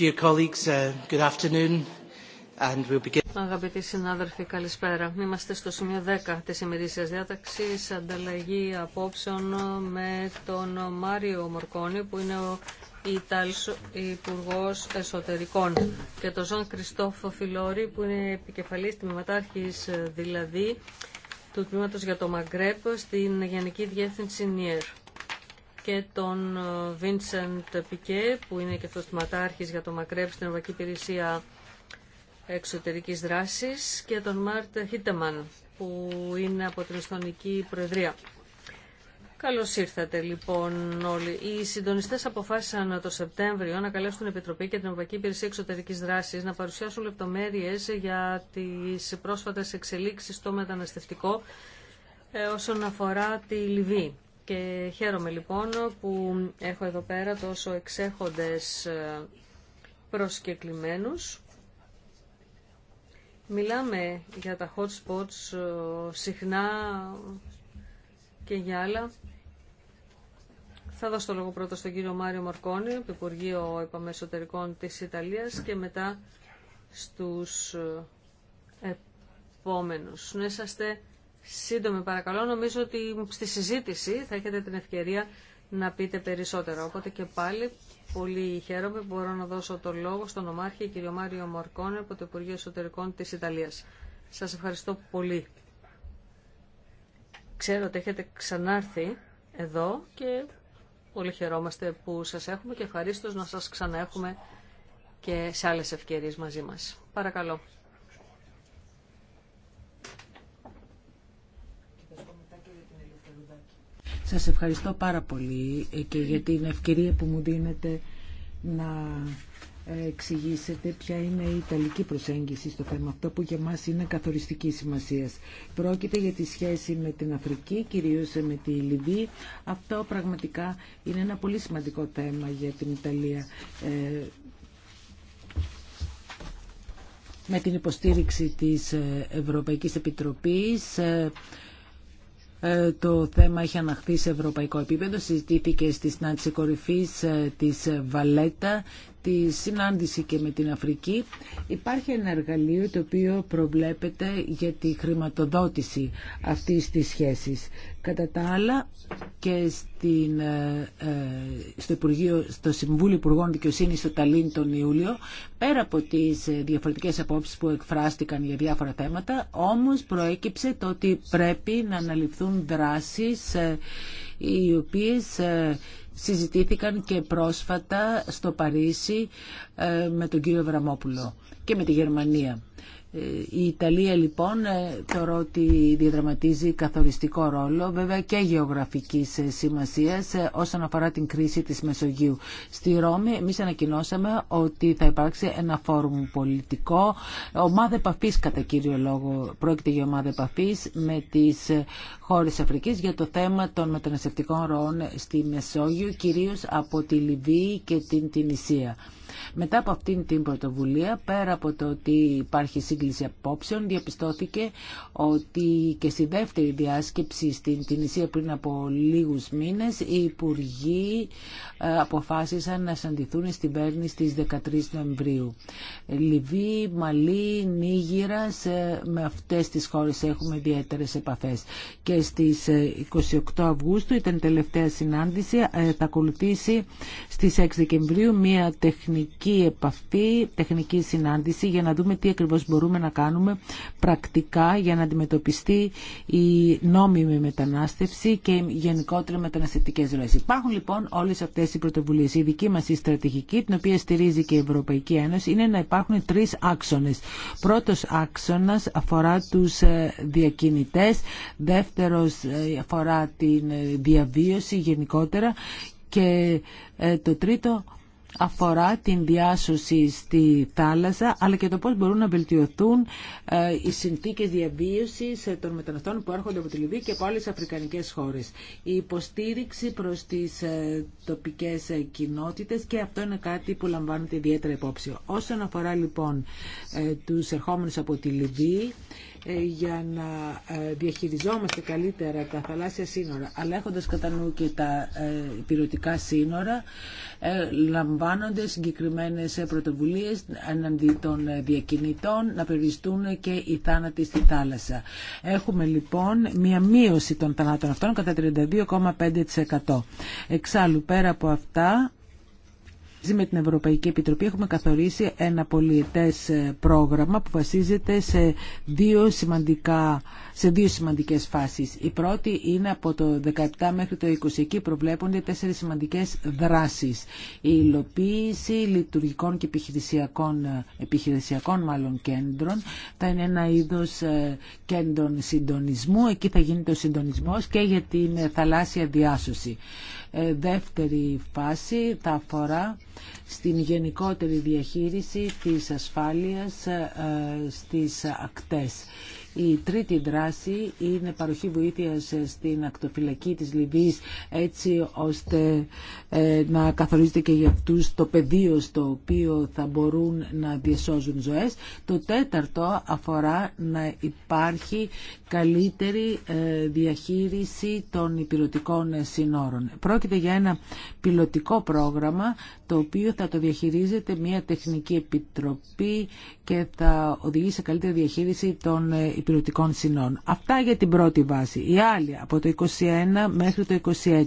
Uh, Αγαπητοί συνάδελφοι, καλησπέρα. Είμαστε στο σημείο 10 της ημερήσιας διάταξης, ανταλλαγή απόψεων με τον Μάριο Μορκόνη, που είναι ο Ιταλς υπουργό Εσωτερικών, και τον Ζων Κριστόφο Φιλόρη, που είναι επικεφαλής τμήματάρχης δηλαδή του Τμήματος για το Μαγκρέπ στην Γενική Διεύθυνση ΝΙΕΡ και τον Βίνσεντ Πικέ που είναι και αυτός του για το Μακρέπ στην Ευρωπαϊκή Υπηρεσία Εξωτερικής Δράσης και τον Μάρτ Χίτεμαν που είναι από την Εστονική Προεδρία. Καλώς ήρθατε λοιπόν όλοι. Οι συντονιστές αποφάσισαν το Σεπτέμβριο να καλέσουν την Επιτροπή και την Ευρωπαϊκή Υπηρεσία Εξωτερικής Δράσης να παρουσιάσουν λεπτομέρειες για τις πρόσφατες εξελίξεις στο μεταναστευτικό ε, όσον αφορά τη Λιβύη. Και χαίρομαι λοιπόν που έχω εδώ πέρα τόσο εξέχοντες ε, προσκεκλημένους. Μιλάμε για τα hot spots ε, συχνά και για άλλα. Θα δώσω το λόγο πρώτα στον κύριο Μάριο Μορκόνη, Υπουργείο Υπουργείου Επαμεσωτερικών της Ιταλίας και μετά στους ε, επόμενους. Να είσαστε σύντομη παρακαλώ. Νομίζω ότι στη συζήτηση θα έχετε την ευκαιρία να πείτε περισσότερα. Οπότε και πάλι πολύ χαίρομαι που μπορώ να δώσω το λόγο στον ομάρχη κύριο Μάριο Μορκόνε από το Υπουργείο Εσωτερικών της Ιταλίας. Σας ευχαριστώ πολύ. Ξέρω ότι έχετε ξανάρθει εδώ και πολύ χαιρόμαστε που σας έχουμε και ευχαρίστως να σας ξαναέχουμε και σε άλλες ευκαιρίες μαζί μας. Παρακαλώ. Σας ευχαριστώ πάρα πολύ ε, και για την ευκαιρία που μου δίνετε να εξηγήσετε ποια είναι η Ιταλική προσέγγιση στο θέμα αυτό που για μας είναι καθοριστική σημασία. Πρόκειται για τη σχέση με την Αφρική, κυρίως με τη Λιβύη. Αυτό πραγματικά είναι ένα πολύ σημαντικό θέμα για την Ιταλία. Ε, με την υποστήριξη της ε, Ευρωπαϊκής Επιτροπής ε, το θέμα έχει αναχθεί σε ευρωπαϊκό επίπεδο. Συζητήθηκε στη συνάντηση κορυφής ε, της Βαλέτα τη συνάντηση και με την Αφρική υπάρχει ένα εργαλείο το οποίο προβλέπεται για τη χρηματοδότηση αυτής της σχέσης. Κατά τα άλλα και στην, ε, ε, στο, Υπουργείο, στο Συμβούλιο Υπουργών Δικαιοσύνη στο Ταλίν τον Ιούλιο, πέρα από τις ε, διαφορετικές απόψεις που εκφράστηκαν για διάφορα θέματα, όμως προέκυψε το ότι πρέπει να αναλυφθούν δράσεις οι οποίες συζητήθηκαν και πρόσφατα στο Παρίσι ε, με τον κύριο Βραμόπουλο και με τη Γερμανία. Η Ιταλία λοιπόν ε, θεωρώ ότι διαδραματίζει καθοριστικό ρόλο βέβαια και γεωγραφικής ε, σημασίας ε, όσον αφορά την κρίση της Μεσογείου. Στη Ρώμη εμείς ανακοινώσαμε ότι θα υπάρξει ένα φόρουμ πολιτικό, ομάδα επαφής κατά κύριο λόγο, πρόκειται για ομάδα επαφής με τις χώρες Αφρικής για το θέμα των μεταναστευτικών ροών στη Μεσόγειο, κυρίως από τη Λιβύη και την Τινησία. Μετά από αυτήν την πρωτοβουλία, πέρα από το ότι υπάρχει σύγκληση απόψεων, διαπιστώθηκε ότι και στη δεύτερη διάσκεψη στην Τινησία πριν από λίγους μήνες, οι υπουργοί ε, αποφάσισαν να συναντηθούν στην Πέρνη στις 13 Νοεμβρίου. Λιβύη, Μαλή, Νίγηρας, με αυτές τις χώρες έχουμε ιδιαίτερε επαφές. Και στις 28 ε, Αυγούστου ήταν η τελευταία συνάντηση, ε, θα ακολουθήσει στις 6 Δεκεμβρίου μια τεχνική τεχνική επαφή, τεχνική συνάντηση για να δούμε τι ακριβώς μπορούμε να κάνουμε πρακτικά για να αντιμετωπιστεί η νόμιμη μετανάστευση και γενικότερα μεταναστευτικέ ροές. Υπάρχουν λοιπόν όλες αυτές οι πρωτοβουλίες. Η δική μας η στρατηγική, την οποία στηρίζει και η Ευρωπαϊκή Ένωση, είναι να υπάρχουν τρεις άξονες. Πρώτος άξονας αφορά τους ε, διακινητές, δεύτερος ε, αφορά την ε, διαβίωση γενικότερα και το τρίτο αφορά την διάσωση στη θάλασσα, αλλά και το πώς μπορούν να βελτιωθούν ε, οι συνθήκες διαβίωσης ε, των μεταναστών που έρχονται από τη Λιβύη και από άλλες αφρικανικές χώρες. Η υποστήριξη προς τις ε, τοπικές κοινότητες και αυτό είναι κάτι που λαμβάνεται ιδιαίτερα υπόψη. Όσον αφορά λοιπόν τους ερχόμενους από τη Λιβύη, ε, για να ε, διαχειριζόμαστε καλύτερα τα θαλάσσια σύνορα, αλλά έχοντας κατά νου και τα ε, πυρωτικά σύνορα, λαμβάνονται συγκεκριμένες πρωτοβουλίες εναντί των διακινητών να περιστούν και οι θάνατοι στη θάλασσα. Έχουμε λοιπόν μία μείωση των θανάτων αυτών κατά 32,5%. Εξάλλου πέρα από αυτά με την Ευρωπαϊκή Επιτροπή έχουμε καθορίσει ένα πολιετές ε, πρόγραμμα που βασίζεται σε δύο σημαντικά σε δύο σημαντικές φάσεις. Η πρώτη είναι από το 17 μέχρι το 20. Εκεί προβλέπονται τέσσερις σημαντικές δράσεις. Η υλοποίηση λειτουργικών και επιχειρησιακών, επιχειρησιακών μάλλον κέντρων θα είναι ένα είδος ε, κέντρων συντονισμού. Εκεί θα γίνεται ο συντονισμός και για την θαλάσσια διάσωση. Ε, δεύτερη φάση θα αφορά στην γενικότερη διαχείριση της ασφάλειας ε, στις ακτές. Η τρίτη δράση είναι παροχή βοήθειας στην ακτοφυλακή της Λιβύης έτσι ώστε ε, να καθορίζεται και για αυτούς το πεδίο στο οποίο θα μπορούν να διασώζουν ζωές. Το τέταρτο αφορά να υπάρχει καλύτερη ε, διαχείριση των υπηρετικών συνόρων. Πρόκειται για ένα πιλωτικό πρόγραμμα το οποίο θα το διαχειρίζεται μια τεχνική επιτροπή και θα οδηγήσει σε καλύτερη διαχείριση των ε, υπηρετικών συνών. Αυτά για την πρώτη βάση. Η άλλη από το 21 μέχρι το 26.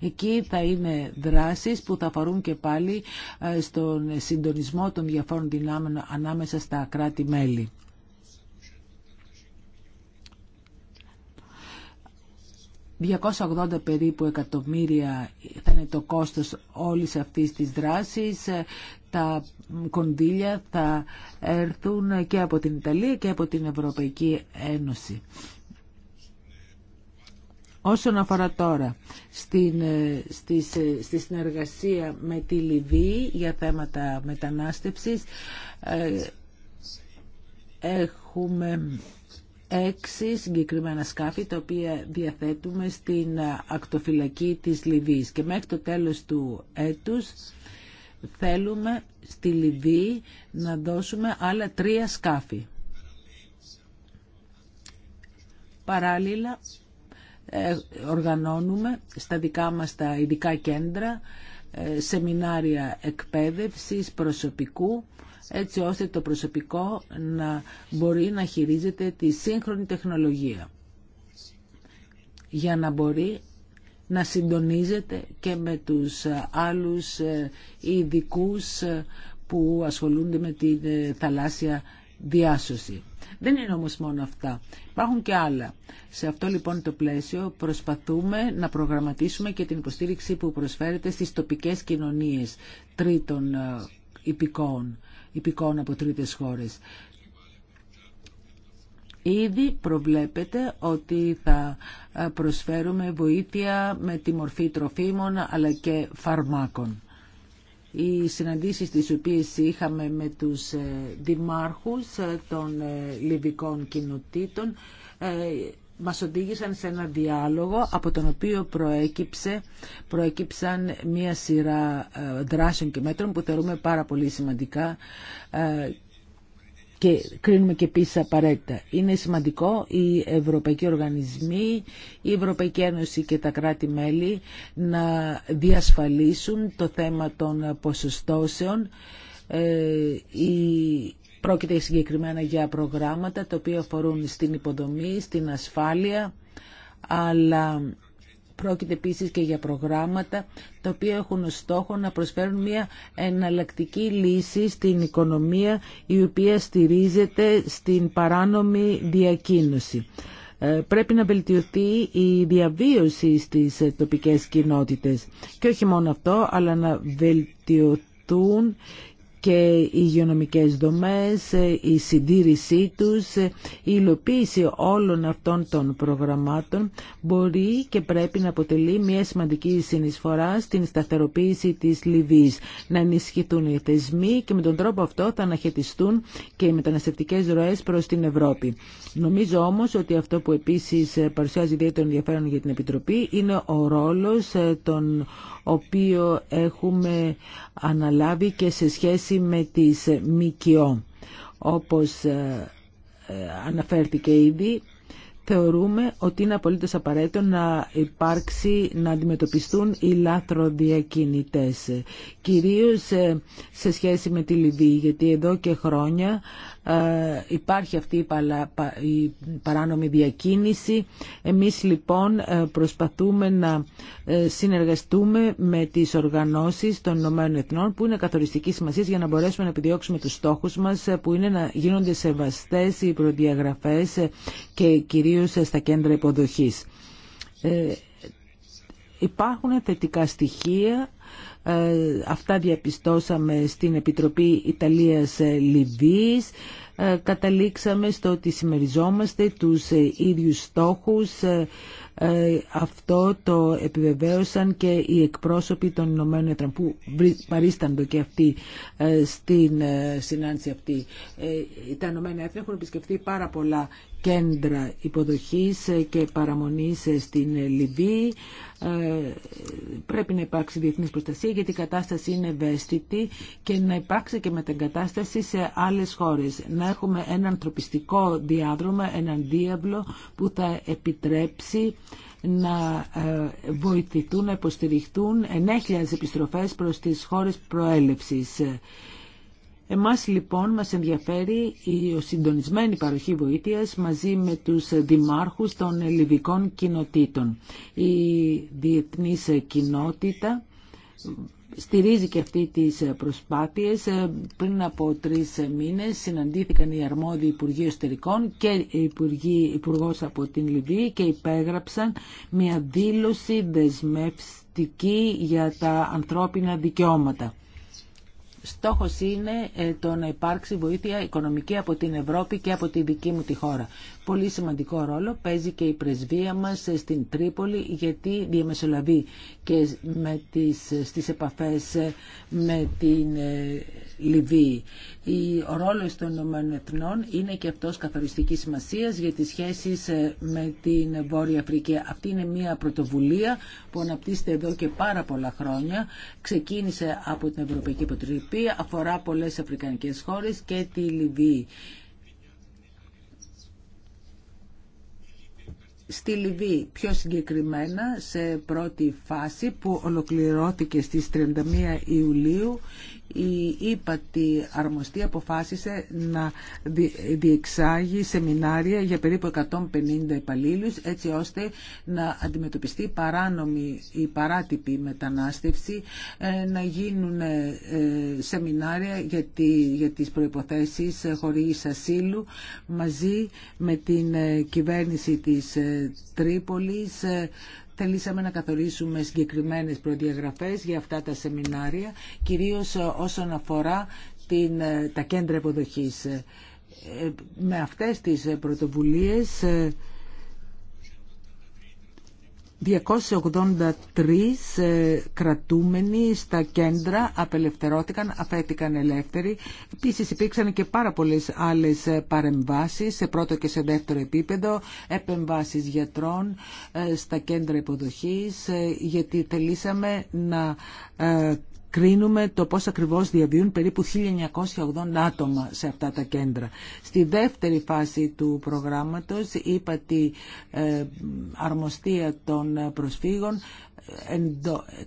Εκεί θα είναι δράσεις που θα αφορούν και πάλι ε, στον συντονισμό των διαφόρων δυνάμεων ανάμεσα στα κράτη-μέλη. 280 περίπου εκατομμύρια θα είναι το κόστος όλης αυτής της δράσης. Τα κονδύλια θα έρθουν και από την Ιταλία και από την Ευρωπαϊκή Ένωση. Όσον αφορά τώρα στην, ε, στη, ε, στη συνεργασία με τη Λιβύη για θέματα μετανάστευσης, ε, έχουμε έξι συγκεκριμένα σκάφη τα οποία διαθέτουμε στην ακτοφυλακή της Λιβύης και μέχρι το τέλος του έτους θέλουμε στη Λιβύη να δώσουμε άλλα τρία σκάφη. Παράλληλα ε, οργανώνουμε στα δικά μας τα ειδικά κέντρα ε, σεμινάρια εκπαίδευσης προσωπικού έτσι ώστε το προσωπικό να μπορεί να χειρίζεται τη σύγχρονη τεχνολογία για να μπορεί να συντονίζεται και με τους άλλους ε, ειδικού ε, που ασχολούνται με τη ε, θαλάσσια διάσωση. Δεν είναι όμως μόνο αυτά. Υπάρχουν και άλλα. Σε αυτό λοιπόν το πλαίσιο προσπαθούμε να προγραμματίσουμε και την υποστήριξη που προσφέρεται στις τοπικές κοινωνίες τρίτων υπηκόων υπηκών από τρίτες χώρες. Ήδη προβλέπετε ότι θα ε, προσφέρουμε βοήθεια με τη μορφή τροφίμων αλλά και φαρμάκων. Οι συναντήσεις τις οποίες είχαμε με τους ε, δημάρχους ε, των λιβικών κοινοτήτων μας οδήγησαν σε ένα διάλογο από τον οποίο προέκυψε, προέκυψαν μία σειρά ε, δράσεων και μέτρων που θεωρούμε πάρα πολύ σημαντικά ε, και κρίνουμε και επίση απαραίτητα. Είναι σημαντικό οι ευρωπαϊκοί οργανισμοί, η Ευρωπαϊκή Ένωση και τα κράτη-μέλη να διασφαλίσουν το θέμα των ποσοστώσεων. Ε, η Πρόκειται συγκεκριμένα για προγράμματα τα οποία αφορούν στην υποδομή, στην ασφάλεια, αλλά Πρόκειται επίσης και για προγράμματα τα οποία έχουν ως στόχο να προσφέρουν μια εναλλακτική λύση στην οικονομία η οποία στηρίζεται στην παράνομη διακίνηση. Ε, πρέπει να βελτιωθεί η διαβίωση στις τοπικές κοινότητες και όχι μόνο αυτό αλλά να βελτιωθούν και οι υγειονομικές δομές, η συντήρησή τους, η υλοποίηση όλων αυτών των προγραμμάτων μπορεί και πρέπει να αποτελεί μια σημαντική συνεισφορά στην σταθεροποίηση της Λιβύης. Να ενισχυθούν οι θεσμοί και με τον τρόπο αυτό θα αναχαιτιστούν και οι μεταναστευτικές ροές προς την Ευρώπη. Νομίζω όμως ότι αυτό που επίσης παρουσιάζει ιδιαίτερο ενδιαφέρον για την Επιτροπή είναι ο ρόλος των οποίο έχουμε αναλάβει και σε σχέση με τις ΜΚΟ. Όπως ε, ε, αναφέρθηκε ήδη, θεωρούμε ότι είναι απολύτως απαραίτητο να υπάρξει, να αντιμετωπιστούν οι λάθροδιακινητές. Κυρίως ε, σε σχέση με τη Λιβύη, γιατί εδώ και χρόνια ε, υπάρχει αυτή η παράνομη διακίνηση. Εμείς λοιπόν ε, προσπαθούμε να ε, συνεργαστούμε με τις οργανώσεις των Ηνωμένων Εθνών που είναι καθοριστική σημασία για να μπορέσουμε να επιδιώξουμε τους στόχους μας που είναι να γίνονται σεβαστές οι προδιαγραφές και κυρίως στα κέντρα υποδοχής. Υπάρχουν θετικά στοιχεία, ε, αυτά διαπιστώσαμε στην Επιτροπή Ιταλίας ε, Λιβύης, ε, καταλήξαμε στο ότι συμμεριζόμαστε τους ίδιους στόχους, αυτό το επιβεβαίωσαν και οι εκπρόσωποι των Ηνωμένων Έτρων που παρίσταντο και αυτοί στην συνάντηση αυτή. Τα Ηνωμένα Έθνη έχουν επισκεφθεί πάρα πολλά κέντρα υποδοχής και παραμονής στην Λιβύη. Ε, πρέπει να υπάρξει διεθνής προστασία γιατί η κατάσταση είναι ευαίσθητη και να υπάρξει και μεταγκατάσταση σε άλλες χώρες. Να έχουμε ένα ανθρωπιστικό διάδρομο, έναν διάβλο που θα επιτρέψει να ε, βοηθηθούν, να υποστηριχτούν 9.000 επιστροφές προς τις χώρες προέλευσης. Εμάς λοιπόν μας ενδιαφέρει η συντονισμένη παροχή βοήθειας μαζί με τους δημάρχους των ελληνικών κοινοτήτων. Η διεθνής κοινότητα στηρίζει και αυτή τις προσπάθειες. Πριν από τρεις μήνες συναντήθηκαν οι αρμόδιοι Υπουργοί Εστερικών και υπουργοί, Υπουργός από την Λιβύη και υπέγραψαν μια δήλωση δεσμευστική για τα ανθρώπινα δικαιώματα. Στόχος είναι ε, το να υπάρξει βοήθεια οικονομική από την Ευρώπη και από τη δική μου τη χώρα. Πολύ σημαντικό ρόλο παίζει και η πρεσβεία μας στην Τρίπολη γιατί διαμεσολαβεί και με τις, στις επαφές με την ε, Λιβύη. Ο ρόλος των ΗΠΑ είναι και αυτός καθοριστικής σημασίας για τις σχέσεις ε, με την Βόρεια Αφρική. Αυτή είναι μια πρωτοβουλία που αναπτύσσεται εδώ και πάρα πολλά χρόνια. Ξεκίνησε από την Ευρωπαϊκή Επιτροπή, αφορά πολλές αφρικανικές χώρες και τη Λιβύη. στη Λιβύη πιο συγκεκριμένα σε πρώτη φάση που ολοκληρώθηκε στις 31 Ιουλίου η ύπατη αρμοστή αποφάσισε να διεξάγει σεμινάρια για περίπου 150 υπαλλήλου έτσι ώστε να αντιμετωπιστεί παράνομη η παράτυπη μετανάστευση ε, να γίνουν ε, σεμινάρια για, για τις προϋποθέσεις χωρίς ασύλου μαζί με την ε, κυβέρνηση της Τρίπολης θελήσαμε να καθορίσουμε συγκεκριμένες προδιαγραφές για αυτά τα σεμινάρια, κυρίως όσον αφορά την, τα κέντρα υποδοχής. Ε, με αυτές τις πρωτοβουλίες ε, 283 ε, κρατούμενοι στα κέντρα απελευθερώθηκαν, αφέτηκαν ελεύθεροι. Επίσης υπήρξαν και πάρα πολλές άλλες ε, παρεμβάσεις σε πρώτο και σε δεύτερο επίπεδο, επεμβάσεις γιατρών ε, στα κέντρα υποδοχής, γιατί θελήσαμε να κρίνουμε το πώς ακριβώς διαβιούν περίπου 1980 άτομα σε αυτά τα κέντρα. Στη δεύτερη φάση του προγράμματος, είπα τη ε, αρμοστία των προσφύγων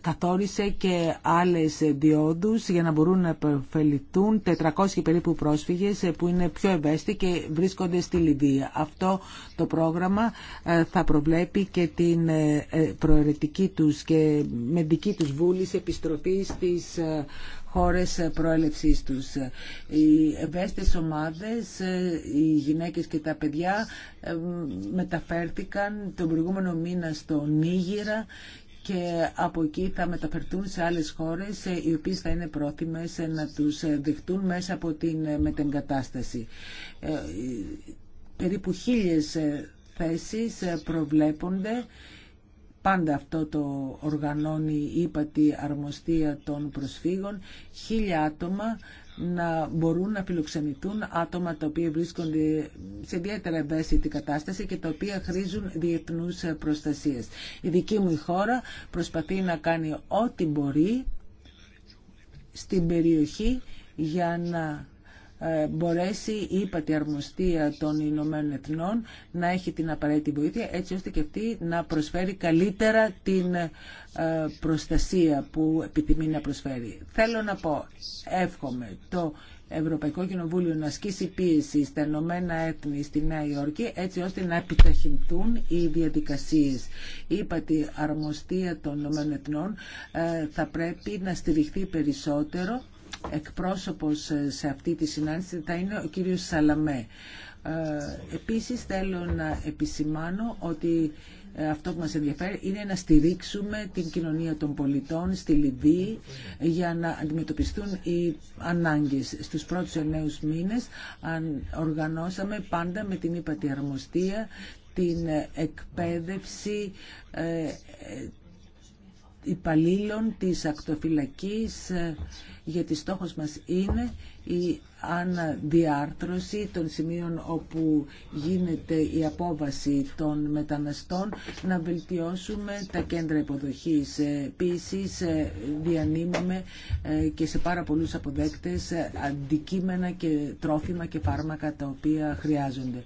καθόρισε και άλλες διόδους για να μπορούν να επωφεληθούν 400 περίπου πρόσφυγες που είναι πιο ευαίσθητοι και βρίσκονται στη Λιβύη. Αυτό το πρόγραμμα ε, θα προβλέπει και την ε, ε, προαιρετική τους και με δική τους βούληση επιστροφή στις χώρες προέλευσής τους. Οι ευαίσθητες ομάδες, οι γυναίκες και τα παιδιά μεταφέρθηκαν τον προηγούμενο μήνα στο Νίγηρα και από εκεί θα μεταφερθούν σε άλλες χώρες ε, οι οποίες θα είναι πρόθυμες ε, να τους ε, δεχτούν μέσα από την μετεγκατάσταση. Περίπου χίλιες θέσεις προβλέπονται πάντα αυτό το οργανώνει η ύπατη αρμοστία των προσφύγων, χίλια άτομα να μπορούν να φιλοξενηθούν άτομα τα οποία βρίσκονται σε ιδιαίτερα ευαίσθητη κατάσταση και τα οποία χρήζουν διεθνού προστασίες. Η δική μου χώρα προσπαθεί να κάνει ό,τι μπορεί στην περιοχή για να ε, μπορέσει η αρμοστία των Ηνωμένων Εθνών να έχει την απαραίτητη βοήθεια έτσι ώστε και αυτή να προσφέρει καλύτερα την ε, προστασία που επιθυμεί να προσφέρει. Θέλω να πω, εύχομαι το Ευρωπαϊκό Κοινοβούλιο να ασκήσει πίεση στα Ηνωμένα Έθνη στη Νέα Υόρκη έτσι ώστε να επιταχυνθούν οι διαδικασίες. Είπα αρμοστία των Ηνωμένων Εθνών ε, θα πρέπει να στηριχθεί περισσότερο εκπρόσωπος ε, σε αυτή τη συνάντηση θα είναι ο κύριος Σαλαμέ. Ε, επίσης θέλω να επισημάνω ότι ε, αυτό που μας ενδιαφέρει είναι να στηρίξουμε την κοινωνία των πολιτών στη Λιβύη για να αντιμετωπιστούν οι ανάγκες. Στους πρώτους εννέους μήνες οργανώσαμε πάντα με την υπατιαρμοστία την εκπαίδευση υπαλλήλων της ακτοφυλακής ε, γιατί στόχος μας είναι η αναδιάρθρωση των σημείων όπου γίνεται η απόβαση των μεταναστών να βελτιώσουμε τα κέντρα υποδοχής. Ε, Επίση, ε, διανύμουμε και σε πάρα πολλούς αποδέκτες αντικείμενα και τρόφιμα και φάρμακα τα οποία χρειάζονται.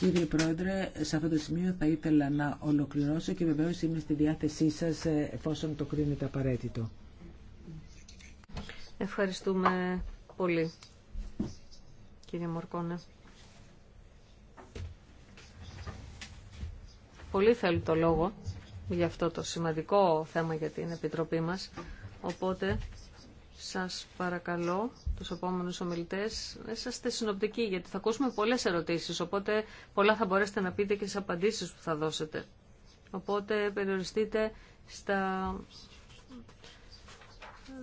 Κύριε Πρόεδρε, σε αυτό το σημείο θα ήθελα να ολοκληρώσω και βεβαίως είμαι στη διάθεσή σας ε, εφόσον το κρίνετε απαραίτητο. Ευχαριστούμε πολύ, κύριε Μορκόνε. Πολύ θέλω το λόγο για αυτό το σημαντικό θέμα για την Επιτροπή μας, οπότε σας παρακαλώ τους επόμενους ομιλητές να είσαστε συνοπτικοί γιατί θα ακούσουμε πολλές ερωτήσεις οπότε πολλά θα μπορέσετε να πείτε και στις απαντήσεις που θα δώσετε. Οπότε περιοριστείτε στα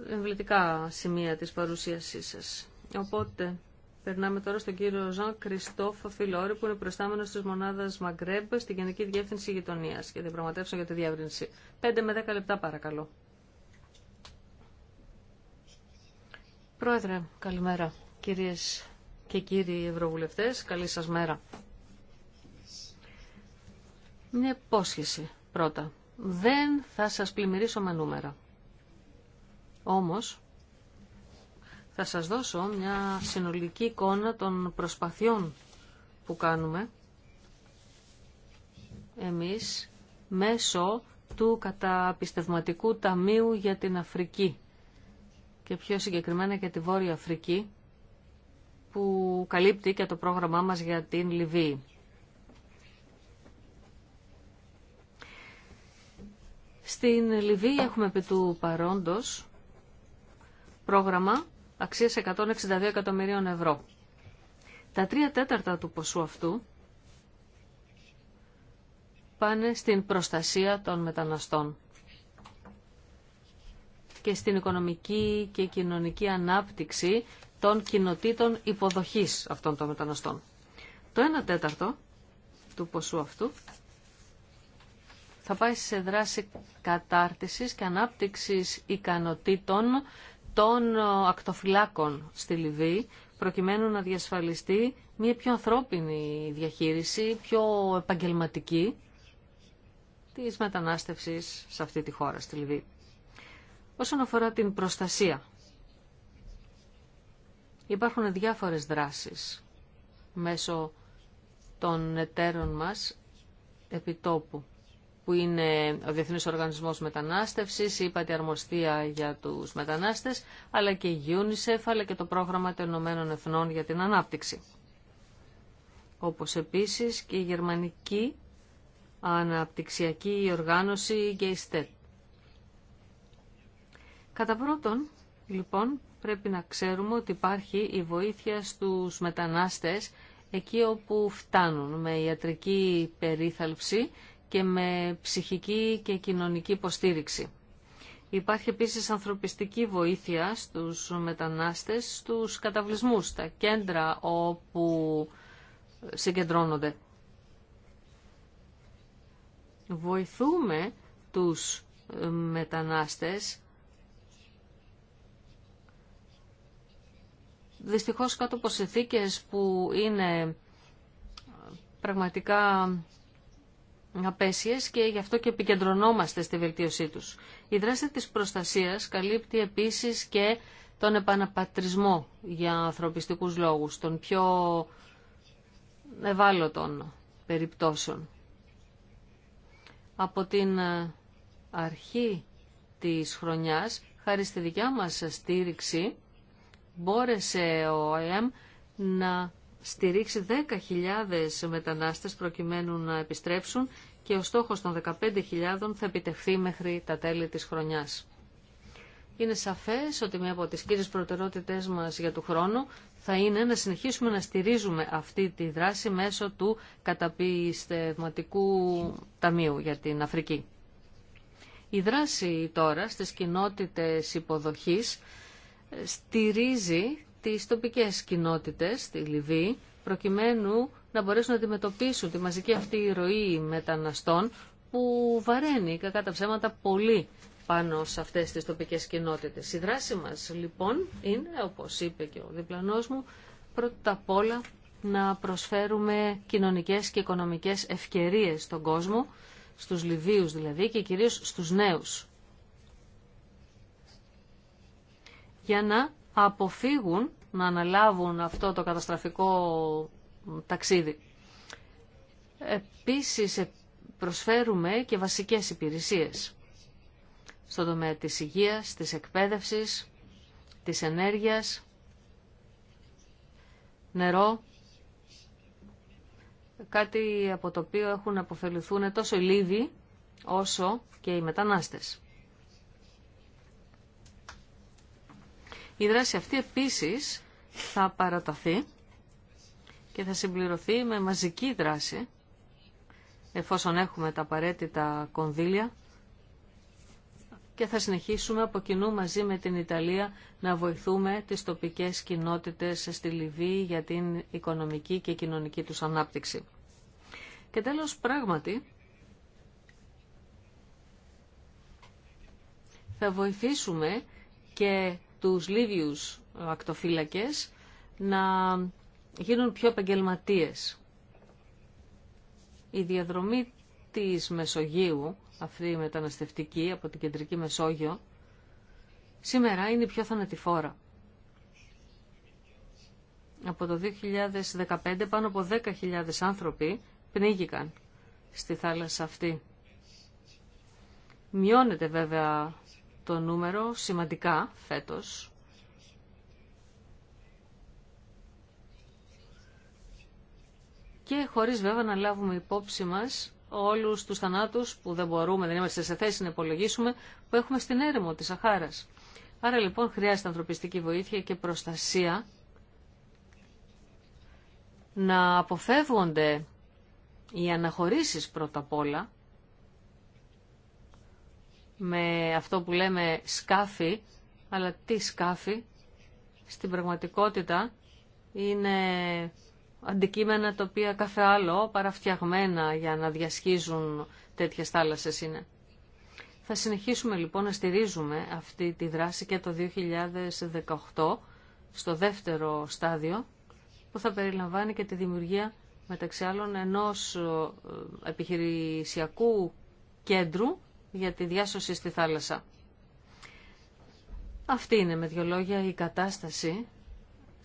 εμβλητικά σημεία της παρουσίασής σας. Οπότε περνάμε τώρα στον κύριο Ζαν Κριστόφ Φιλόρη που είναι προστάμενος της μονάδας Μαγκρέμπ στην Γενική Διεύθυνση Γειτονίας και διαπραγματεύσεων για τη διεύρυνση. 5 με 10 λεπτά παρακαλώ. Πρόεδρε, καλημέρα. Κυρίες και κύριοι ευρωβουλευτές, καλή σας μέρα. Μια υπόσχεση πρώτα. Δεν θα σας πλημμυρίσω με νούμερα. Όμως, θα σας δώσω μια συνολική εικόνα των προσπαθειών που κάνουμε εμείς μέσω του καταπιστευματικού ταμείου για την Αφρική και πιο συγκεκριμένα για τη Βόρεια Αφρική που καλύπτει και το πρόγραμμά μας για την Λιβύη. Στην Λιβύη έχουμε επί του παρόντος πρόγραμμα αξίας 162 εκατομμυρίων ευρώ. Τα τρία τέταρτα του ποσού αυτού πάνε στην προστασία των μεταναστών και στην οικονομική και κοινωνική ανάπτυξη των κοινοτήτων υποδοχής αυτών των μεταναστών. Το 1 τέταρτο του ποσού αυτού θα πάει σε δράση κατάρτισης και ανάπτυξης ικανοτήτων των ακτοφυλάκων στη Λιβύη, προκειμένου να διασφαλιστεί μια πιο ανθρώπινη διαχείριση, πιο επαγγελματική της μετανάστευσης σε αυτή τη χώρα, στη Λιβύη. Όσον αφορά την προστασία, υπάρχουν διάφορες δράσεις μέσω των εταίρων μας επιτόπου που είναι ο Διεθνής Οργανισμός Μετανάστευσης, η Πατιαρμοστία αρμοστία για τους μετανάστες, αλλά και η UNICEF, αλλά και το πρόγραμμα των Ηνωμένων Εθνών για την Ανάπτυξη. Όπως επίσης και η Γερμανική Αναπτυξιακή Οργάνωση και η Κατά πρώτον, λοιπόν, πρέπει να ξέρουμε ότι υπάρχει η βοήθεια στους μετανάστες εκεί όπου φτάνουν με ιατρική περίθαλψη και με ψυχική και κοινωνική υποστήριξη. Υπάρχει επίσης ανθρωπιστική βοήθεια στους μετανάστες, στους καταβλισμούς, στα κέντρα όπου συγκεντρώνονται. Βοηθούμε τους μετανάστες Δυστυχώς κάτω από συνθήκε που είναι πραγματικά απέσιες και γι' αυτό και επικεντρωνόμαστε στη βελτίωσή τους. Η δράση της προστασίας καλύπτει επίσης και τον επαναπατρισμό για ανθρωπιστικούς λόγους, των πιο ευάλωτων περιπτώσεων. Από την αρχή της χρονιάς, χάρη στη δικιά μας στήριξη, μπόρεσε ο ΑΕΜ να στηρίξει 10.000 μετανάστες προκειμένου να επιστρέψουν και ο στόχος των 15.000 θα επιτευχθεί μέχρι τα τέλη της χρονιάς. Είναι σαφές ότι μία από τις κύριες προτεραιότητές μας για του χρόνου θα είναι να συνεχίσουμε να στηρίζουμε αυτή τη δράση μέσω του καταπιστευματικού ταμείου για την Αφρική. Η δράση τώρα στις κοινότητες υποδοχής στηρίζει τις τοπικές κοινότητες στη Λιβύη προκειμένου να μπορέσουν να αντιμετωπίσουν τη μαζική αυτή ροή μεταναστών που βαραίνει κακά τα ψέματα πολύ πάνω σε αυτές τις τοπικές κοινότητες. Η δράση μας λοιπόν είναι, όπως είπε και ο διπλανός μου, πρώτα απ' όλα να προσφέρουμε κοινωνικές και οικονομικές ευκαιρίες στον κόσμο, στους Λιβύους δηλαδή και κυρίως στους νέους. για να αποφύγουν να αναλάβουν αυτό το καταστραφικό ταξίδι. Επίσης ε, προσφέρουμε και βασικές υπηρεσίες στον τομέα της υγείας, της εκπαίδευσης, της ενέργειας, νερό, κάτι από το οποίο έχουν αποφεληθούν τόσο οι Λίβοι όσο και οι μετανάστες. Η δράση αυτή επίσης θα παραταθεί και θα συμπληρωθεί με μαζική δράση εφόσον έχουμε τα απαραίτητα κονδύλια και θα συνεχίσουμε από κοινού μαζί με την Ιταλία να βοηθούμε τις τοπικές κοινότητες στη Λιβύη για την οικονομική και κοινωνική τους ανάπτυξη. Και τέλος πράγματι θα βοηθήσουμε και τους Λίβιους ακτοφύλακες να γίνουν πιο επαγγελματίε. Η διαδρομή της Μεσογείου, αυτή η μεταναστευτική από την Κεντρική Μεσόγειο, σήμερα είναι η πιο θανατηφόρα. Από το 2015 πάνω από 10.000 άνθρωποι πνίγηκαν στη θάλασσα αυτή. Μειώνεται βέβαια το νούμερο σημαντικά φέτος. Και χωρίς βέβαια να λάβουμε υπόψη μας όλους τους θανάτους που δεν μπορούμε, δεν είμαστε σε θέση να υπολογίσουμε, που έχουμε στην έρημο της Σαχάρας. Άρα λοιπόν χρειάζεται ανθρωπιστική βοήθεια και προστασία να αποφεύγονται οι αναχωρήσεις πρώτα απ' όλα με αυτό που λέμε σκάφη, αλλά τι σκάφη στην πραγματικότητα είναι αντικείμενα τα οποία κάθε άλλο παραφτιαγμένα για να διασχίζουν τέτοιες θάλασσες είναι. Θα συνεχίσουμε λοιπόν να στηρίζουμε αυτή τη δράση και το 2018 στο δεύτερο στάδιο που θα περιλαμβάνει και τη δημιουργία μεταξύ άλλων ενός ε, επιχειρησιακού κέντρου για τη διάσωση στη θάλασσα. Αυτή είναι με δυο λόγια η κατάσταση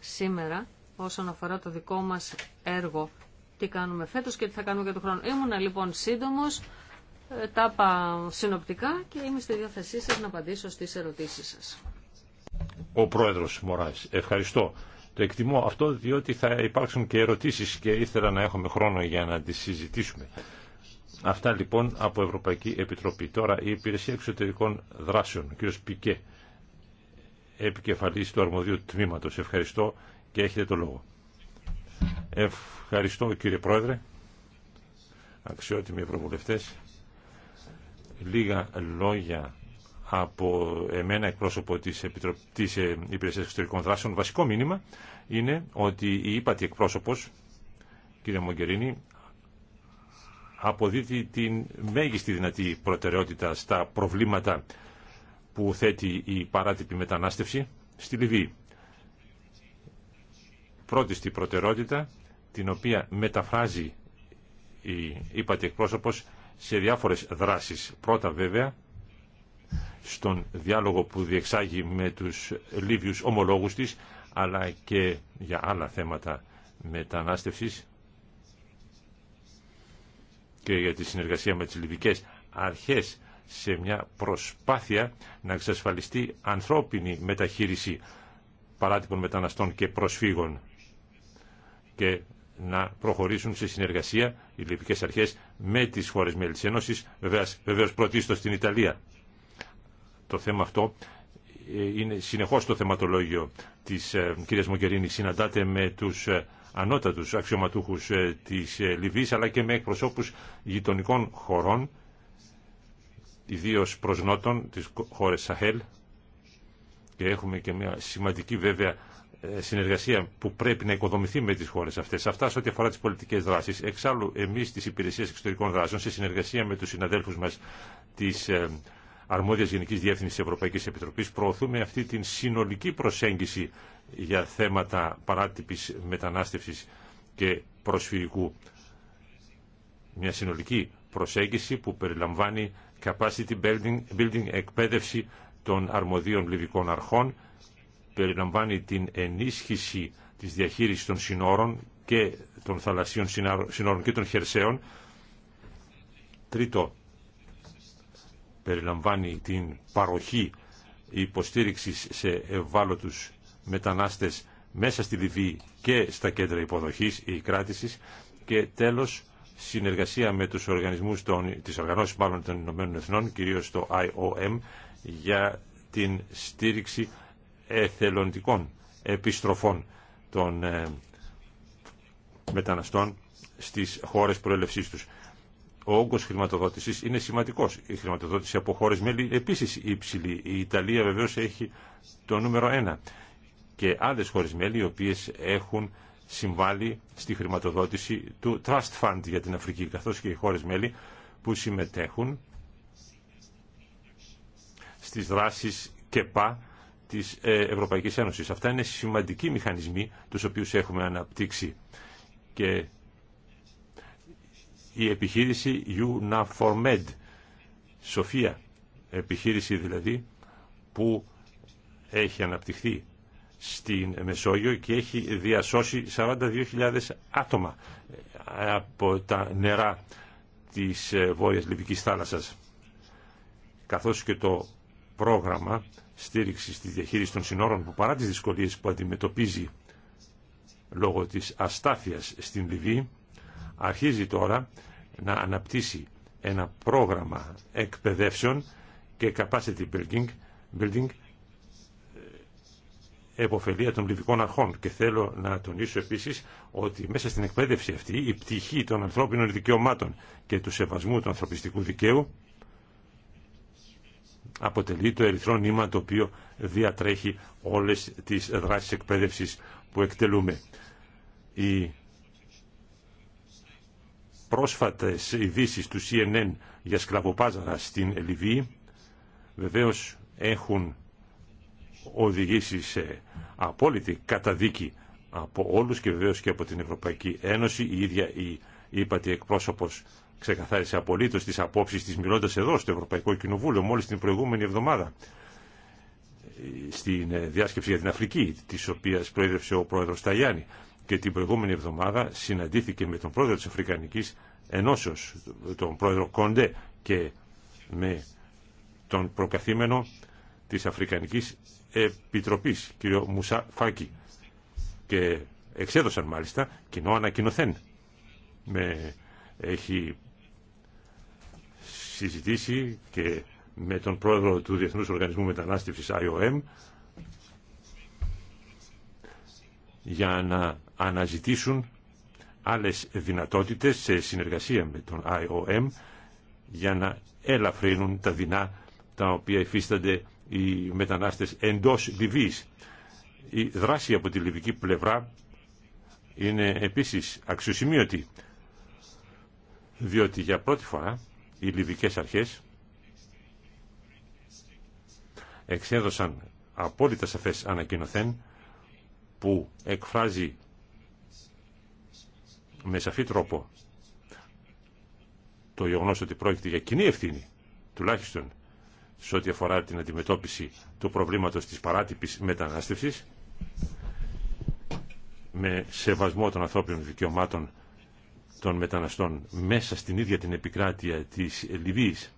σήμερα όσον αφορά το δικό μας έργο. Τι κάνουμε φέτος και τι θα κάνουμε για τον χρόνο. Ήμουνα λοιπόν σύντομος, ε, τα είπα συνοπτικά και είμαι στη διάθεσή σας να απαντήσω στις ερωτήσεις σας. Ο Πρόεδρος Μωράς, ευχαριστώ. Το εκτιμώ αυτό διότι θα υπάρξουν και ερωτήσεις και ήθελα να έχουμε χρόνο για να τις συζητήσουμε. Αυτά λοιπόν από Ευρωπαϊκή Επιτροπή. Τώρα η Υπηρεσία Εξωτερικών Δράσεων, ο Πικέ, επικεφαλής του αρμοδίου τμήματος. Ευχαριστώ και έχετε το λόγο. Ευχαριστώ κύριε Πρόεδρε, αξιότιμοι ευρωβουλευτές. Λίγα λόγια από εμένα εκπρόσωπο της, Επιτροπ... της ε, Υπηρεσίας Εξωτερικών Δράσεων. Βασικό μήνυμα είναι ότι η ύπατη εκπρόσωπος, κύριε Μογκερίνη, αποδίδει την μέγιστη δυνατή προτεραιότητα στα προβλήματα που θέτει η παράτυπη μετανάστευση στη Λιβύη. Πρώτη στη προτεραιότητα, την οποία μεταφράζει η ύπατη εκπρόσωπος σε διάφορες δράσεις. Πρώτα βέβαια, στον διάλογο που διεξάγει με τους Λίβιους ομολόγους της, αλλά και για άλλα θέματα μετανάστευσης και για τη συνεργασία με τις λιβικές αρχές σε μια προσπάθεια να εξασφαλιστεί ανθρώπινη μεταχείριση παράτυπων μεταναστών και προσφύγων και να προχωρήσουν σε συνεργασία οι λιβικές αρχές με τις χώρες μέλη της Ένωσης, βεβαίως, πρωτίστως στην Ιταλία. Το θέμα αυτό ε, είναι συνεχώς το θεματολόγιο της ε, κυρίας Μογκερίνη. Συναντάται με τους ε, ανώτατους αξιωματούχους ε, της ε, Λιβύης αλλά και με εκπροσώπους γειτονικών χωρών ιδίως προς νότον της χώρες Σαχέλ και έχουμε και μια σημαντική βέβαια ε, συνεργασία που πρέπει να οικοδομηθεί με τις χώρες αυτές. Αυτά σε ό,τι αφορά τις πολιτικές δράσεις. Εξάλλου εμείς τις υπηρεσίες εξωτερικών δράσεων σε συνεργασία με τους συναδέλφους μας της Αρμόδια Γενική Διεύθυνσης Ευρωπαϊκής Επιτροπής προωθούμε αυτή την συνολική προσέγγιση για θέματα παράτυπη μετανάστευσης και προσφυγικού. Μια συνολική προσέγγιση που περιλαμβάνει capacity building, building εκπαίδευση των αρμοδίων λιβικών αρχών, περιλαμβάνει την ενίσχυση της διαχείρισης των συνόρων και των θαλασσίων συνόρων και των χερσαίων. Τρίτο, περιλαμβάνει την παροχή υποστήριξης σε ευάλωτους μετανάστες μέσα στη Λιβύη και στα κέντρα υποδοχής ή κράτησης και τέλος συνεργασία με τους οργανισμούς των, τις οργανώσεις μάλλον των Ηνωμένων Εθνών, κυρίως το IOM, για την στήριξη εθελοντικών επιστροφών των ε, μεταναστών στις χώρες προέλευσής τους ο όγκος χρηματοδότησης είναι σημαντικός. Η χρηματοδότηση από χώρε μέλη επίσης υψηλή. Η Ιταλία βεβαίως έχει το νούμερο ένα και άλλες χώρες μέλη οι οποίε έχουν συμβάλει στη χρηματοδότηση του Trust Fund για την Αφρική καθώς και οι χώρες μέλη που συμμετέχουν στις δράσεις ΚΕΠΑ της ε, Ευρωπαϊκής Ένωσης. Αυτά είναι σημαντικοί μηχανισμοί τους οποίους έχουμε αναπτύξει και η επιχείρηση UNAFORMED, Σοφία, επιχείρηση δηλαδή που έχει αναπτυχθεί στην Μεσόγειο και έχει διασώσει 42.000 άτομα ε, από τα νερά της ε, Βόρειας Λιβικής θάλασσας καθώς και το πρόγραμμα στήριξης της διαχείρισης των συνόρων που παρά τις δυσκολίες που αντιμετωπίζει λόγω της αστάθειας στην Λιβύη αρχίζει τώρα να αναπτύσσει ένα πρόγραμμα εκπαιδεύσεων και capacity building, building ε, εποφελία των λιβικών αρχών. Και θέλω να τονίσω επίσης ότι μέσα στην εκπαίδευση αυτή η πτυχή των ανθρώπινων δικαιωμάτων και του σεβασμού του ανθρωπιστικού δικαίου αποτελεί το ερυθρό νήμα το οποίο διατρέχει όλες τις δράσεις εκπαίδευσης που εκτελούμε πρόσφατες ειδήσει του CNN για σκλαβοπάζαρα στην Λιβύη βεβαίως έχουν οδηγήσει σε απόλυτη καταδίκη από όλους και βεβαίως και από την Ευρωπαϊκή Ένωση. Η ίδια η ύπατη εκπρόσωπος ξεκαθάρισε απολύτως τις απόψεις της μιλώντας εδώ στο Ευρωπαϊκό Κοινοβούλιο μόλις την προηγούμενη εβδομάδα ε, στην ε, διάσκεψη για την Αφρική, της οποίας προέδρευσε ο πρόεδρος Ταγιάννη και την προηγούμενη εβδομάδα συναντήθηκε με τον πρόεδρο της Αφρικανικής Ενώσεως, τον πρόεδρο Κόντε και με τον προκαθήμενο της Αφρικανικής Επιτροπής, κύριο Μουσά Φάκη. Και εξέδωσαν μάλιστα κοινό ανακοινοθέν. Με, έχει συζητήσει και με τον πρόεδρο του Διεθνούς Οργανισμού Μετανάστευσης IOM για να αναζητήσουν άλλες δυνατότητες σε συνεργασία με τον IOM για να ελαφρύνουν τα δεινά τα οποία υφίστανται οι μετανάστες εντός Λιβύης. Η δράση από τη λιβική πλευρά είναι επίσης αξιοσημείωτη διότι για πρώτη φορά οι λιβικές αρχές εξέδωσαν απόλυτα σαφές ανακοινωθέν που εκφράζει με σαφή τρόπο το γεγονός ότι πρόκειται για κοινή ευθύνη, τουλάχιστον σε ό,τι αφορά την αντιμετώπιση του προβλήματος της παράτυπης μετανάστευσης, με σεβασμό των ανθρώπινων δικαιωμάτων των μεταναστών μέσα στην ίδια την επικράτεια της Λιβύης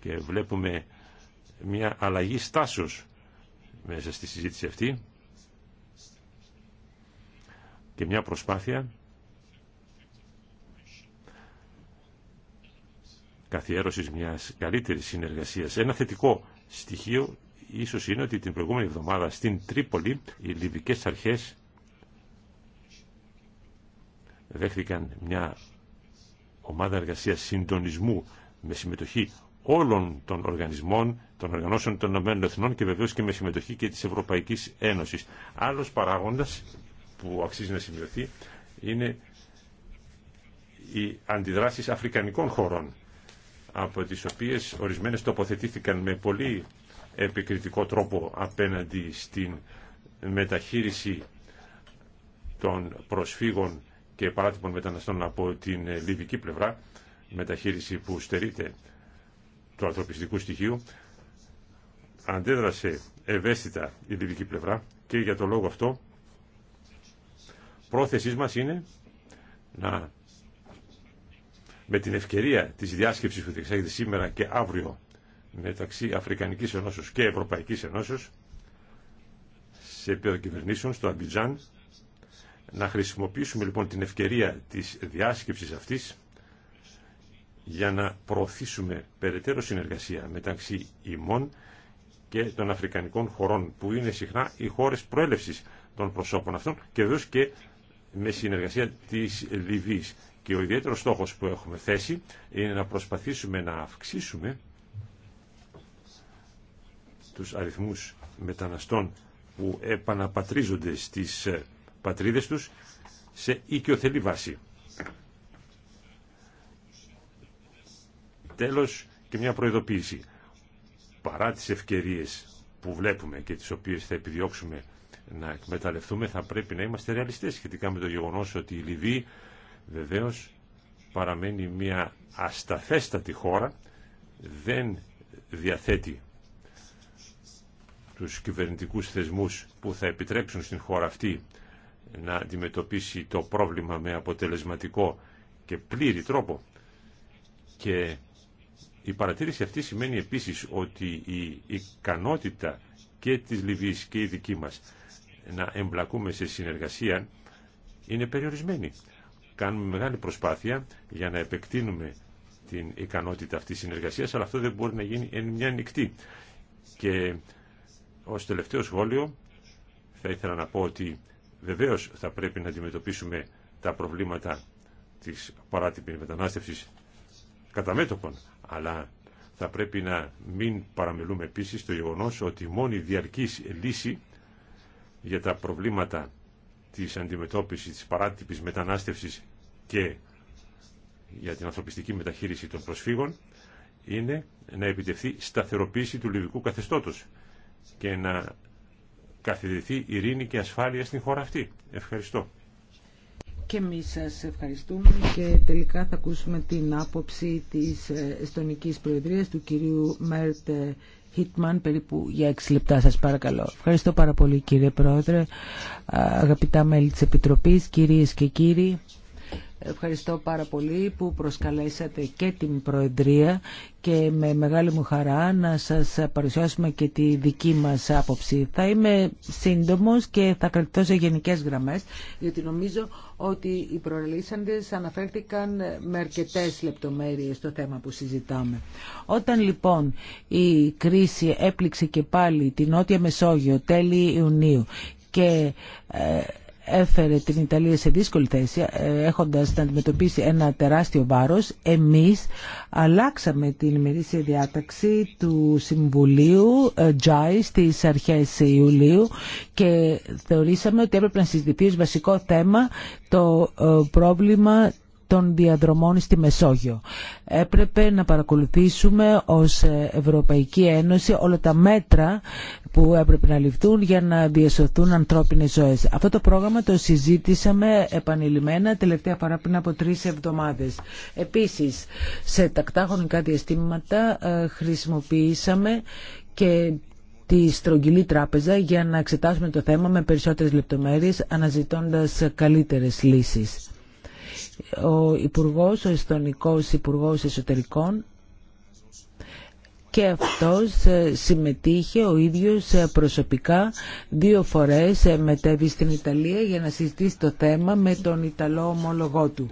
και βλέπουμε μια αλλαγή στάσεως μέσα στη συζήτηση αυτή και μια προσπάθεια Καθιέρωση μιας καλύτερης συνεργασίας. Ένα θετικό στοιχείο ίσως είναι ότι την προηγούμενη εβδομάδα στην Τρίπολη οι λιβικές αρχές δέχτηκαν μια ομάδα εργασία συντονισμού με συμμετοχή όλων των οργανισμών, των οργανώσεων των ΗΠΑ και βεβαίως και με συμμετοχή και της Ευρωπαϊκής Ένωσης. Άλλος παράγοντας που αξίζει να σημειωθεί είναι οι αντιδράσεις αφρικανικών χωρών από τις οποίες ορισμένες τοποθετήθηκαν με πολύ επικριτικό τρόπο απέναντι στην μεταχείριση των προσφύγων και παράτυπων μεταναστών από την λιβική πλευρά, μεταχείριση που στερείται του ανθρωπιστικού στοιχείου, αντέδρασε ευαίσθητα η λιβική πλευρά και για το λόγο αυτό πρόθεσής μας είναι να με την ευκαιρία της διάσκεψης που διεξάγεται σήμερα και αύριο μεταξύ Αφρικανικής Ενώσεως και Ευρωπαϊκής Ενώσεως σε επίπεδο κυβερνήσεων στο Αμπιτζάν να χρησιμοποιήσουμε λοιπόν την ευκαιρία της διάσκεψης αυτής για να προωθήσουμε περαιτέρω συνεργασία μεταξύ ημών και των Αφρικανικών χωρών που είναι συχνά οι χώρες προέλευσης των προσώπων αυτών και βεβαίω και με συνεργασία της Λιβύης. Και ο ιδιαίτερος στόχος που έχουμε θέσει είναι να προσπαθήσουμε να αυξήσουμε τους αριθμούς μεταναστών που επαναπατρίζονται στις ε, πατρίδες τους σε οικειοθελή βάση. Τέλος και μια προειδοποίηση. Παρά τις ευκαιρίες που βλέπουμε και τις οποίες θα επιδιώξουμε να εκμεταλλευτούμε θα πρέπει να είμαστε ρεαλιστές σχετικά με το γεγονός ότι η Λιβύη Βεβαίως παραμένει μια ασταθέστατη χώρα, δεν διαθέτει τους κυβερνητικούς θεσμούς που θα επιτρέψουν στην χώρα αυτή να αντιμετωπίσει το πρόβλημα με αποτελεσματικό και πλήρη τρόπο. Και η παρατήρηση αυτή σημαίνει επίσης ότι η ικανότητα και της Λιβύης και η δική μας να εμπλακούμε σε συνεργασία είναι περιορισμένη. Κάνουμε μεγάλη προσπάθεια για να επεκτείνουμε την ικανότητα αυτής της συνεργασίας, αλλά αυτό δεν μπορεί να γίνει εν μια νυχτή. Και ως τελευταίο σχόλιο θα ήθελα να πω ότι βεβαίως θα πρέπει να αντιμετωπίσουμε τα προβλήματα της παράτυπης μετανάστευση κατά μέτωπον, αλλά θα πρέπει να μην παραμελούμε επίσης το γεγονός ότι μόνη διαρκής λύση για τα προβλήματα της αντιμετώπισης της παράτυπης μετανάστευσης και για την ανθρωπιστική μεταχείριση των προσφύγων είναι να επιτευχθεί σταθεροποίηση του λιβικού καθεστώτος και να καθιδηθεί ειρήνη και ασφάλεια στην χώρα αυτή. Ευχαριστώ. Και εμεί σα ευχαριστούμε και τελικά θα ακούσουμε την άποψη της Εστονικής Προεδρίας του κυρίου Μέρτε. Χίτμαν περίπου για 6 λεπτά σας παρακαλώ. Ευχαριστώ πάρα πολύ κύριε Πρόεδρε, αγαπητά μέλη της Επιτροπής, κυρίες και κύριοι. Ευχαριστώ πάρα πολύ που προσκαλέσατε και την Προεδρία και με μεγάλη μου χαρά να σας παρουσιάσουμε και τη δική μας άποψη. Θα είμαι σύντομος και θα κρατηθώ σε γενικές γραμμές, γιατί νομίζω ότι οι προελίσσαντες αναφέρθηκαν με αρκετές λεπτομέρειες στο θέμα που συζητάμε. Όταν λοιπόν η κρίση έπληξε και πάλι την Νότια Μεσόγειο τέλη Ιουνίου ε, έφερε την Ιταλία σε δύσκολη θέση ε, έχοντας να αντιμετωπίσει ένα τεράστιο βάρος εμείς αλλάξαμε την ημερήσια διάταξη του Συμβουλίου Τζάι ε, στις αρχές Ιουλίου και θεωρήσαμε ότι έπρεπε να συζητηθεί ως βασικό θέμα το ε, πρόβλημα των διαδρομών στη Μεσόγειο. Έπρεπε να παρακολουθήσουμε ως Ευρωπαϊκή Ένωση όλα τα μέτρα που έπρεπε να ληφθούν για να διασωθούν ανθρώπινες ζωές. Αυτό το πρόγραμμα το συζήτησαμε επανειλημμένα τελευταία φορά πριν από τρεις εβδομάδες. Επίσης, σε τακτά χρονικά διαστήματα ε, χρησιμοποιήσαμε και τη στρογγυλή τράπεζα για να εξετάσουμε το θέμα με περισσότερες λεπτομέρειες αναζητώντας καλύτερες λύσεις. Ο Υπουργός, ο Εστονικός Υπουργός Εσωτερικών και αυτός ε, συμμετείχε ο ίδιος ε, προσωπικά δύο φορές ε, μετέβη στην Ιταλία για να συζητήσει το θέμα με τον Ιταλό ομολογό του.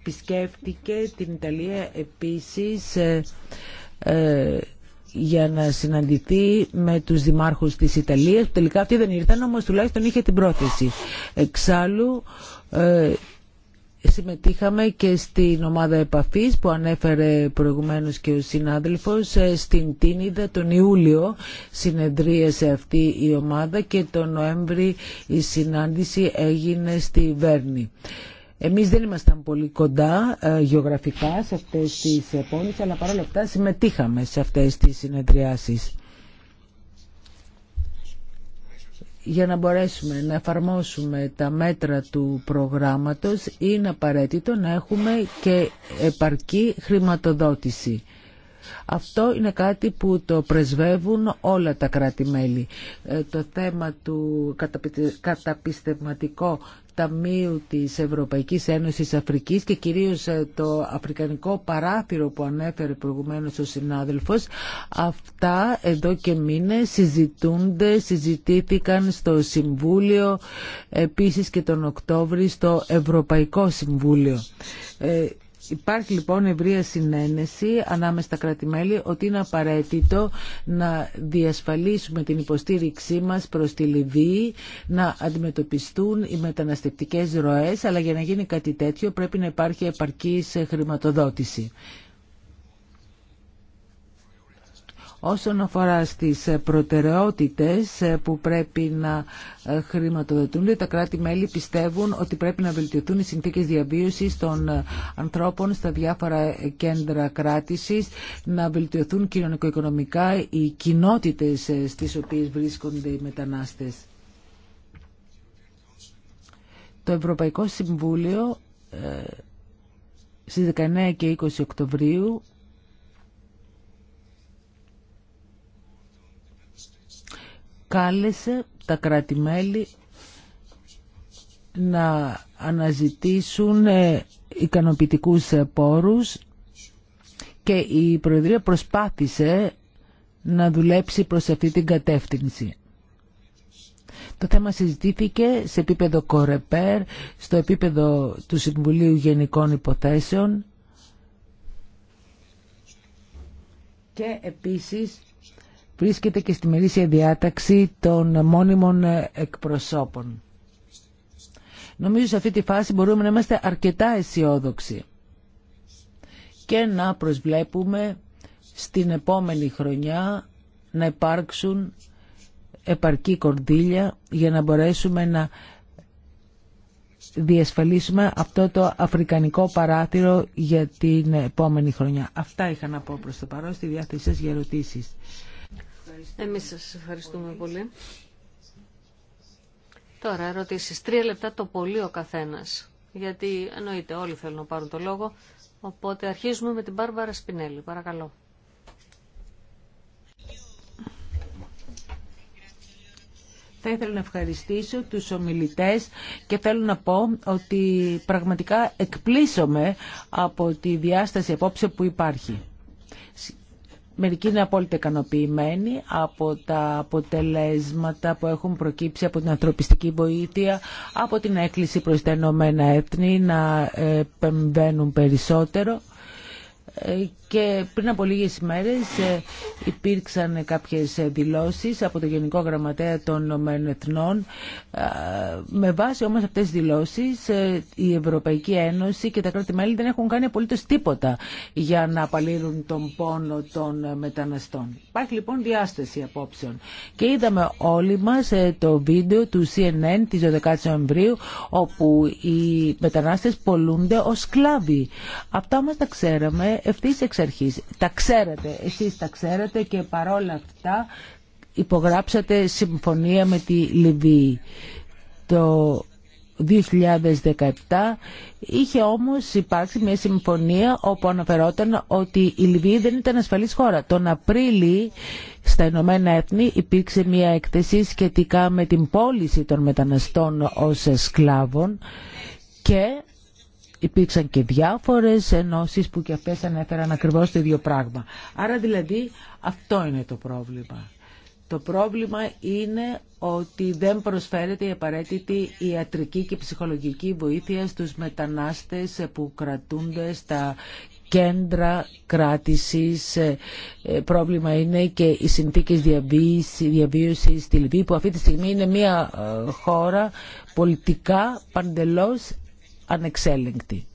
Επισκέφτηκε την Ιταλία επίσης για να συναντηθεί με τους δημάρχους της Ιταλίας τελικά αυτοί δεν ήρθαν όμως τουλάχιστον είχε την πρόθεση. Εξάλλου συμμετείχαμε και στην ομάδα επαφής που ανέφερε προηγουμένως και ο συνάδελφος ε, στην Τίνιδα τον Ιούλιο συνεδρίασε αυτή η ομάδα και τον Νοέμβρη η συνάντηση έγινε στη Βέρνη. Εμείς δεν ήμασταν πολύ κοντά ε, γεωγραφικά σε αυτές τις πόλεις αλλά παρόλα αυτά συμμετείχαμε σε αυτές τις συνεδριάσεις. για να μπορέσουμε να εφαρμόσουμε τα μέτρα του προγράμματος είναι απαραίτητο να έχουμε και επαρκή χρηματοδότηση. Αυτό είναι κάτι που το πρεσβεύουν όλα τα κράτη-μέλη. Ε, το θέμα του καταπιστευματικού. Ταμείου της Ευρωπαϊκής Ένωσης Αφρικής και κυρίως ε, το Αφρικανικό παράθυρο που ανέφερε προηγουμένως ο συνάδελφος αυτά εδώ και μήνες συζητούνται, συζητήθηκαν στο Συμβούλιο επίσης και τον Οκτώβριο στο Ευρωπαϊκό Συμβούλιο ε, Υπάρχει λοιπόν ευρεία συνένεση ανάμεσα στα κράτη-μέλη ότι είναι απαραίτητο να διασφαλίσουμε την υποστήριξή μας προς τη Λιβύη, να αντιμετωπιστούν οι μεταναστευτικές ροές, αλλά για να γίνει κάτι τέτοιο πρέπει να υπάρχει επαρκής χρηματοδότηση. Όσον αφορά στις ε, προτεραιότητες ε, που πρέπει να ε, χρηματοδοτούνται, τα κράτη-μέλη πιστεύουν ότι πρέπει να βελτιωθούν οι συνθήκες διαβίωσης των ανθρώπων στα διάφορα κέντρα κράτησης, να βελτιωθούν κοινωνικο-οικονομικά οι κοινότητες στις οποίες βρίσκονται οι μετανάστες. Το Ευρωπαϊκό Συμβούλιο στις 19 και 20 Οκτωβρίου κάλεσε τα κρατη να αναζητήσουν ε, ικανοποιητικούς ε, πόρους και η Προεδρία προσπάθησε να δουλέψει προς αυτή την κατεύθυνση. Το θέμα συζητήθηκε σε επίπεδο κορεπέρ, στο επίπεδο του Συμβουλίου Γενικών Υποθέσεων και επίσης βρίσκεται και στη μερίσια διάταξη των μόνιμων εκπροσώπων. Νομίζω σε αυτή τη φάση μπορούμε να είμαστε αρκετά αισιόδοξοι και να προσβλέπουμε στην επόμενη χρονιά να υπάρξουν επαρκή κορδίλια για να μπορέσουμε να διασφαλίσουμε αυτό το αφρικανικό παράθυρο για την επόμενη χρονιά. Αυτά είχα να πω προς το παρόν στη διάθεσή σας για εμείς σας ευχαριστούμε πολύ. Τώρα ερωτήσεις. Τρία λεπτά το πολύ ο καθένας. Γιατί εννοείται όλοι θέλουν να πάρουν το λόγο. Οπότε αρχίζουμε με την Μπάρμπαρα Σπινέλη. Παρακαλώ. Θα ήθελα να ευχαριστήσω τους ομιλητές και θέλω να πω ότι πραγματικά εκπλήσωμαι από τη διάσταση απόψε που υπάρχει. Μερικοί είναι απόλυτα ικανοποιημένοι από τα αποτελέσματα που έχουν προκύψει από την ανθρωπιστική βοήθεια, από την έκκληση προς τα ενωμένα Έθνη να επεμβαίνουν περισσότερο και πριν από λίγες μέρες ε, υπήρξαν κάποιες δηλώσεις από το Γενικό Γραμματέα των Ηνωμένων Εθνών. Ε, με βάση όμως αυτές τις δηλώσεις ε, η Ευρωπαϊκή Ένωση και τα κράτη-μέλη δεν έχουν κάνει απολύτως τίποτα για να απαλύρουν τον πόνο των μεταναστών. Υπάρχει λοιπόν διάσταση απόψεων. Και είδαμε όλοι μας το βίντεο του CNN της 12 Νοεμβρίου όπου οι μετανάστες πολλούνται ως σκλάβοι. Αυτά μας τα ξέραμε ευθύς εξ αρχής. Τα ξέρετε. εσείς τα ξέρετε και παρόλα αυτά υπογράψατε συμφωνία με τη Λιβύη. Το 2017 είχε όμως υπάρξει μια συμφωνία όπου αναφερόταν ότι η Λιβύη δεν ήταν ασφαλής χώρα. Τον Απρίλη στα Ηνωμένα Έθνη υπήρξε μια έκθεση σχετικά με την πώληση των μεταναστών ως σκλάβων και υπήρξαν και διάφορες ενώσεις που και αυτές ανέφεραν ακριβώς το ίδιο πράγμα. Άρα δηλαδή αυτό είναι το πρόβλημα. Το πρόβλημα είναι ότι δεν προσφέρεται η απαραίτητη ιατρική και ψυχολογική βοήθεια στους μετανάστες που κρατούνται στα κέντρα κράτησης. Ε, πρόβλημα είναι και οι συνθήκες διαβίωσης στη Λιβύη που αυτή τη στιγμή είναι μια ε, χώρα πολιτικά παντελώς ανεξέλεγκτη.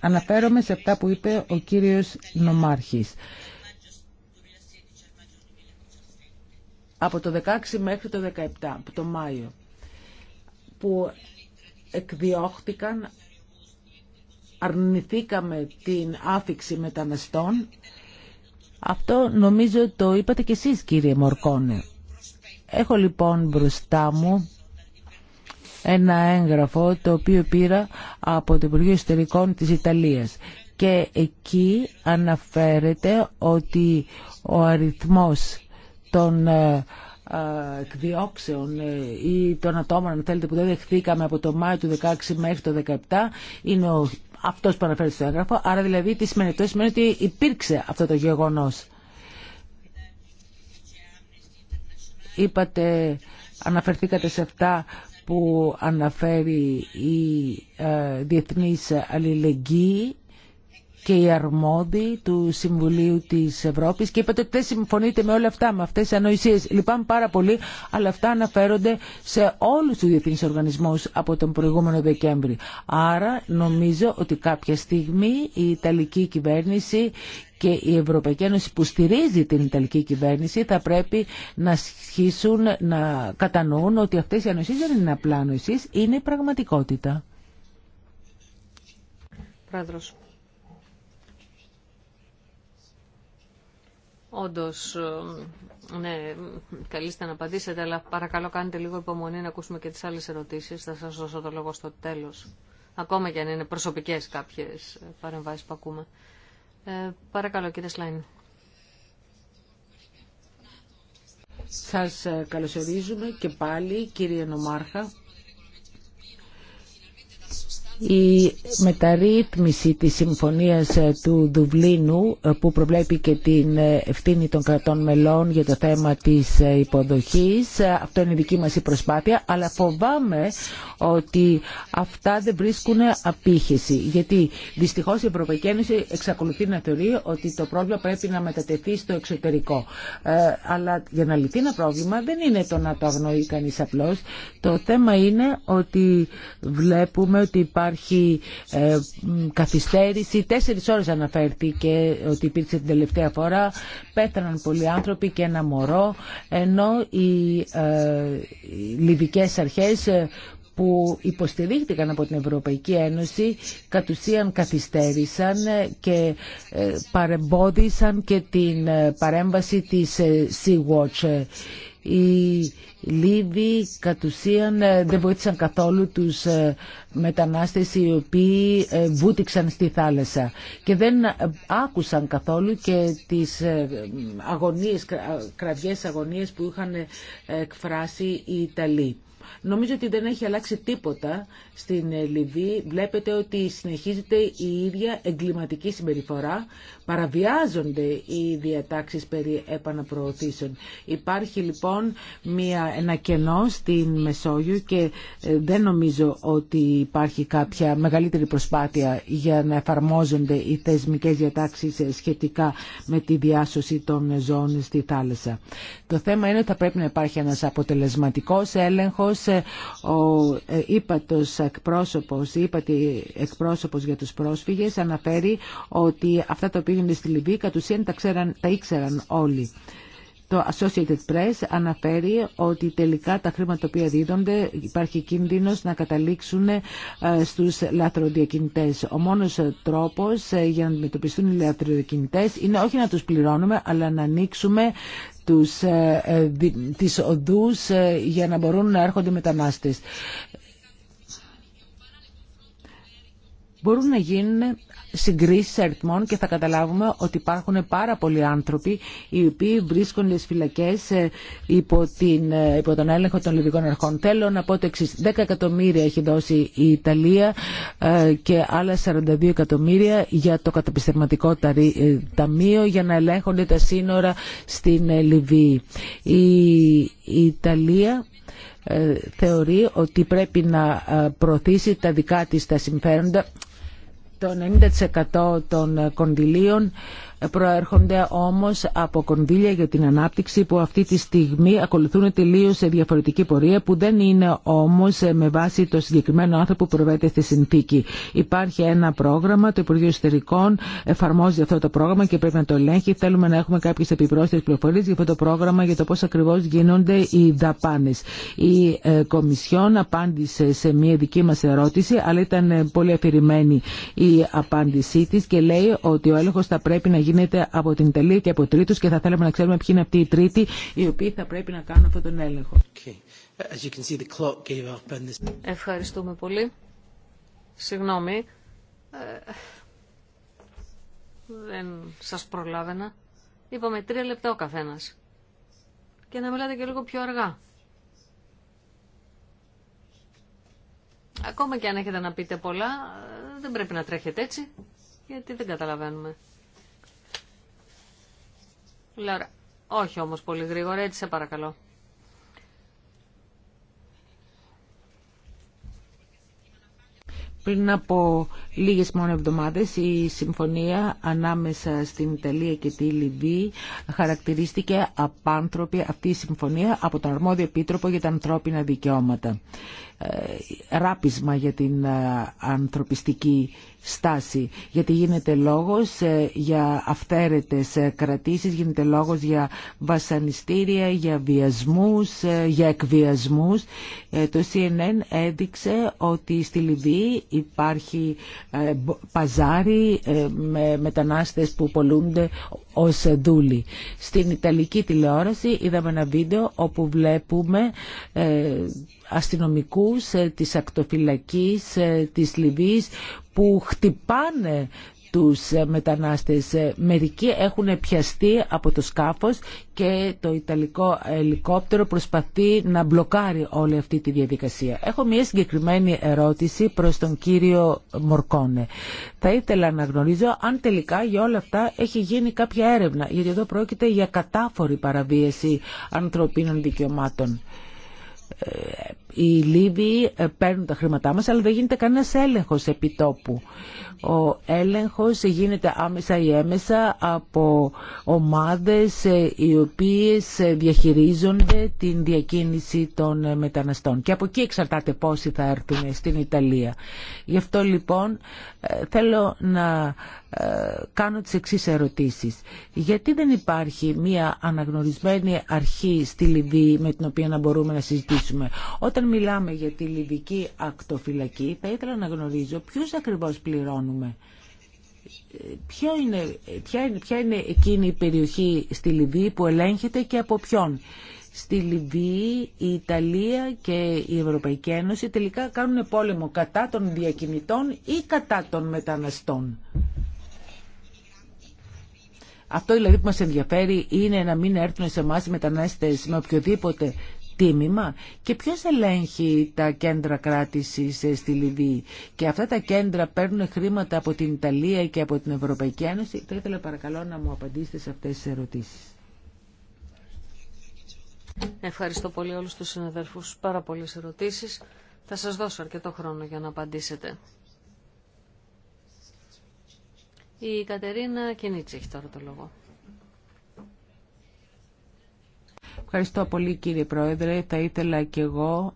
Αναφέρομαι σε αυτά που είπε ο κύριος Νομάρχης. Από το 16 μέχρι το 17, από το Μάιο, που εκδιώχτηκαν, αρνηθήκαμε την άφηξη μεταναστών. Αυτό νομίζω το είπατε κι εσείς κύριε Μορκόνε. Έχω λοιπόν μπροστά μου ένα έγγραφο το οποίο πήρα από το Υπουργείο Ιστορικών της Ιταλίας και εκεί αναφέρεται ότι ο αριθμός των ε, ε, εκδιώξεων ε, ή των ατόμων αν θέλετε που δεν δεχθήκαμε από το Μάιο του 16 μέχρι το 17 είναι ο, αυτός που αναφέρεται στο έγγραφο άρα δηλαδή τι σημαίνει αυτό σημαίνει ότι υπήρξε αυτό το γεγονός είπατε αναφερθήκατε σε αυτά που αναφέρει η ε, διεθνής αλληλεγγύη και οι αρμόδιοι του Συμβουλίου της Ευρώπης και είπατε ότι δεν συμφωνείτε με όλα αυτά, με αυτές τις ανοησίες. Λυπάμαι πάρα πολύ, αλλά αυτά αναφέρονται σε όλους τους διεθνείς οργανισμούς από τον προηγούμενο Δεκέμβρη. Άρα νομίζω ότι κάποια στιγμή η Ιταλική κυβέρνηση και η Ευρωπαϊκή Ένωση που στηρίζει την Ιταλική κυβέρνηση θα πρέπει να σχίσουν, να κατανοούν ότι αυτές οι ανοησίες δεν είναι απλά ανοησίες, είναι πραγματικότητα. Πρόεδρος. Όντω, ε, ναι, καλείστε να απαντήσετε, αλλά παρακαλώ κάντε λίγο υπομονή να ακούσουμε και τις άλλες ερωτήσεις. Θα σας δώσω το λόγο στο τέλος. Ακόμα και αν είναι προσωπικές κάποιες παρεμβάσει που ακούμε. Ε, παρακαλώ, κύριε Σλάιν. Σας ε, καλωσορίζουμε και πάλι, κύριε Νομάρχα η μεταρρύθμιση της συμφωνίας ε, του Δουβλίνου ε, που προβλέπει και την ε, ευθύνη των κρατών μελών για το θέμα της υποδοχής. Αυτό είναι η δική μας η προσπάθεια, αλλά φοβάμαι ότι αυτά δεν βρίσκουν απήχηση. Γιατί δυστυχώς η Ευρωπαϊκή Ένωση εξακολουθεί να θεωρεί ότι το πρόβλημα πρέπει να μετατεθεί στο εξωτερικό. αλλά για να λυθεί ένα πρόβλημα δεν είναι το να το αγνοεί κανείς απλώς. Το θέμα είναι ότι βλέπουμε ότι υπάρχει υπάρχει ε, καθυστέρηση. Τέσσερι ώρε αναφέρθηκε ότι υπήρξε την τελευταία φορά. Πέθαναν πολλοί άνθρωποι και ένα μωρό, ενώ οι ε, λιβικές αρχές ε, που υποστηρίχτηκαν από την Ευρωπαϊκή Ένωση κατ' ουσίαν καθυστέρησαν ε, και ε, παρεμπόδισαν και την παρέμβαση της Sea-Watch οι Λίβοι κατ' ουσίαν ε, δεν βοήθησαν καθόλου τους ε, μετανάστες οι οποίοι ε, βούτυξαν στη θάλασσα και δεν άκουσαν καθόλου και τις αγωνίες, κραυγές αγωνίες που είχαν εκφράσει οι Ιταλοί. Νομίζω ότι δεν έχει αλλάξει τίποτα στην Λιβύη. Βλέπετε ότι συνεχίζεται η ίδια εγκληματική συμπεριφορά παραβιάζονται οι διατάξεις περί επαναπροωθήσεων. Υπάρχει λοιπόν μια, ένα κενό στην Μεσόγειο και ε, δεν νομίζω ότι υπάρχει κάποια μεγαλύτερη προσπάθεια για να εφαρμόζονται οι θεσμικές διατάξεις ε, σχετικά με τη διάσωση των ζώων στη θάλασσα. Το θέμα είναι ότι θα πρέπει να υπάρχει ένας αποτελεσματικός έλεγχος. Ε, ο ύπατος εκπρόσωπος, ύπατη εκπρόσωπος για τους πρόσφυγες αναφέρει ότι αυτά τα οποία έγινε στη Λιβύη κατ' ουσίαν τα, ξέραν, τα ήξεραν όλοι. Το Associated Press αναφέρει ότι τελικά τα χρήματα που οποία δίδονται υπάρχει κίνδυνος να καταλήξουν ε, στους λαθροδιακινητές. Ο μόνος ε, τρόπος ε, για να αντιμετωπιστούν οι λαθροδιακινητές είναι όχι να τους πληρώνουμε αλλά να ανοίξουμε τους, τις οδούς για να μπορούν να έρχονται μετανάστες. Μπορούν να γίνουν συγκρίσεις αριθμών και θα καταλάβουμε ότι υπάρχουν πάρα πολλοί άνθρωποι οι οποίοι βρίσκονται στις φυλακές ε, υπό, την, ε, υπό τον έλεγχο των λιβικών αρχών. Θέλω να πω το 10 εκατομμύρια έχει δώσει η Ιταλία ε, και άλλα 42 εκατομμύρια για το καταπιστευματικό ταμείο για να ελέγχονται τα σύνορα στην Λιβύη. Η Ιταλία θεωρεί ότι πρέπει να προωθήσει τα δικά της τα συμφέροντα το 90% των κονδυλίων προέρχονται όμως από κονδύλια για την ανάπτυξη που αυτή τη στιγμή ακολουθούν τελείως διαφορετική πορεία που δεν είναι όμως με βάση το συγκεκριμένο άνθρωπο που προβέται στη συνθήκη. Υπάρχει ένα πρόγραμμα, το Υπουργείο Εστερικών εφαρμόζει αυτό το πρόγραμμα και πρέπει να το ελέγχει. Θέλουμε να έχουμε κάποιες επιπρόσθετες πληροφορίες για αυτό το πρόγραμμα για το πώς ακριβώς γίνονται οι δαπάνες. Η ε, Κομισιόν απάντησε σε μια δική μας ερώτηση αλλά ήταν ε, πολύ αφηρημένη η απάντησή της και λέει ότι ο έλεγχος θα πρέπει να γίνεται από την Ιταλία και από τρίτους και θα θέλαμε να ξέρουμε ποιοι είναι αυτοί οι τρίτοι οι οποίοι θα πρέπει να κάνουν αυτόν τον έλεγχο. Ευχαριστούμε πολύ. Συγγνώμη. Ε, δεν σας προλάβαινα. Είπαμε τρία λεπτά ο καθένας. Και να μιλάτε και λίγο πιο αργά. Ακόμα και αν έχετε να πείτε πολλά, ε, δεν πρέπει να τρέχετε έτσι, γιατί δεν καταλαβαίνουμε. Λάρα. Όχι όμως πολύ γρήγορα, έτσι σε παρακαλώ. Πριν από λίγες μόνο εβδομάδες η συμφωνία ανάμεσα στην Ιταλία και τη Λιβύη χαρακτηρίστηκε απάνθρωπη αυτή η συμφωνία από τον αρμόδιο επίτροπο για τα ανθρώπινα δικαιώματα. Ε, ράπισμα για την ε, ανθρωπιστική στάση γιατί γίνεται λόγος ε, για αυθαίρετες κρατήσεις γίνεται λόγος για βασανιστήρια για βιασμούς για εκβιασμούς το CNN έδειξε ότι στη Λιβύη υπάρχει παζάρι με μετανάστες που πολλούνται ως δούλοι στην Ιταλική τηλεόραση είδαμε ένα βίντεο όπου βλέπουμε αστυνομικούς ε, της ακτοφυλακής ε, της Λιβύης που χτυπάνε τους ε, μετανάστες. Μερικοί έχουν πιαστεί από το σκάφος και το Ιταλικό ελικόπτερο προσπαθεί να μπλοκάρει όλη αυτή τη διαδικασία. Έχω μια συγκεκριμένη ερώτηση προς τον κύριο Μορκόνε. Θα ήθελα να γνωρίζω αν τελικά για όλα αυτά έχει γίνει κάποια έρευνα, γιατί εδώ πρόκειται για κατάφορη παραβίαση ανθρωπίνων δικαιωμάτων. Ε, οι Λίβοι ε, παίρνουν τα χρήματά μας αλλά δεν γίνεται κανένας έλεγχος επί τόπου. Ο έλεγχος γίνεται άμεσα ή έμεσα από ομάδες ε, οι οποίες ε, διαχειρίζονται την διακίνηση των ε, μεταναστών. Και από εκεί εξαρτάται πόσοι θα έρθουν στην Ιταλία. Γι' αυτό λοιπόν θέλω να κάνω τις εξής ερωτήσεις. Γιατί δεν υπάρχει μία αναγνωρισμένη αρχή στη Λιβύη με την οποία να μπορούμε να συζητήσουμε. Όταν μιλάμε για τη Λιβική ακτοφυλακή θα ήθελα να γνωρίζω ποιους ακριβώς πληρώνουν κάνουμε. Ποια είναι, ποια, είναι, είναι εκείνη η περιοχή στη Λιβύη που ελέγχεται και από ποιον. Στη Λιβύη η Ιταλία και η Ευρωπαϊκή Ένωση τελικά κάνουν πόλεμο κατά των διακινητών ή κατά των μεταναστών. Αυτό δηλαδή που μας ενδιαφέρει είναι να μην έρθουν σε εμά μετανάστες με οποιοδήποτε τίμημα και ποιος ελέγχει τα κέντρα κράτησης ε, στη Λιβύη και αυτά τα κέντρα παίρνουν χρήματα από την Ιταλία και από την Ευρωπαϊκή Ένωση θα ήθελα παρακαλώ να μου απαντήσετε σε αυτές τις ερωτήσεις Ευχαριστώ πολύ όλους τους συναδέλφους πάρα πολλές ερωτήσεις θα σας δώσω αρκετό χρόνο για να απαντήσετε Η Κατερίνα Κινίτση έχει τώρα το λόγο Ευχαριστώ πολύ κύριε Πρόεδρε. Θα ήθελα και εγώ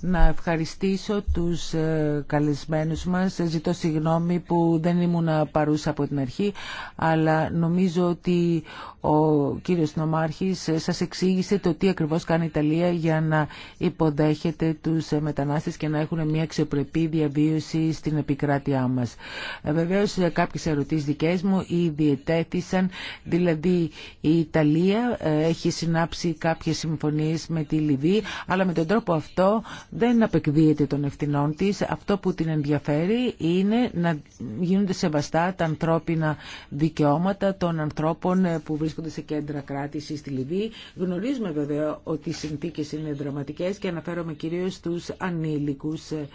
να ευχαριστήσω τους ε, καλεσμένους μας. Ζητώ συγγνώμη που δεν ήμουν παρούσα από την αρχή, αλλά νομίζω ότι ο κύριος Νομάρχης ε, σας εξήγησε το τι ακριβώς κάνει η Ιταλία για να υποδέχεται τους ε, μετανάστες και να έχουν μια αξιοπρεπή διαβίωση στην επικράτειά μας. Βεβαίως κάποιες ερωτήσεις δικές μου ήδη ετέθησαν, δηλαδή η Ιταλία έχει συνάψει κάποιες συμφωνίες με τη Λιβύη, αλλά με τον τρόπο αυτό δεν απεκδίεται των ευθυνών της. Αυτό που την ενδιαφέρει είναι να γίνονται σεβαστά τα ανθρώπινα δικαιώματα των ανθρώπων ε, που βρίσκονται σε κέντρα κράτηση στη Λιβύη. Γνωρίζουμε βέβαια ότι οι συνθήκες είναι δραματικές και αναφέρομαι κυρίως στους ανήλικους ε,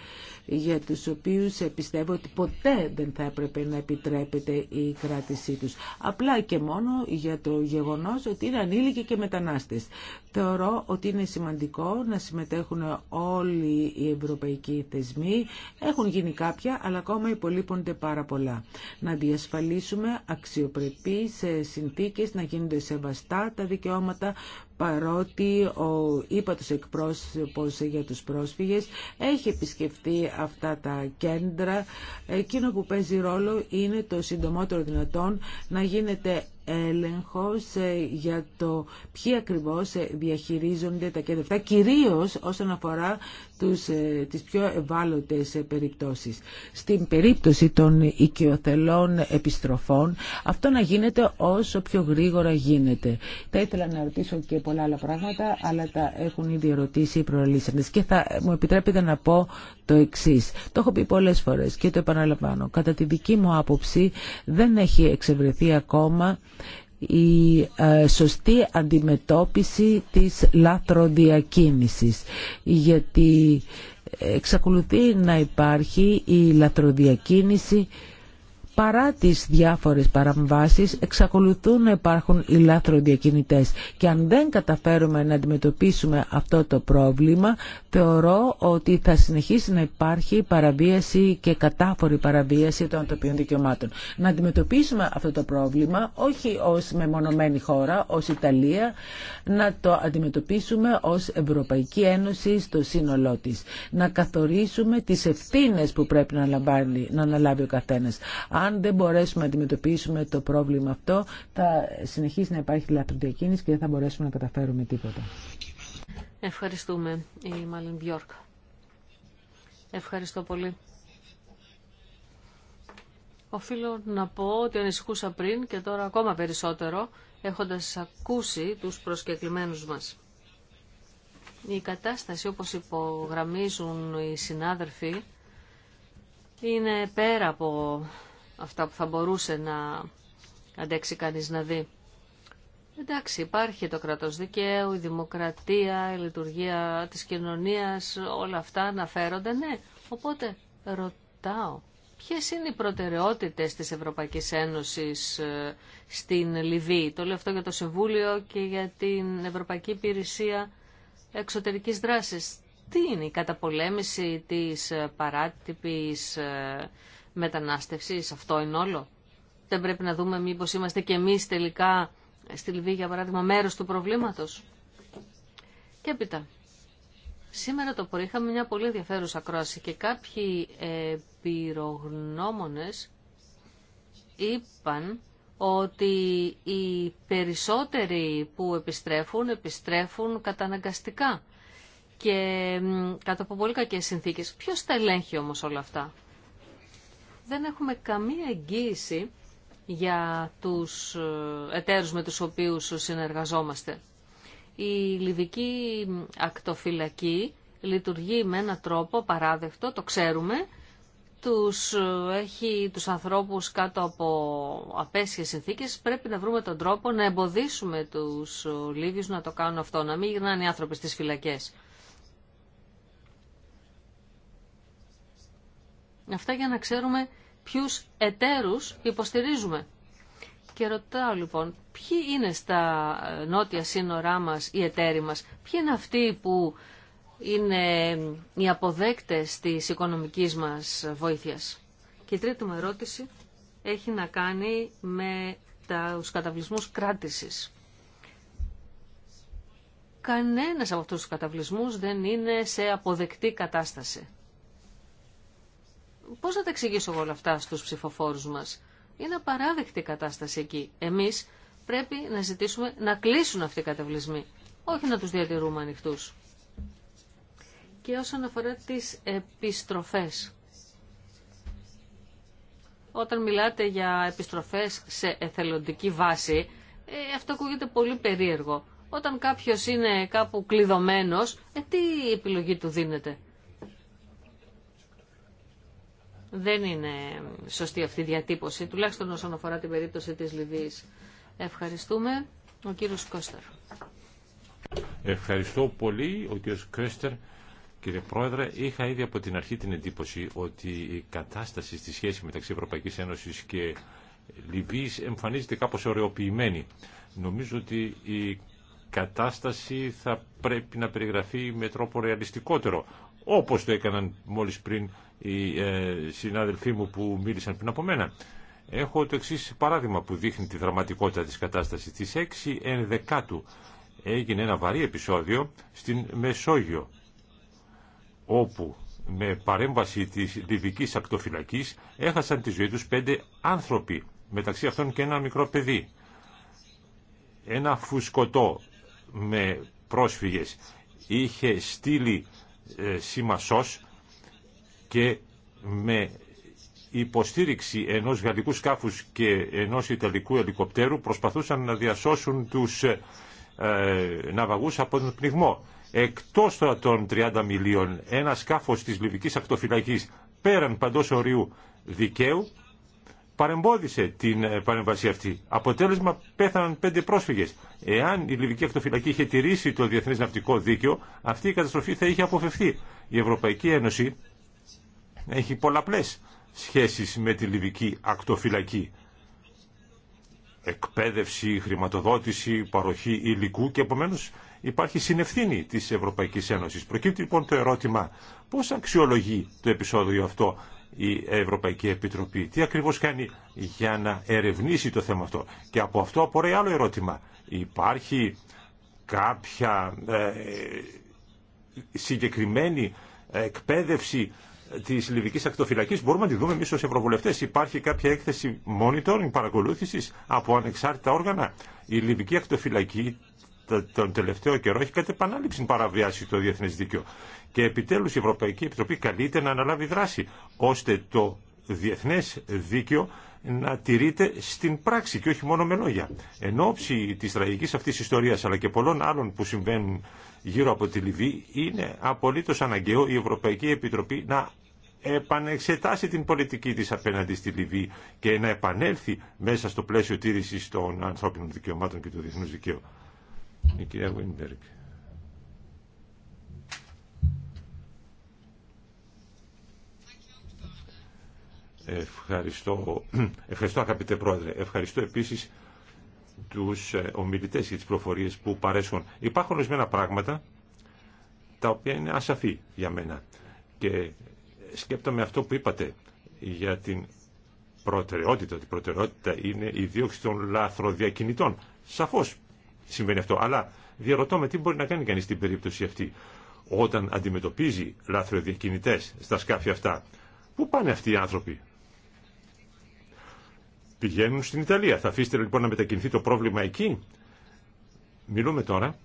για τους οποίους πιστεύω ότι ποτέ δεν θα έπρεπε να επιτρέπεται η κράτησή τους. Απλά και μόνο για το γεγονός ότι είναι ανήλικοι και μετανάστες. Θεωρώ ότι είναι σημαντικό να συμμετέχουν όλοι οι ευρωπαϊκοί θεσμοί. Έχουν γίνει κάποια, αλλά ακόμα υπολείπονται πάρα πολλά. Να διασφαλίσουμε αξιοπρεπείς συνθήκες, να γίνονται σεβαστά τα δικαιώματα παρότι ο ύπατος εκπρόσωπος για τους πρόσφυγες έχει επισκεφτεί αυτά τα κέντρα. Εκείνο που παίζει ρόλο είναι το συντομότερο δυνατόν να γίνεται έλεγχος ε, για το ποιοι ακριβώς ε, διαχειρίζονται τα κέντρα αυτά, κυρίως όσον αφορά τους, ε, τις πιο ευάλωτες περιπτώσεις. Στην περίπτωση των οικειοθελών επιστροφών, αυτό να γίνεται όσο πιο γρήγορα γίνεται. Θα ήθελα να ρωτήσω και πολλά άλλα πράγματα, αλλά τα έχουν ήδη ερωτήσει οι προελίσσαντες. Και θα μου επιτρέπετε να πω το εξή. Το έχω πει πολλές φορές και το επαναλαμβάνω. Κατά τη δική μου άποψη δεν έχει εξευρεθεί ακόμα η ε, σωστή αντιμετώπιση της λαθροδιακίνησης γιατί εξακολουθεί να υπάρχει η λαθροδιακίνηση παρά τις διάφορες παραμβάσεις εξακολουθούν να υπάρχουν οι λάθροδιακινητές και αν δεν καταφέρουμε να αντιμετωπίσουμε αυτό το πρόβλημα θεωρώ ότι θα συνεχίσει να υπάρχει παραβίαση και κατάφορη παραβίαση των ανθρωπίνων δικαιωμάτων. Να αντιμετωπίσουμε αυτό το πρόβλημα όχι ως μεμονωμένη χώρα, ως Ιταλία, να το αντιμετωπίσουμε ως Ευρωπαϊκή Ένωση στο σύνολό της. Να καθορίσουμε τις ευθύνες που πρέπει να, να αναλάβει ο καθένα. Αν δεν μπορέσουμε να αντιμετωπίσουμε το πρόβλημα αυτό, θα συνεχίσει να υπάρχει λαθροδιακίνηση και δεν θα μπορέσουμε να καταφέρουμε τίποτα. Ευχαριστούμε, η Μαλίν Μπιόρκ. Ευχαριστώ πολύ. Οφείλω να πω ότι ανησυχούσα πριν και τώρα ακόμα περισσότερο, έχοντας ακούσει τους προσκεκλημένους μας. Η κατάσταση, όπως υπογραμμίζουν οι συνάδελφοι, είναι πέρα από αυτά που θα μπορούσε να αντέξει κανείς να δει. Εντάξει, υπάρχει το κρατός δικαίου, η δημοκρατία, η λειτουργία της κοινωνίας, όλα αυτά αναφέρονται, ναι. Οπότε ρωτάω, ποιες είναι οι προτεραιότητες της Ευρωπαϊκής Ένωσης ε, στην Λιβύη. Το λέω αυτό για το Σεβούλιο και για την Ευρωπαϊκή Υπηρεσία Εξωτερικής Δράσης. Τι είναι η καταπολέμηση της παράτυπης ε, Μετανάστευση αυτό είναι όλο. Δεν πρέπει να δούμε μήπως είμαστε και εμείς τελικά ε, στη Λιβύη για παράδειγμα μέρος του προβλήματος. Και έπειτα, σήμερα το πρωί είχαμε μια πολύ ενδιαφέρουσα κρόαση και κάποιοι πυρογνώμονες είπαν ότι οι περισσότεροι που επιστρέφουν, επιστρέφουν καταναγκαστικά και κάτω από πολύ κακές συνθήκες. Ποιος τα ελέγχει όμως όλα αυτά δεν έχουμε καμία εγγύηση για τους ε, εταίρους με τους οποίους συνεργαζόμαστε. Η Λιβική ακτοφυλακή λειτουργεί με έναν τρόπο παράδεκτο, το ξέρουμε, τους, ε, έχει τους ανθρώπους κάτω από απέσχες συνθήκες, πρέπει να βρούμε τον τρόπο να εμποδίσουμε τους ε, Λίβιους να το κάνουν αυτό, να μην γυρνάνε οι άνθρωποι στις φυλακές. Αυτά για να ξέρουμε ποιους εταίρους υποστηρίζουμε. Και ρωτάω λοιπόν, ποιοι είναι στα ε, νότια σύνορά μας οι εταίροι μας, ποιοι είναι αυτοί που είναι ε, οι αποδέκτες της οικονομικής μας βοήθειας. Και η τρίτη μου ερώτηση έχει να κάνει με τους καταβλισμούς κράτησης. Κανένας από αυτούς τους καταβλισμούς δεν είναι σε αποδεκτή κατάσταση πώς να τα εξηγήσω όλα αυτά στους ψηφοφόρους μας. Είναι απαράδεκτη η κατάσταση εκεί. Εμείς πρέπει να ζητήσουμε να κλείσουν αυτοί οι κατευλισμοί. όχι να τους διατηρούμε ανοιχτού. Και όσον αφορά τις επιστροφές. Όταν μιλάτε για επιστροφές σε εθελοντική βάση, ε, αυτό ακούγεται πολύ περίεργο. Όταν κάποιος είναι κάπου κλειδωμένος, ε, τι επιλογή του δίνεται. Δεν είναι σωστή αυτή η διατύπωση, τουλάχιστον όσον αφορά την περίπτωση της Λιβύης. Ευχαριστούμε. Ο κύριος Κώστερ. Ευχαριστώ πολύ, ο κύριος Κώστερ. Κύριε Πρόεδρε, είχα ήδη από την αρχή την εντύπωση ότι η κατάσταση στη σχέση μεταξύ Ευρωπαϊκής Ένωσης και Λιβύης εμφανίζεται κάπως ωρεοποιημένη. Νομίζω ότι η κατάσταση θα πρέπει να περιγραφεί με τρόπο ρεαλιστικότερο, όπως το έκαναν μόλις πριν οι ε, συναδελφοί μου που μίλησαν πριν από μένα. Έχω το εξή παράδειγμα που δείχνει τη δραματικότητα της κατάστασης. Της 6 ενδεκάτου έγινε ένα βαρύ επεισόδιο στην Μεσόγειο, όπου με παρέμβαση της Λιβικής Ακτοφυλακής έχασαν τη ζωή τους πέντε άνθρωποι, μεταξύ αυτών και ένα μικρό παιδί. Ένα φουσκωτό με πρόσφυγες είχε στείλει ε, και με υποστήριξη ενός γαλλικού σκάφους και ενός ιταλικού ελικοπτέρου προσπαθούσαν να διασώσουν τους ε, ναυαγούς από τον πνιγμό. Εκτός των 30 μιλίων, ένα σκάφος της Λιβικής Ακτοφυλακής πέραν παντός ορίου δικαίου παρεμπόδισε την ε, παρεμβασία αυτή. Αποτέλεσμα πέθαναν πέντε πρόσφυγες. Εάν η Λιβική Ακτοφυλακή είχε τηρήσει το Διεθνές Ναυτικό Δίκαιο, αυτή η καταστροφή θα είχε αποφευθεί. Η Ευρωπαϊκή Ένωση έχει πολλαπλές σχέσεις με τη Λιβική ακτοφυλακή. Εκπαίδευση, χρηματοδότηση, παροχή υλικού και επομένως υπάρχει συνευθύνη της Ευρωπαϊκής Ένωσης. Προκύπτει λοιπόν το ερώτημα πώς αξιολογεί το επεισόδιο αυτό η Ευρωπαϊκή Επιτροπή. Τι ακριβώς κάνει για να ερευνήσει το θέμα αυτό. Και από αυτό απορρέει άλλο ερώτημα. Υπάρχει κάποια ε, συγκεκριμένη εκπαίδευση τη Λιβική Ακτοφυλακή μπορούμε να τη δούμε εμεί ω Ευρωβουλευτέ. Υπάρχει κάποια έκθεση monitoring, παρακολούθηση από ανεξάρτητα όργανα. Η Λιβική Ακτοφυλακή τον τελευταίο καιρό έχει κατ' επανάληψη παραβιάσει το διεθνέ δίκαιο. Και επιτέλου η Ευρωπαϊκή Επιτροπή καλείται να αναλάβει δράση ώστε το διεθνέ δίκαιο να τηρείται στην πράξη και όχι μόνο με λόγια. Εν ώψη της τραγικής αυτής ιστορίας αλλά και πολλών άλλων που συμβαίνουν γύρω από τη Λιβύη είναι απολύτως αναγκαίο η Ευρωπαϊκή Επιτροπή να επανεξετάσει την πολιτική της απέναντι στη Λιβύη και να επανέλθει μέσα στο πλαίσιο τήρησης των ανθρώπινων δικαιωμάτων και του διεθνούς δικαίου. Ευχαριστώ, ευχαριστώ αγαπητέ Πρόεδρε. Ευχαριστώ επίσης τους ε, ομιλητές για τις προφορίες που παρέσχουν. Υπάρχουν ορισμένα πράγματα τα οποία είναι ασαφή για μένα. Και σκέπτομαι αυτό που είπατε για την προτεραιότητα. Ότι η προτεραιότητα είναι η δίωξη των λαθροδιακινητών. Σαφώς συμβαίνει αυτό. Αλλά διαρωτώ με τι μπορεί να κάνει κανείς στην περίπτωση αυτή όταν αντιμετωπίζει λαθροδιακινητές στα σκάφια αυτά. Πού πάνε αυτοί οι άνθρωποι πηγαίνουν στην Ιταλία. Θα αφήσετε λοιπόν να μετακινηθεί το πρόβλημα εκεί. Μιλούμε τώρα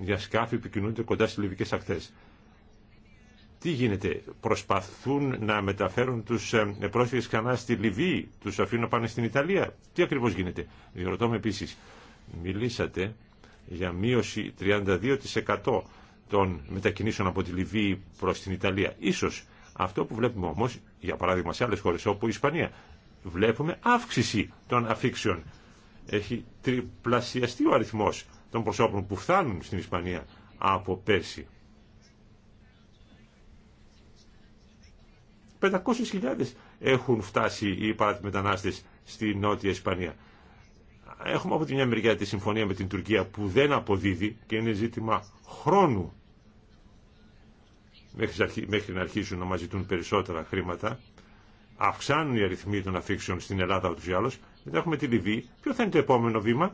για σκάφη που κινούνται κοντά στις λιβικές ακτές. Τι γίνεται, προσπαθούν να μεταφέρουν τους ε, πρόσφυγες ξανά στη Λιβύη, τους αφήνουν να πάνε στην Ιταλία. Τι ακριβώς γίνεται. ρωτώ με επίσης, μιλήσατε για μείωση 32% των μετακινήσεων από τη Λιβύη προς την Ιταλία. Ίσως αυτό που βλέπουμε όμως για παράδειγμα σε άλλες χώρες όπου η Ισπανία βλέπουμε αύξηση των αφήξεων έχει τριπλασιαστεί ο αριθμός των προσώπων που φτάνουν στην Ισπανία από πέρσι 500.000 έχουν φτάσει οι παρατημετανάστες στη Νότια Ισπανία έχουμε από τη μια μεριά τη συμφωνία με την Τουρκία που δεν αποδίδει και είναι ζήτημα χρόνου μέχρι να αρχίσουν να μας ζητούν περισσότερα χρήματα. Αυξάνουν οι αριθμοί των αφήξεων στην Ελλάδα ούτως ή άλλως. Μετά έχουμε τη Λιβύη. Ποιο θα είναι το επόμενο βήμα.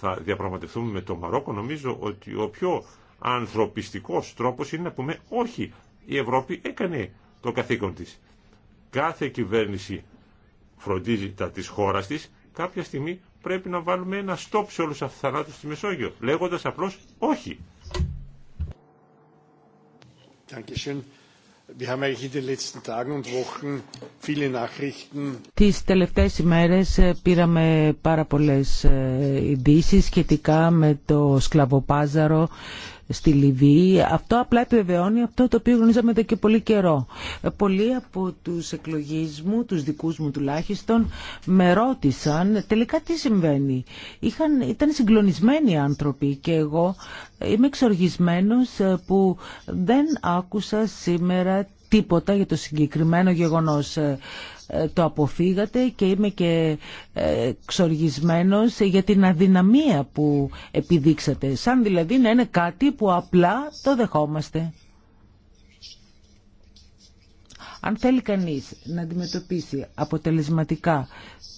Θα διαπραγματευτούμε με το Μαρόκο. Νομίζω ότι ο πιο ανθρωπιστικός τρόπος είναι να πούμε όχι. Η Ευρώπη έκανε το καθήκον της. Κάθε κυβέρνηση φροντίζει τα της χώρας της. Κάποια στιγμή πρέπει να βάλουμε ένα στόπ σε όλους αυτούς τους θανάτους στη Μεσόγειο, λέγοντας απλώς όχι. Τις τελευταίες ημέρες ε, πήραμε πάρα πολλές ε, ειδήσει σχετικά με το σκλαβοπάζαρο στη Λιβύη. Αυτό απλά επιβεβαιώνει αυτό το οποίο γνωρίζαμε εδώ και πολύ καιρό. Ε, πολλοί από τους εκλογεί μου, τους δικούς μου τουλάχιστον, με ρώτησαν τελικά τι συμβαίνει. Είχαν, ήταν συγκλονισμένοι άνθρωποι και εγώ είμαι εξοργισμένο ε, που δεν άκουσα σήμερα τίποτα για το συγκεκριμένο γεγονός. Ε, ε, το αποφύγατε και είμαι και ε, ξοργισμένος για την αδυναμία που επιδείξατε. Σαν δηλαδή να είναι κάτι που απλά το δεχόμαστε. Αν θέλει κανείς να αντιμετωπίσει αποτελεσματικά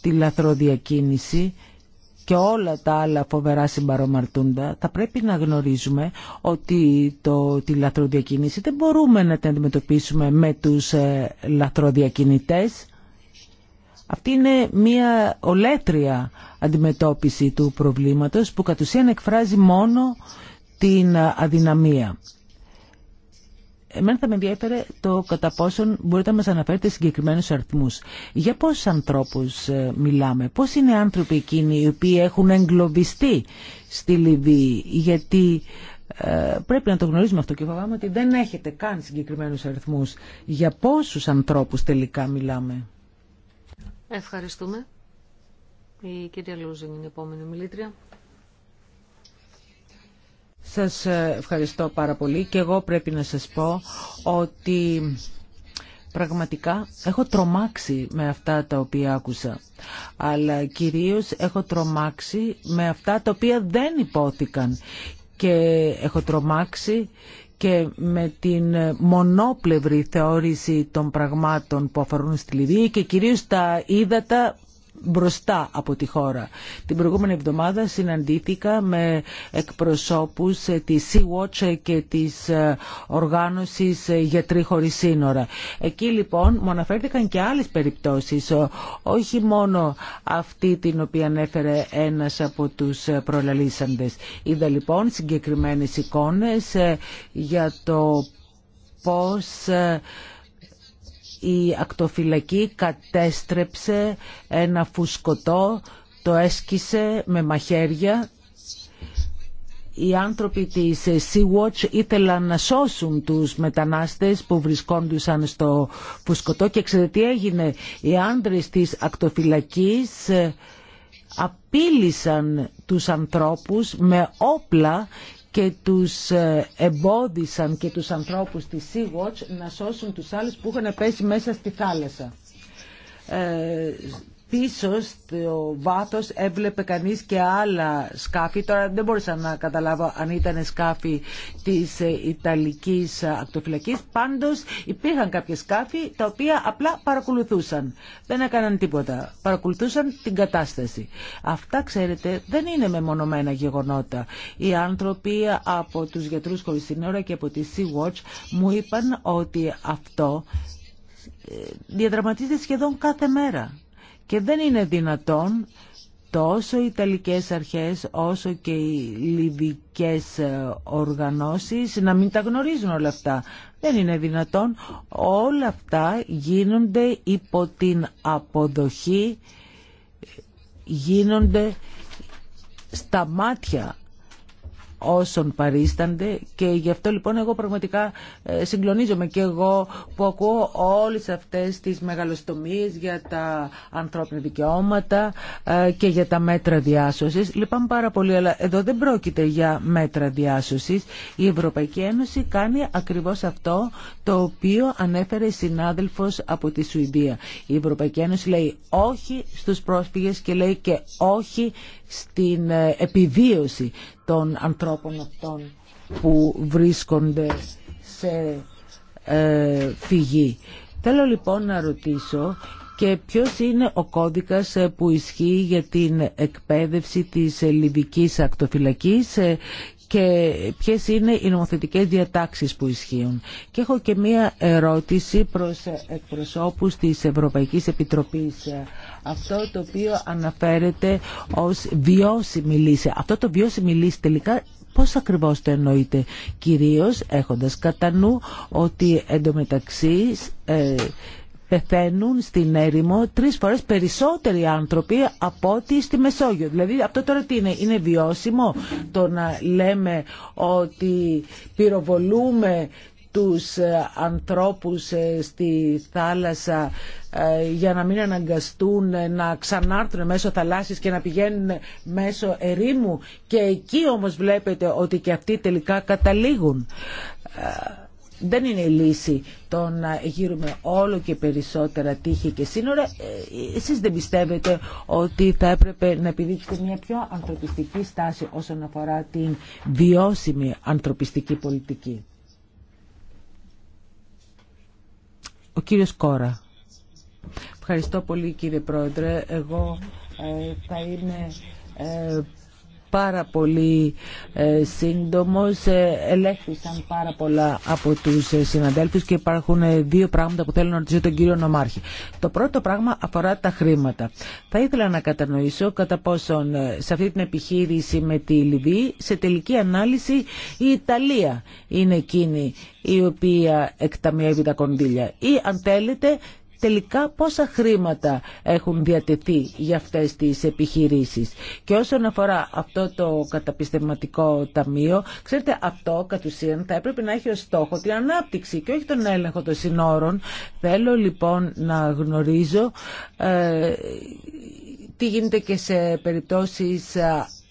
τη λαθροδιακίνηση και όλα τα άλλα φοβερά συμπαρομαρτούντα, θα πρέπει να γνωρίζουμε ότι το, τη λαθροδιακίνηση δεν μπορούμε να την αντιμετωπίσουμε με τους ε, αυτή είναι μια ολέτρια αντιμετώπιση του προβλήματος που κατ' ουσίαν εκφράζει μόνο την αδυναμία. Εμένα θα με ενδιαφέρε το κατά πόσον μπορείτε να μας αναφέρετε συγκεκριμένους αριθμούς. Για πόσους ανθρώπους ε, μιλάμε, πώς είναι άνθρωποι εκείνοι οι οποίοι έχουν εγκλωβιστεί στη Λιβύη, γιατί ε, πρέπει να το γνωρίζουμε αυτό και φοβάμαι ότι δεν έχετε καν συγκεκριμένους αριθμούς. Για πόσους ανθρώπους τελικά μιλάμε. Ευχαριστούμε. Η κυρία Λούζιν είναι η επόμενη μιλήτρια. Σας ε, ευχαριστώ πάρα πολύ και εγώ πρέπει να σας πω ότι πραγματικά έχω τρομάξει με αυτά τα οποία άκουσα. Αλλά κυρίως έχω τρομάξει με αυτά τα οποία δεν υπόθηκαν. Και έχω τρομάξει και με την μονόπλευρη θεώρηση των πραγμάτων που αφορούν στη Λιβύη και κυρίως τα ύδατα μπροστά από τη χώρα. Την προηγούμενη εβδομάδα συναντήθηκα με εκπροσώπους ε, της Sea-Watch ε, και της ε, οργάνωσης Γιατροί χωρι Σύνορα. Εκεί λοιπόν μου αναφέρθηκαν και άλλες περιπτώσεις, όχι μόνο αυτή την οποία ανέφερε ένας από τους προλαλήσαντες. Είδα λοιπόν συγκεκριμένες εικόνες για το πώς η ακτοφυλακή κατέστρεψε ένα φουσκωτό, το έσκησε με μαχαίρια. Οι άνθρωποι της Sea-Watch ήθελαν να σώσουν τους μετανάστες που βρισκόντουσαν στο φουσκωτό και ξέρετε τι έγινε. Οι άντρες της ακτοφυλακής απείλησαν τους ανθρώπους με όπλα και τους ε, εμπόδισαν και τους ανθρώπους της Sea-Watch να σώσουν τους άλλους που είχαν πέσει μέσα στη θάλασσα. Ε, πίσω στο βάθος έβλεπε κανείς και άλλα σκάφη. Τώρα δεν μπορούσα να καταλάβω αν ήταν σκάφη της ε, Ιταλικής ακτοφυλακής. Πάντως υπήρχαν κάποια σκάφη τα οποία απλά παρακολουθούσαν. Δεν έκαναν τίποτα. Παρακολουθούσαν την κατάσταση. Αυτά ξέρετε δεν είναι μεμονωμένα γεγονότα. Οι άνθρωποι από τους γιατρούς χωρίς ώρα και από τη Sea-Watch μου είπαν ότι αυτό ε, διαδραματίζεται σχεδόν κάθε μέρα. Και δεν είναι δυνατόν τόσο οι Ιταλικές αρχές όσο και οι Λιβικές ε, οργανώσεις να μην τα γνωρίζουν όλα αυτά. Δεν είναι δυνατόν. Όλα αυτά γίνονται υπό την αποδοχή, γίνονται στα μάτια όσων παρίστανται και γι' αυτό λοιπόν εγώ πραγματικά ε, συγκλονίζομαι και εγώ που ακούω όλες αυτές τις μεγαλοστομίες για τα ανθρώπινα δικαιώματα ε, και για τα μέτρα διάσωσης. Λυπάμαι πάρα πολύ, αλλά εδώ δεν πρόκειται για μέτρα διάσωσης. Η Ευρωπαϊκή Ένωση κάνει ακριβώς αυτό το οποίο ανέφερε η συνάδελφος από τη Σουηδία. Η Ευρωπαϊκή Ένωση λέει όχι στους πρόσφυγες και λέει και όχι στην ε, επιβίωση των ανθρώπων αυτών που βρίσκονται σε ε, φυγή. Θέλω λοιπόν να ρωτήσω και ποιος είναι ο κώδικας ε, που ισχύει για την εκπαίδευση της ε, λιβικής ακτοφυλακής και ποιες είναι οι νομοθετικές διατάξεις που ισχύουν. Και έχω και μία ερώτηση προς εκπροσώπους της Ευρωπαϊκής Επιτροπής. Αυτό το οποίο αναφέρεται ως βιώσιμη λύση. Αυτό το βιώσιμη λύση τελικά Πώς ακριβώς το εννοείτε, κυρίως έχοντας κατά νου ότι εντωμεταξύ ε, πεθαίνουν στην έρημο τρεις φορές περισσότεροι άνθρωποι από ό,τι στη Μεσόγειο. Δηλαδή αυτό τώρα τι είναι, είναι βιώσιμο το να λέμε ότι πυροβολούμε τους ε, ανθρώπους ε, στη θάλασσα ε, για να μην αναγκαστούν να ξανάρθουν μέσω θαλάσσης και να πηγαίνουν μέσω ερήμου και εκεί όμως βλέπετε ότι και αυτοί τελικά καταλήγουν δεν είναι η λύση το να γύρουμε όλο και περισσότερα τείχη και σύνορα. Ε, εσείς δεν πιστεύετε ότι θα έπρεπε να επιδείξετε μια πιο ανθρωπιστική στάση όσον αφορά την βιώσιμη ανθρωπιστική πολιτική. Ο κύριος Κόρα. Ευχαριστώ πολύ κύριε Πρόεδρε. Εγώ ε, θα είμαι ε, πάρα πολύ ε, σύντομος. Ε, ελέγχθησαν πάρα πολλά από τους ε, συναντέλφου και υπάρχουν ε, δύο πράγματα που θέλω να ρωτήσω τον κύριο Νομάρχη. Το πρώτο πράγμα αφορά τα χρήματα. Θα ήθελα να κατανοήσω κατά πόσον σε αυτή την επιχείρηση με τη Λιβύη σε τελική ανάλυση η Ιταλία είναι εκείνη η οποία εκταμιεύει τα κονδύλια ή αν θέλετε τελικά πόσα χρήματα έχουν διατεθεί για αυτές τις επιχειρήσεις. Και όσον αφορά αυτό το καταπιστευματικό ταμείο, ξέρετε αυτό κατ' ουσίαν θα έπρεπε να έχει ως στόχο την ανάπτυξη και όχι τον έλεγχο των συνόρων. Θέλω λοιπόν να γνωρίζω ε, τι γίνεται και σε περιπτώσεις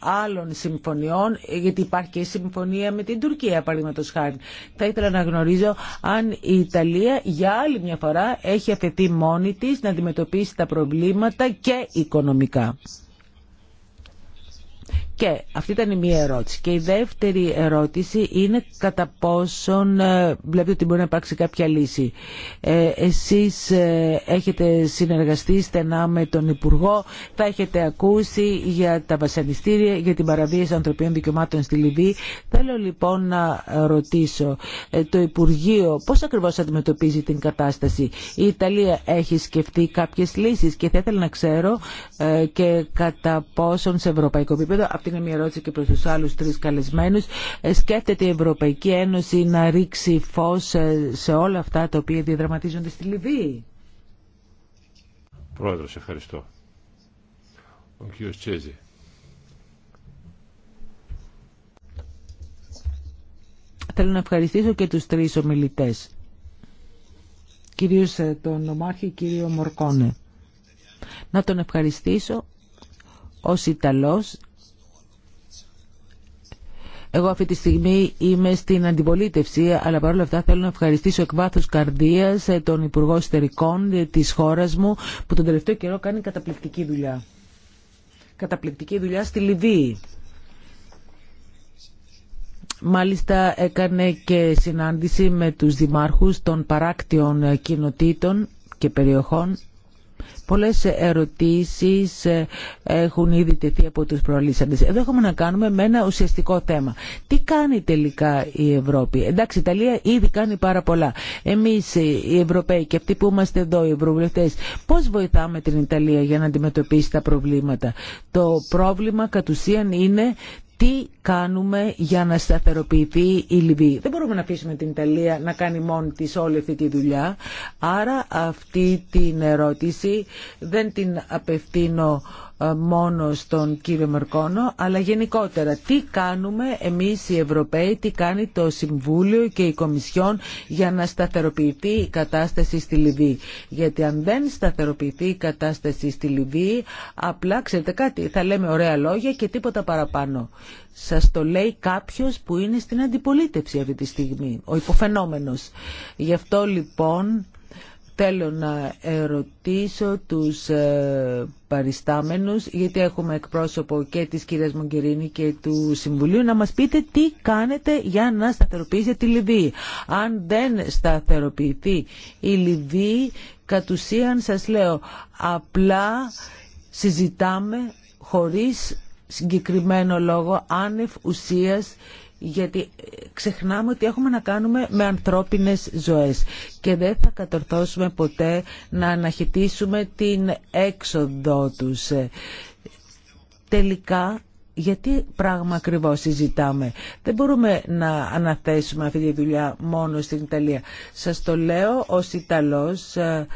άλλων συμφωνιών, γιατί υπάρχει και συμφωνία με την Τουρκία, παραδείγματο χάρη. Θα ήθελα να γνωρίζω αν η Ιταλία για άλλη μια φορά έχει αφαιθεί μόνη τη να αντιμετωπίσει τα προβλήματα και οικονομικά. Και αυτή ήταν η μία ερώτηση. Και η δεύτερη ερώτηση είναι κατά πόσον ε, βλέπετε ότι μπορεί να υπάρξει κάποια λύση. Ε, εσείς ε, έχετε συνεργαστεί στενά με τον Υπουργό, θα έχετε ακούσει για τα βασανιστήρια, για την παραβίαση ανθρωπίνων δικαιωμάτων στη Λιβύη. Θέλω λοιπόν να ρωτήσω ε, το Υπουργείο πώς ακριβώς αντιμετωπίζει την κατάσταση. Η Ιταλία έχει σκεφτεί κάποιες λύσεις και θα ήθελα να ξέρω και κατά πόσον σε ευρωπαϊκό επίπεδο είναι μια ερώτηση και προς τους άλλους τρεις καλεσμένους. Ε, σκέφτεται η Ευρωπαϊκή Ένωση να ρίξει φως ε, σε όλα αυτά τα οποία διαδραματίζονται στη Λιβύη. Πρόεδρος, ευχαριστώ. Ο κ. Τσέζη. Θέλω να ευχαριστήσω και τους τρεις ομιλητές. Κυρίως ε, τον Νομάρχη κύριο Μορκόνε. Να τον ευχαριστήσω ως Ιταλός εγώ αυτή τη στιγμή είμαι στην αντιπολίτευση, αλλά παρόλα αυτά θέλω να ευχαριστήσω εκ βάθους καρδίας ε, τον Υπουργό Ιστερικών ε, της χώρας μου, που τον τελευταίο καιρό κάνει καταπληκτική δουλειά. Καταπληκτική δουλειά στη Λιβύη. Μάλιστα έκανε και συνάντηση με τους δημάρχους των παράκτιων κοινοτήτων και περιοχών Πολλές ερωτήσεις ε, έχουν ήδη τεθεί από τους προλήσαντες. Εδώ έχουμε να κάνουμε με ένα ουσιαστικό θέμα. Τι κάνει τελικά η Ευρώπη. Εντάξει, η Ιταλία ήδη κάνει πάρα πολλά. Εμείς ε, οι Ευρωπαίοι και αυτοί που είμαστε εδώ, οι Ευρωβουλευτές, πώς βοηθάμε την Ιταλία για να αντιμετωπίσει τα προβλήματα. Το πρόβλημα κατ' ουσίαν είναι τι κάνουμε για να σταθεροποιηθεί η Λιβύη. Δεν μπορούμε να αφήσουμε την Ιταλία να κάνει μόνη της όλη αυτή τη δουλειά. Άρα αυτή την ερώτηση δεν την απευθύνω ε, μόνο στον κύριο Μερκόνο, αλλά γενικότερα τι κάνουμε εμείς οι Ευρωπαίοι, τι κάνει το Συμβούλιο και η Κομισιόν για να σταθεροποιηθεί η κατάσταση στη Λιβύη. Γιατί αν δεν σταθεροποιηθεί η κατάσταση στη Λιβύη, απλά ξέρετε κάτι, θα λέμε ωραία λόγια και τίποτα παραπάνω. Σας το λέει κάποιος που είναι στην αντιπολίτευση αυτή τη στιγμή, ο υποφαινόμενος. Γι' αυτό λοιπόν Θέλω να ερωτήσω τους ε, παριστάμενους, γιατί έχουμε εκπρόσωπο και της κυρίας Μογκερίνη και του Συμβουλίου, να μας πείτε τι κάνετε για να σταθεροποιήσετε τη Λιβύη. Αν δεν σταθεροποιηθεί η Λιβύη, κατ' ουσίαν σας λέω, απλά συζητάμε χωρίς συγκεκριμένο λόγο άνευ ουσίας γιατί ε, ξεχνάμε ότι έχουμε να κάνουμε με ανθρώπινες ζωές και δεν θα κατορθώσουμε ποτέ να αναχαιτήσουμε την έξοδό τους. Τελικά γιατί πράγμα ακριβώ συζητάμε. Δεν μπορούμε να αναθέσουμε αυτή τη δουλειά μόνο στην Ιταλία. Σας το λέω ως Ιταλός, ε,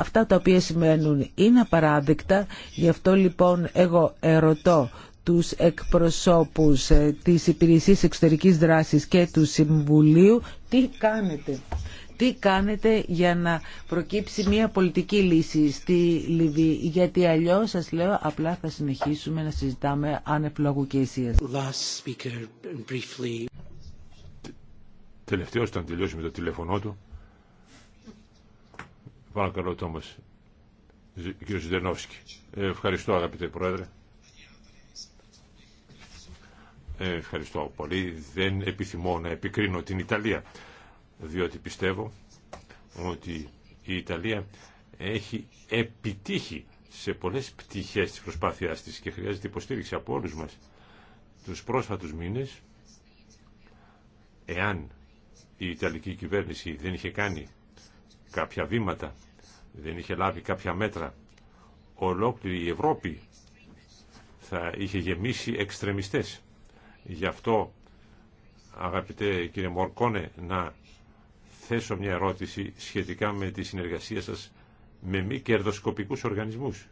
αυτά τα οποία σημαίνουν είναι απαράδεκτα, γι' αυτό λοιπόν εγώ ερωτώ τους εκπροσώπους ε, της Υπηρεσίας Εξωτερικής Δράσης και του Συμβουλίου τι κάνετε. Τι κάνετε για να προκύψει μια πολιτική λύση στη Λιβύη, γιατί αλλιώς σας λέω απλά θα συνεχίσουμε να συζητάμε ανεπλογού και briefly. Τελευταίος ήταν τελειώσει το τηλέφωνό του. Παρακαλώ Τόμας, κύριο Ζητερνόφσκι. Ε, ευχαριστώ αγαπητέ Πρόεδρε. Ευχαριστώ πολύ. Δεν επιθυμώ να επικρίνω την Ιταλία, διότι πιστεύω ότι η Ιταλία έχει επιτύχει σε πολλές πτυχές της προσπάθειάς της και χρειάζεται υποστήριξη από όλους μας. Τους πρόσφατους μήνες, εάν η Ιταλική κυβέρνηση δεν είχε κάνει κάποια βήματα, δεν είχε λάβει κάποια μέτρα, ολόκληρη η Ευρώπη θα είχε γεμίσει εξτρεμιστές. Γι' αυτό, αγαπητέ κύριε Μορκόνε, να θέσω μια ερώτηση σχετικά με τη συνεργασία σας με μη κερδοσκοπικούς οργανισμούς.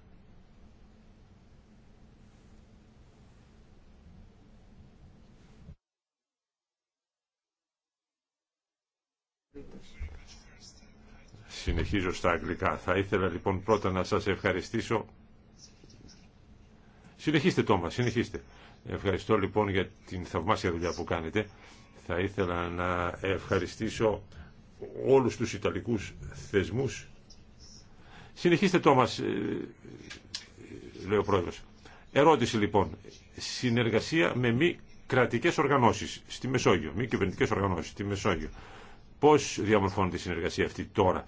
Συνεχίζω στα αγγλικά. Θα ήθελα λοιπόν πρώτα να σας ευχαριστήσω. Συνεχίστε Τόμα, συνεχίστε. Ευχαριστώ λοιπόν για την θαυμάσια δουλειά που κάνετε. Θα ήθελα να ευχαριστήσω όλους τους Ιταλικούς θεσμούς. Συνεχίστε το μας, ε, λέει ο Πρόεδρος. Ερώτηση λοιπόν. Συνεργασία με μη κρατικές οργανώσεις στη Μεσόγειο, μη κυβερνητικές οργανώσεις στη Μεσόγειο. Πώς διαμορφώνεται η συνεργασία αυτή τώρα.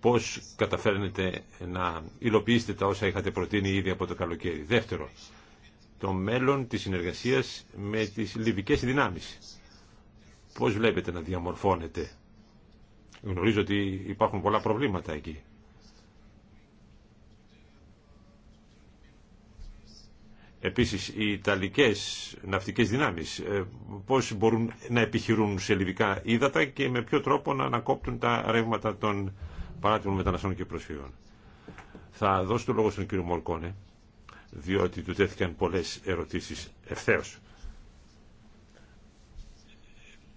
πώς καταφέρνετε να υλοποιήσετε τα όσα είχατε προτείνει ήδη από το καλοκαίρι. Δεύτερο, το μέλλον της συνεργασίας με τις λιβικές δυνάμεις. Πώς βλέπετε να διαμορφώνετε. Γνωρίζω ότι υπάρχουν πολλά προβλήματα εκεί. Επίσης, οι Ιταλικές ναυτικές δυνάμεις, ε, πώς μπορούν να επιχειρούν σε λιβικά ύδατα και με ποιο τρόπο να ανακόπτουν τα ρεύματα των παρά μεταναστών και προσφύγων. Θα δώσω το λόγο στον κύριο Μολκόνε, διότι του τέθηκαν πολλές ερωτήσεις ευθέω.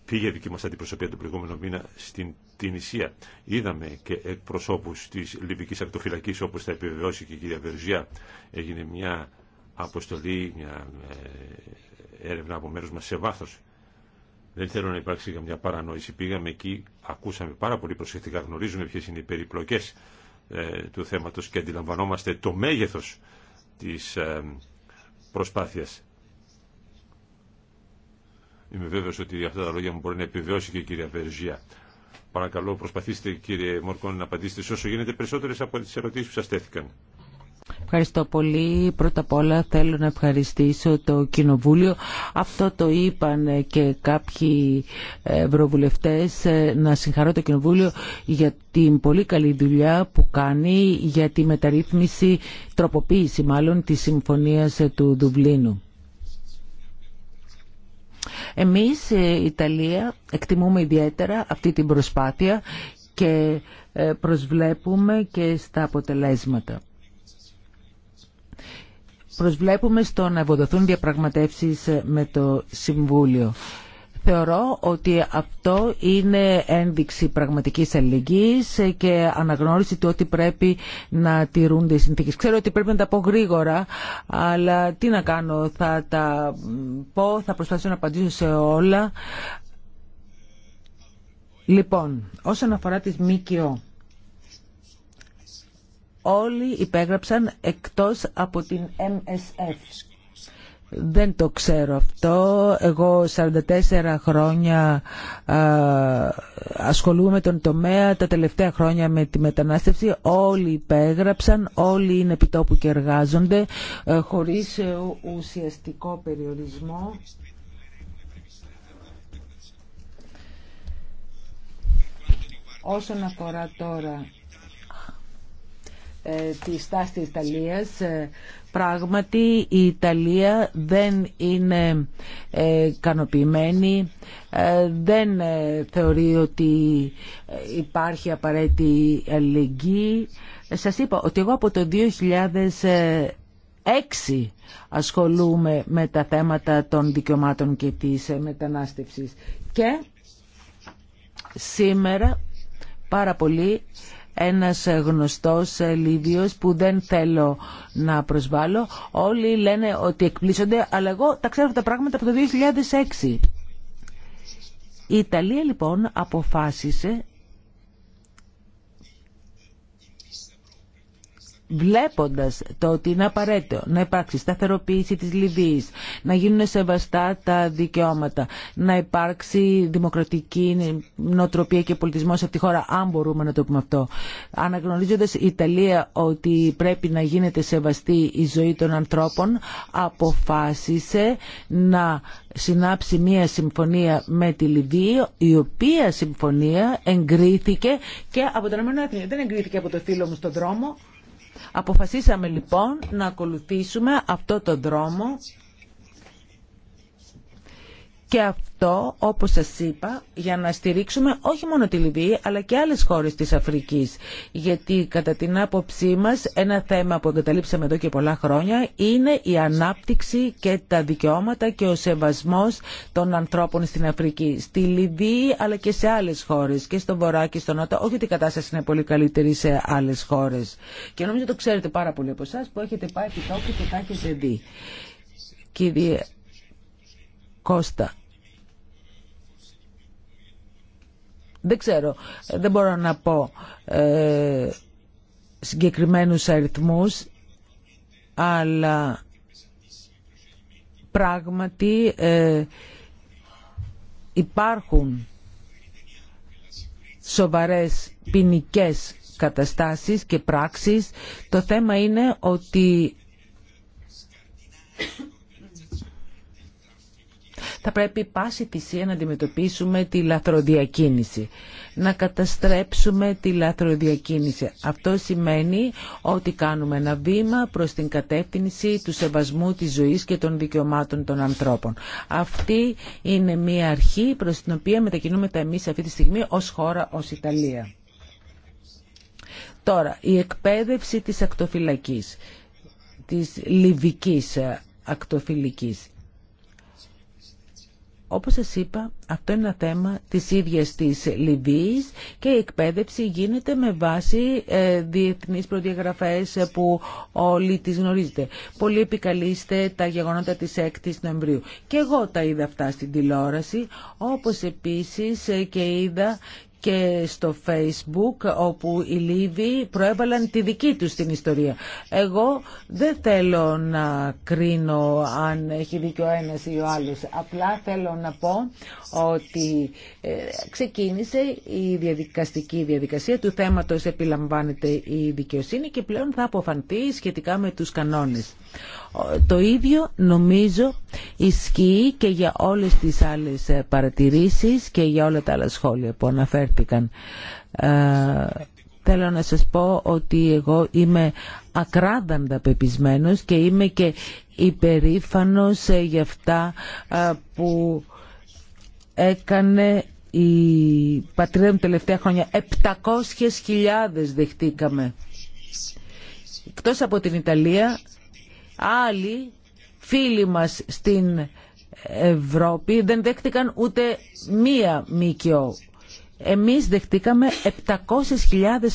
Πήγε δική μας αντιπροσωπεία τον προηγούμενο μήνα στην Τινησία. Ισία. Είδαμε και εκπροσώπους της Λιβικής Ακτοφυλακής, όπως θα επιβεβαιώσει και η κυρία Βερουζιά. Έγινε μια αποστολή, μια ε, έρευνα από μέρους μας σε βάθος δεν θέλω να υπάρξει καμιά παρανόηση. Πήγαμε εκεί, ακούσαμε πάρα πολύ προσεκτικά, γνωρίζουμε ποιε είναι οι περιπλοκέ ε, του θέματο και αντιλαμβανόμαστε το μέγεθο τη ε, προσπάθεια. Είμαι βέβαιος ότι αυτά τα λόγια μου μπορεί να επιβεβαιώσει και η κυρία Βεργία. Παρακαλώ, προσπαθήστε κύριε Μόρκον να απαντήσετε σε όσο γίνεται περισσότερε από τι ερωτήσει που σα τέθηκαν. Ευχαριστώ πολύ. Πρώτα απ' όλα θέλω να ευχαριστήσω το Κοινοβούλιο. Αυτό το είπαν και κάποιοι ευρωβουλευτές. Ε, να συγχαρώ το Κοινοβούλιο για την πολύ καλή δουλειά που κάνει για τη μεταρρύθμιση, τροποποίηση μάλλον, της Συμφωνίας του Δουβλίνου. Εμείς, ε, η Ιταλία, εκτιμούμε ιδιαίτερα αυτή την προσπάθεια και ε, προσβλέπουμε και στα αποτελέσματα προσβλέπουμε στο να ευοδοθούν διαπραγματεύσεις με το Συμβούλιο. Θεωρώ ότι αυτό είναι ένδειξη πραγματικής αλληλεγγύης και αναγνώριση του ότι πρέπει να τηρούνται οι συνθήκες. Ξέρω ότι πρέπει να τα πω γρήγορα, αλλά τι να κάνω, θα τα πω, θα προσπαθήσω να απαντήσω σε όλα. Λοιπόν, όσον αφορά τις ΜΚΟ, όλοι υπέγραψαν εκτός από την MSF. Δεν το ξέρω αυτό. Εγώ 44 χρόνια α, ασχολούμαι με τον τομέα, τα τελευταία χρόνια με τη μετανάστευση. Όλοι υπέγραψαν, όλοι είναι επιτόπου και εργάζονται α, ε, χωρίς ε, ουσιαστικό περιορισμό. Όσον αφορά τώρα ε, τη στάση της Ιταλίας. Ε, πράγματι η Ιταλία δεν είναι ε, ικανοποιημένη, δεν θεωρεί ότι υπάρχει απαραίτητη αλληλεγγύη. Σας είπα ότι εγώ από το 2006 ασχολούμαι με τα θέματα των δικαιωμάτων και της μετανάστευσης και σήμερα πάρα πολύ ένας γνωστός Λίβιος που δεν θέλω να προσβάλλω. Όλοι λένε ότι εκπλήσονται, αλλά εγώ τα ξέρω τα πράγματα από το 2006. Η Ιταλία λοιπόν αποφάσισε βλέποντας το ότι είναι απαραίτητο να υπάρξει σταθεροποίηση της Λιβύης, να γίνουν σεβαστά τα δικαιώματα, να υπάρξει δημοκρατική νοοτροπία και πολιτισμός από τη χώρα, αν μπορούμε να το πούμε αυτό. Αναγνωρίζοντας η Ιταλία ότι πρέπει να γίνεται σεβαστή η ζωή των ανθρώπων, αποφάσισε να συνάψει μία συμφωνία με τη Λιβύη, η οποία συμφωνία εγκρίθηκε και από τον Αθήνα Δεν εγκρίθηκε από το φίλο μου στον δρόμο, Αποφασίσαμε λοιπόν να ακολουθήσουμε αυτό το δρόμο και αυτό, όπως σας είπα, για να στηρίξουμε όχι μόνο τη Λιβύη, αλλά και άλλες χώρες της Αφρικής. Γιατί κατά την άποψή μας, ένα θέμα που εγκαταλείψαμε εδώ και πολλά χρόνια είναι η ανάπτυξη και τα δικαιώματα και ο σεβασμός των ανθρώπων στην Αφρική. Στη Λιβύη, αλλά και σε άλλες χώρες, και στον Βορρά και στον Νότο. Όχι ότι η κατάσταση είναι πολύ καλύτερη σε άλλες χώρες. Και νομίζω το ξέρετε πάρα πολύ από εσά που έχετε πάει και τα έχετε δει. Κύριε Κώστα, Δεν ξέρω, δεν μπορώ να πω ε, συγκεκριμένους αριθμούς, αλλά πράγματι ε, υπάρχουν σοβαρές ποινικέ καταστάσεις και πράξεις. Το θέμα είναι ότι θα πρέπει πάση θυσία να αντιμετωπίσουμε τη λαθροδιακίνηση, να καταστρέψουμε τη λαθροδιακίνηση. Αυτό σημαίνει ότι κάνουμε ένα βήμα προς την κατεύθυνση του σεβασμού της ζωής και των δικαιωμάτων των ανθρώπων. Αυτή είναι μια αρχή προς την οποία μετακινούμε τα εμείς αυτή τη στιγμή ως χώρα, ως Ιταλία. Τώρα, η εκπαίδευση της ακτοφυλακής, της λιβικής ακτοφυλικής. Όπως σας είπα, αυτό είναι ένα θέμα της ίδιας της Λιβύης και η εκπαίδευση γίνεται με βάση ε, διεθνείς προδιαγραφές που όλοι τις γνωρίζετε. Πολύ επικαλείστε τα γεγονότα της 6ης Νοεμβρίου. Και εγώ τα είδα αυτά στην τηλεόραση, όπως επίσης ε, και είδα και στο facebook όπου οι Λίβοι προέβαλαν τη δική τους την ιστορία. Εγώ δεν θέλω να κρίνω αν έχει δίκιο ο ένας ή ο άλλος. Απλά θέλω να πω ότι ε, ξεκίνησε η διαδικαστική διαδικασία του θέματος επιλαμβάνεται η δικαιοσύνη και πλέον θα αποφανθεί σχετικά με τους κανόνες. Το ίδιο νομίζω ισχύει και για όλες τις άλλες ε, παρατηρήσεις και για όλα τα άλλα σχόλια που αναφέρθηκαν. Ε, θέλω να σας πω ότι εγώ είμαι ακράδαντα πεπισμένος και είμαι και υπερήφανος ε, για αυτά που έκανε η πατρίδα μου τελευταία χρόνια. 700.000 δεχτήκαμε. Εκτός από την Ιταλία Άλλοι φίλοι μας στην Ευρώπη δεν δέχτηκαν ούτε μία ΜΚΟ. Εμείς δεχτήκαμε 700.000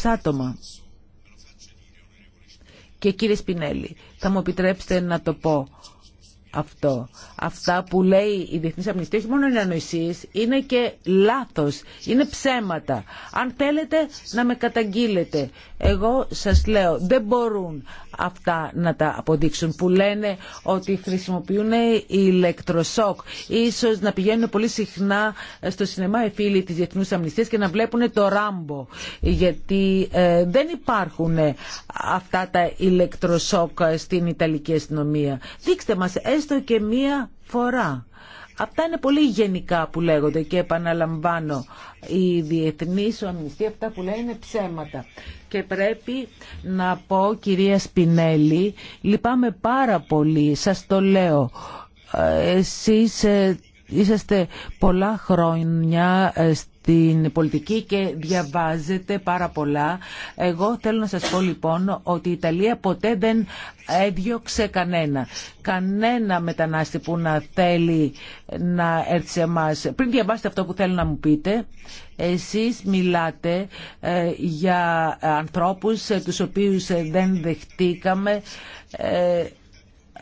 άτομα. Και κύριε Σπινέλη, θα μου επιτρέψετε να το πω αυτό. Αυτά που λέει η Διεθνής Αμνηστή, όχι μόνο είναι ανοησίες, είναι και λάθος, είναι ψέματα. Αν θέλετε να με καταγγείλετε, εγώ σας λέω, δεν μπορούν αυτά να τα αποδείξουν που λένε ότι χρησιμοποιούν ηλεκτροσόκ. Ίσως να πηγαίνουν πολύ συχνά στο σινεμά οι φίλοι της Διεθνούς Αμνηστίας και να βλέπουν το Ράμπο γιατί ε, δεν υπάρχουν αυτά τα ηλεκτροσόκ στην Ιταλική αστυνομία. Δείξτε μας έστω και μία φορά. Αυτά είναι πολύ γενικά που λέγονται και επαναλαμβάνω. Οι διεθνεί ο αμνηστή, αυτά που λένε είναι ψέματα. Και πρέπει να πω, κυρία Σπινέλη, λυπάμαι πάρα πολύ, σας το λέω. Ε, εσείς ε, Είσαστε πολλά χρόνια ε, στην πολιτική και διαβάζετε πάρα πολλά. Εγώ θέλω να σας πω λοιπόν ότι η Ιταλία ποτέ δεν έδιωξε κανένα. Κανένα μετανάστη που να θέλει να έρθει σε εμάς. Πριν διαβάσετε αυτό που θέλω να μου πείτε, εσείς μιλάτε ε, για ανθρώπους ε, τους οποίους ε, δεν δεχτήκαμε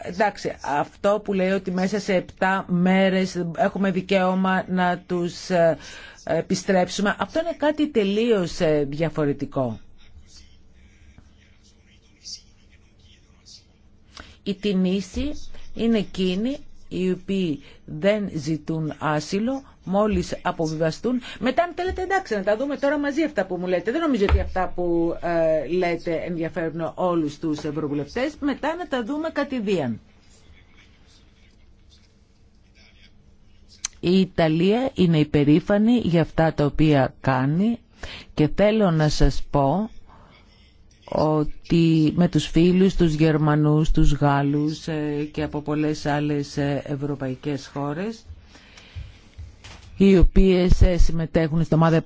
Εντάξει, αυτό που λέει ότι μέσα σε 7 μέρες έχουμε δικαίωμα να τους ε, επιστρέψουμε, αυτό είναι κάτι τελείως ε, διαφορετικό. Η τινήση είναι εκείνοι οι οποίοι δεν ζητούν άσυλο, μόλις αποβιβαστούν. Μετά αν θέλετε εντάξει να τα δούμε τώρα μαζί αυτά που μου λέτε. Δεν νομίζω ότι αυτά που ε, λέτε ενδιαφέρουν όλους του ευρωβουλευτέ, Μετά να τα δούμε κατηδίαν. Η Ιταλία είναι υπερήφανη για αυτά τα οποία κάνει και θέλω να σας πω ότι με τους φίλους, τους Γερμανούς, τους Γάλλους ε, και από πολλές άλλες ε, ευρωπαϊκές χώρες οι οποίες ε, συμμετέχουν στην ομάδα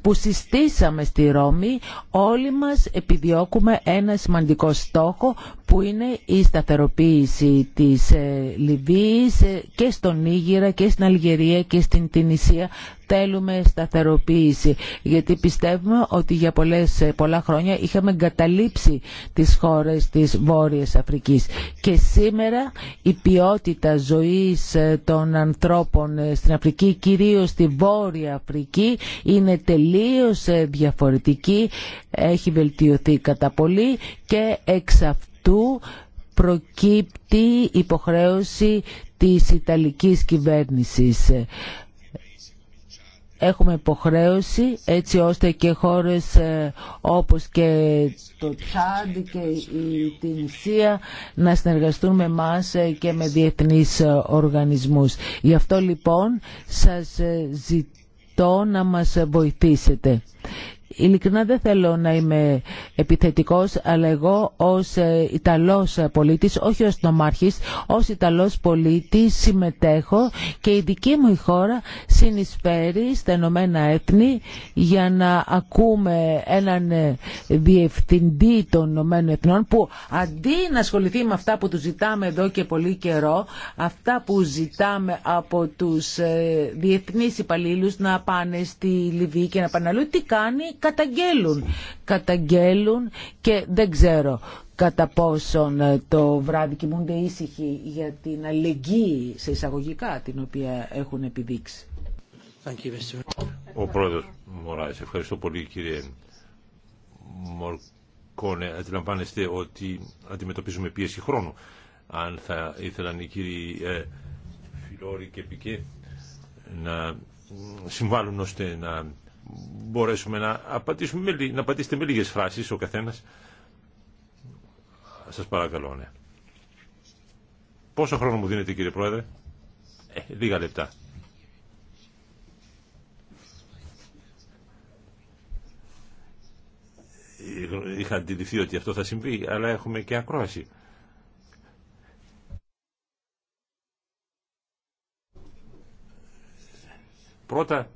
που συστήσαμε στη Ρώμη, όλοι μας επιδιώκουμε ένα σημαντικό στόχο που είναι η σταθεροποίηση της ε, Λιβύης ε, και στον Νίγηρα και στην Αλγερία και στην Τινησία θέλουμε σταθεροποίηση γιατί πιστεύουμε ότι για πολλές, πολλά χρόνια είχαμε εγκαταλείψει τις χώρες της Βόρειας Αφρικής και σήμερα η ποιότητα ζωής ε, των ανθρώπων ε, στην Αφρική κυρίως στη Βόρεια Αφρική είναι τελείως ε, διαφορετική έχει βελτιωθεί κατά πολύ και εξ αυτού προκύπτει υποχρέωση της Ιταλικής κυβέρνησης έχουμε υποχρέωση έτσι ώστε και χώρες ε, όπως και το Τσάντ και η Τινησία να συνεργαστούν με μας ε, και με διεθνείς ε, οργανισμούς. Γι' αυτό λοιπόν σας ζητώ να μας βοηθήσετε. Ειλικρινά δεν θέλω να είμαι επιθετικός, αλλά εγώ ως ε, Ιταλός πολίτης, όχι ως νομάρχης, ως Ιταλός πολίτης συμμετέχω και η δική μου χώρα συνεισφέρει στα Ηνωμένα Έθνη για να ακούμε έναν ε, διευθυντή των Ηνωμένων Εθνών που αντί να ασχοληθεί με αυτά που του ζητάμε εδώ και πολύ καιρό, αυτά που ζητάμε από τους ε, διεθνείς υπαλλήλους να πάνε στη Λιβύη και να πάνε αλλού, τι κάνει, καταγγέλουν. Καταγγέλουν και δεν ξέρω κατά πόσον ε, το βράδυ κοιμούνται ήσυχοι για την αλληλεγγύη σε εισαγωγικά την οποία έχουν επιδείξει. Ο πρόεδρος Μωράης, ευχαριστώ πολύ κύριε Μορκόνε. Αντιλαμβάνεστε ότι αντιμετωπίζουμε πίεση χρόνου. Αν θα ήθελαν οι κύριοι ε, Φιλόρη και Πικέ να συμβάλλουν ώστε να μπορέσουμε να, απαντήσουμε, να απαντήσετε με λίγες φράσεις ο καθένας. Σας παρακαλώ, ναι. Πόσο χρόνο μου δίνετε κύριε Πρόεδρε? Ε, λίγα λεπτά. Είχα αντιληφθεί ότι αυτό θα συμβεί, αλλά έχουμε και ακρόαση. Πρώτα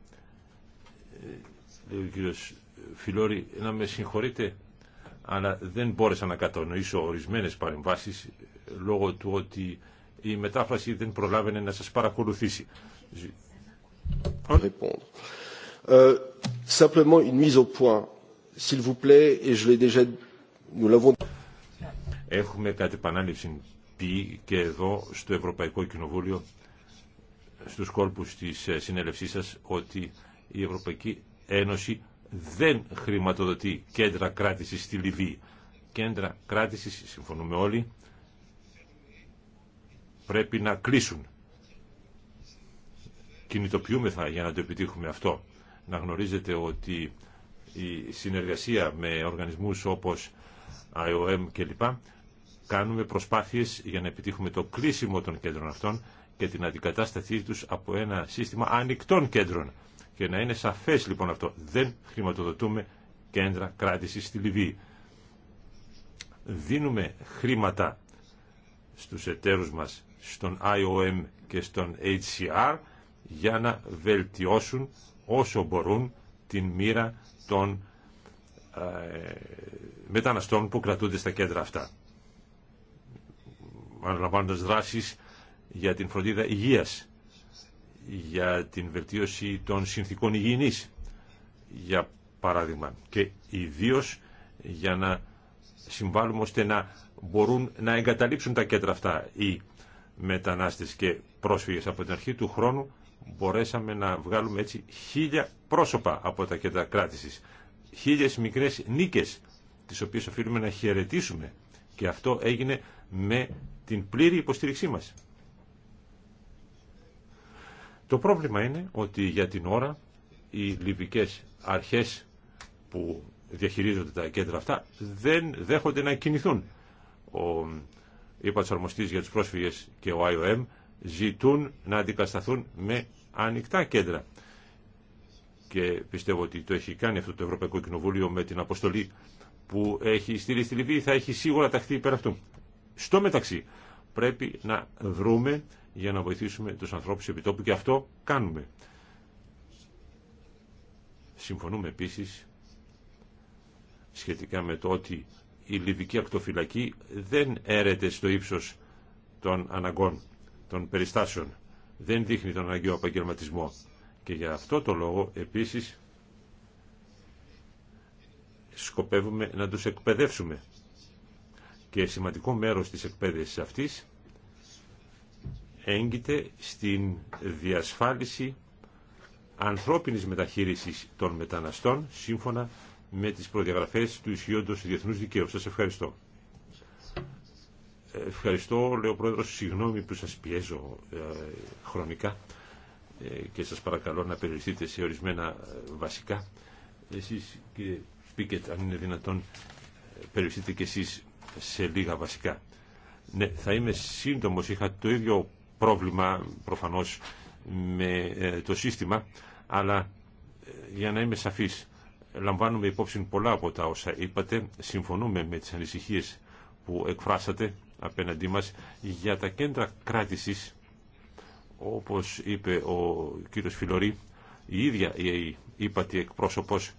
ε, ο κύριος Φιλόρη, να με συγχωρείτε, αλλά δεν μπόρεσα να κατανοήσω ορισμένες παρεμβάσεις ε, λόγω του ότι η μετάφραση δεν προλάβαινε να σας παρακολουθήσει. Euh, simplement une mise au point, s'il vous plaît, et je l'ai déjà, nous l'avons. Έχουμε κάτι πανάληψη πει και εδώ στο Ευρωπαϊκό Κοινοβούλιο στους κόλπους της ε, συνέλευσής σας ότι η Ευρωπαϊκή Ένωση δεν χρηματοδοτεί κέντρα κράτησης στη Λιβύη. Κέντρα κράτησης, συμφωνούμε όλοι, πρέπει να κλείσουν. θα για να το επιτύχουμε αυτό. Να γνωρίζετε ότι η συνεργασία με οργανισμούς όπως IOM κλπ. Κάνουμε προσπάθειες για να επιτύχουμε το κλείσιμο των κέντρων αυτών και την αντικατάστασή τους από ένα σύστημα ανοιχτών κέντρων και να είναι σαφές λοιπόν αυτό. Δεν χρηματοδοτούμε κέντρα κράτησης στη Λιβύη. Δίνουμε χρήματα στους εταίρους μας, στον IOM και στον HCR, για να βελτιώσουν όσο μπορούν την μοίρα των ε, μεταναστών που κρατούνται στα κέντρα αυτά αναλαμβάνοντας δράσεις για την φροντίδα υγείας για την βελτίωση των συνθήκων υγιεινής, για παράδειγμα, και ιδίω για να συμβάλλουμε ώστε να μπορούν να εγκαταλείψουν τα κέντρα αυτά οι μετανάστες και πρόσφυγες από την αρχή του χρόνου μπορέσαμε να βγάλουμε έτσι χίλια πρόσωπα από τα κέντρα κράτησης χίλιες μικρές νίκες τις οποίες οφείλουμε να χαιρετήσουμε και αυτό έγινε με την πλήρη υποστήριξή μας το πρόβλημα είναι ότι για την ώρα οι λιβικές αρχές που διαχειρίζονται τα κέντρα αυτά δεν δέχονται να κινηθούν. Ο Υπατσαρμοστής για τους πρόσφυγες και ο IOM ζητούν να αντικασταθούν με ανοιχτά κέντρα. Και πιστεύω ότι το έχει κάνει αυτό το Ευρωπαϊκό Κοινοβούλιο με την αποστολή που έχει στείλει στη Λιβύη θα έχει σίγουρα ταχθεί υπέρ αυτού. Στο μεταξύ πρέπει να βρούμε για να βοηθήσουμε τους ανθρώπους επιτόπου και αυτό κάνουμε. Συμφωνούμε επίσης σχετικά με το ότι η λιβική ακτοφυλακή δεν έρεται στο ύψος των αναγκών, των περιστάσεων. Δεν δείχνει τον αναγκαίο επαγγελματισμό. Και για αυτό το λόγο επίσης σκοπεύουμε να τους εκπαιδεύσουμε. Και σημαντικό μέρος της εκπαίδευσης αυτής έγκυται στην διασφάλιση ανθρώπινης μεταχείρισης των μεταναστών σύμφωνα με τις προδιαγραφές του ισχύοντος διεθνούς δικαίου. Σας ευχαριστώ. Ευχαριστώ, λέω πρόεδρο, συγγνώμη που σας πιέζω ε, χρονικά ε, και σας παρακαλώ να περιοριστείτε σε ορισμένα ε, βασικά. Εσείς, κύριε Πίκετ, αν είναι δυνατόν, ε, περιοριστείτε κι εσείς σε λίγα βασικά. Ναι, θα είμαι σύντομος, είχα το ίδιο πρόβλημα προφανώς με ε, το σύστημα, αλλά ε, για να είμαι σαφής, λαμβάνουμε υπόψη πολλά από τα όσα είπατε, συμφωνούμε με τις ανησυχίες που εκφράσατε απέναντί μας για τα κέντρα κράτησης, όπως είπε ο κύριος Φιλωρή, η ίδια η τη εκπρόσωπος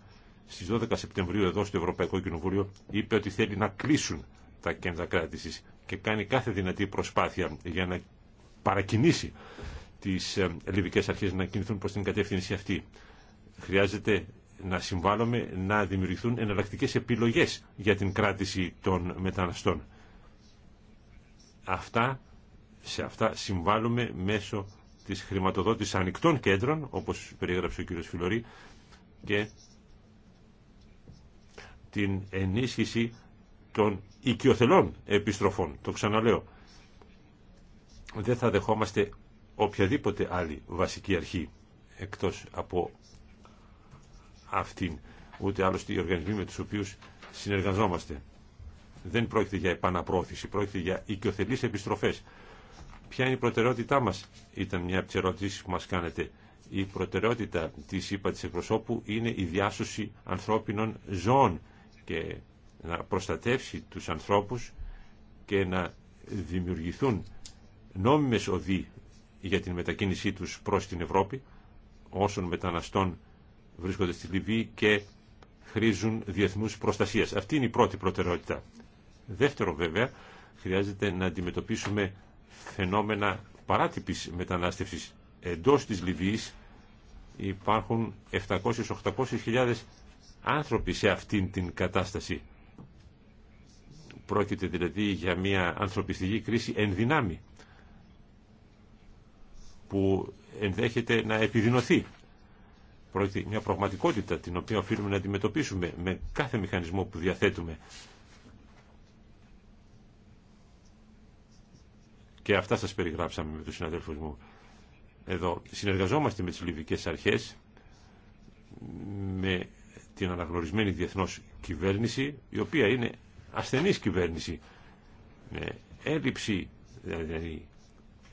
στις 12 Σεπτεμβρίου εδώ στο Ευρωπαϊκό Κοινοβούλιο είπε ότι θέλει να κλείσουν τα κέντρα κράτησης και κάνει κάθε δυνατή προσπάθεια για να παρακινήσει τις ε, λιβικές αρχές να κινηθούν προς την κατεύθυνση αυτή. Χρειάζεται να συμβάλλουμε να δημιουργηθούν εναλλακτικές επιλογές για την κράτηση των μεταναστών. Αυτά, σε αυτά συμβάλλουμε μέσω της χρηματοδότησης ανοιχτών κέντρων, όπως περιέγραψε ο κ. Φιλωρή, και την ενίσχυση των οικειοθελών επιστροφών. Το ξαναλέω δεν θα δεχόμαστε οποιαδήποτε άλλη βασική αρχή εκτός από αυτήν, ούτε άλλωστε οι οργανισμοί με τους οποίους συνεργαζόμαστε. Δεν πρόκειται για επαναπρόθεση, πρόκειται για οικειοθελείς επιστροφές. Ποια είναι η προτεραιότητά μας, ήταν μια από τις ερωτήσεις που μας κάνετε. Η προτεραιότητα της ΥΠΑ είναι η διάσωση ανθρώπινων ζώων και να προστατεύσει τους ανθρώπους και να δημιουργηθούν νόμιμες οδοί για την μετακίνησή τους προς την Ευρώπη όσων μεταναστών βρίσκονται στη Λιβύη και χρήζουν διεθνούς προστασίας. Αυτή είναι η πρώτη προτεραιότητα. Δεύτερο βέβαια, χρειάζεται να αντιμετωπίσουμε φαινόμενα παράτυπης μετανάστευσης. Εντός της Λιβύης υπάρχουν 700-800 άνθρωποι σε αυτήν την κατάσταση. Πρόκειται δηλαδή για μια ανθρωπιστική κρίση εν δυνάμει που ενδέχεται να επιδεινωθεί. Πρόκειται μια πραγματικότητα την οποία οφείλουμε να αντιμετωπίσουμε με κάθε μηχανισμό που διαθέτουμε. Και αυτά σας περιγράψαμε με τους συναδέλφους μου εδώ. Συνεργαζόμαστε με τις λιβικές αρχές, με την αναγνωρισμένη διεθνώς κυβέρνηση, η οποία είναι ασθενής κυβέρνηση. Με έλλειψη δηλαδή,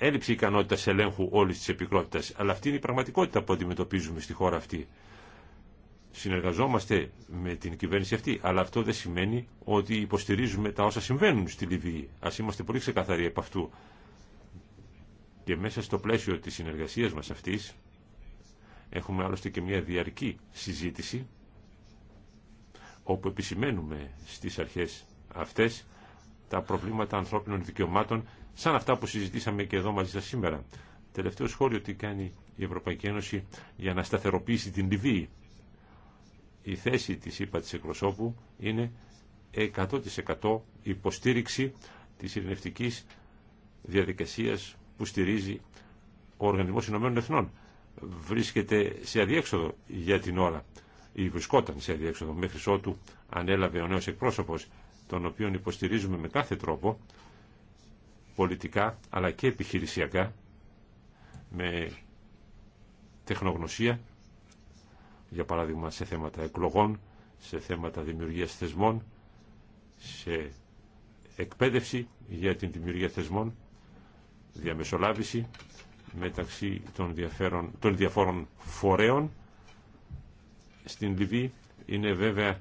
έλλειψη ικανότητα ελέγχου όλη τη επικρότητα. Αλλά αυτή είναι η πραγματικότητα που αντιμετωπίζουμε στη χώρα αυτή. Συνεργαζόμαστε με την κυβέρνηση αυτή, αλλά αυτό δεν σημαίνει ότι υποστηρίζουμε τα όσα συμβαίνουν στη Λιβύη. Α είμαστε πολύ ξεκαθαροί από αυτού. Και μέσα στο πλαίσιο τη συνεργασία μα αυτή, έχουμε άλλωστε και μια διαρκή συζήτηση όπου επισημαίνουμε στις αρχές αυτές τα προβλήματα ανθρώπινων δικαιωμάτων σαν αυτά που συζητήσαμε και εδώ μαζί σας σήμερα. Τελευταίο σχόλιο τι κάνει η Ευρωπαϊκή Ένωση για να σταθεροποιήσει την Λιβύη. Η θέση της ΥΠΑ εκπροσώπου είναι 100% υποστήριξη της ειρηνευτικής διαδικασίας που στηρίζει ο Οργανισμός Ηνωμένων Εθνών. Βρίσκεται σε αδιέξοδο για την ώρα ή βρισκόταν σε αδιέξοδο μέχρι ότου ανέλαβε ο νέος εκπρόσωπος τον οποίον υποστηρίζουμε με κάθε τρόπο πολιτικά αλλά και επιχειρησιακά με τεχνογνωσία, για παράδειγμα σε θέματα εκλογών, σε θέματα δημιουργίας θεσμών, σε εκπαίδευση για την δημιουργία θεσμών, διαμεσολάβηση μεταξύ των, των διαφόρων φορέων στην Λιβύη. Είναι βέβαια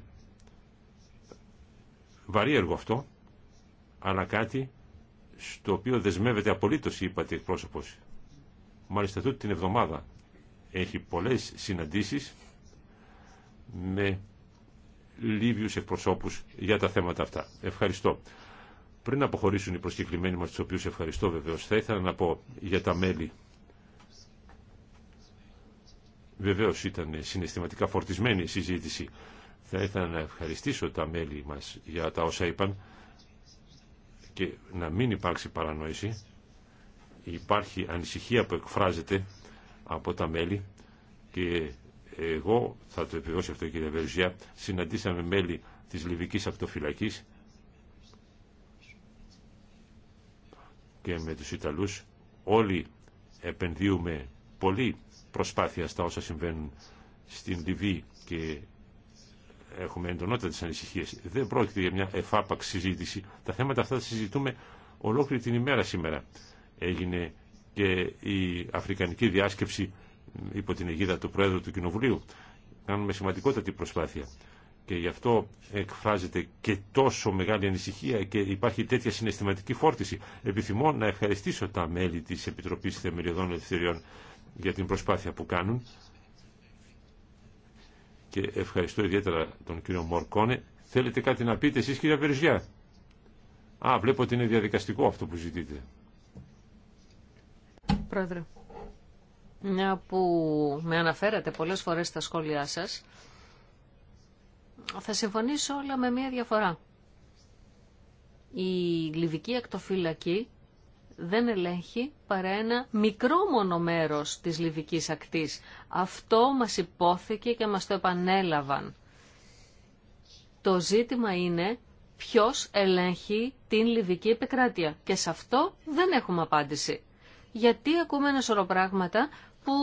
βαρύ έργο αυτό, αλλά κάτι στο οποίο δεσμεύεται απολύτως, είπατε εκπρόσωπος. Μάλιστα τούτη την εβδομάδα έχει πολλές συναντήσεις με Λίβιους εκπροσώπους για τα θέματα αυτά. Ευχαριστώ. Πριν αποχωρήσουν οι προσκεκλημένοι μας, τους οποίους ευχαριστώ βεβαίως, θα ήθελα να πω για τα μέλη. Βεβαίως ήταν συναισθηματικά φορτισμένη η συζήτηση. Θα ήθελα να ευχαριστήσω τα μέλη μας για τα όσα είπαν και να μην υπάρξει παρανόηση. Υπάρχει ανησυχία που εκφράζεται από τα μέλη και εγώ θα το επιβεβαιώσει αυτό κύριε Βερζιά, συναντήσαμε μέλη της Λιβικής Αυτοφυλακής και με τους Ιταλούς όλοι επενδύουμε πολύ προσπάθεια στα όσα συμβαίνουν στην Λιβύη και έχουμε εντονότητα τις ανησυχίες. Δεν πρόκειται για μια εφάπαξ συζήτηση. Τα θέματα αυτά τα συζητούμε ολόκληρη την ημέρα σήμερα. Έγινε και η Αφρικανική διάσκεψη υπό την αιγίδα του Πρόεδρου του Κοινοβουλίου. Κάνουμε σημαντικότατη προσπάθεια. Και γι' αυτό εκφράζεται και τόσο μεγάλη ανησυχία και υπάρχει τέτοια συναισθηματική φόρτιση. Επιθυμώ να ευχαριστήσω τα μέλη της Επιτροπής Θεμελιωδών Ελευθεριών για την προσπάθεια που κάνουν και ευχαριστώ ιδιαίτερα τον κύριο Μορκόνε. Θέλετε κάτι να πείτε εσείς κύριε περισιά. Α, βλέπω ότι είναι διαδικαστικό αυτό που ζητείτε. Πρόεδρε, μια που με αναφέρατε πολλές φορές στα σχόλιά σας, θα συμφωνήσω όλα με μια διαφορά. Η Λιβική Ακτοφυλακή δεν ελέγχει παρά ένα μικρό μόνο μέρος της Λιβικής ακτής. Αυτό μας υπόθηκε και μας το επανέλαβαν. Το ζήτημα είναι ποιος ελέγχει την Λιβική επικράτεια και σε αυτό δεν έχουμε απάντηση. Γιατί ακούμε ένα σωρό πράγματα που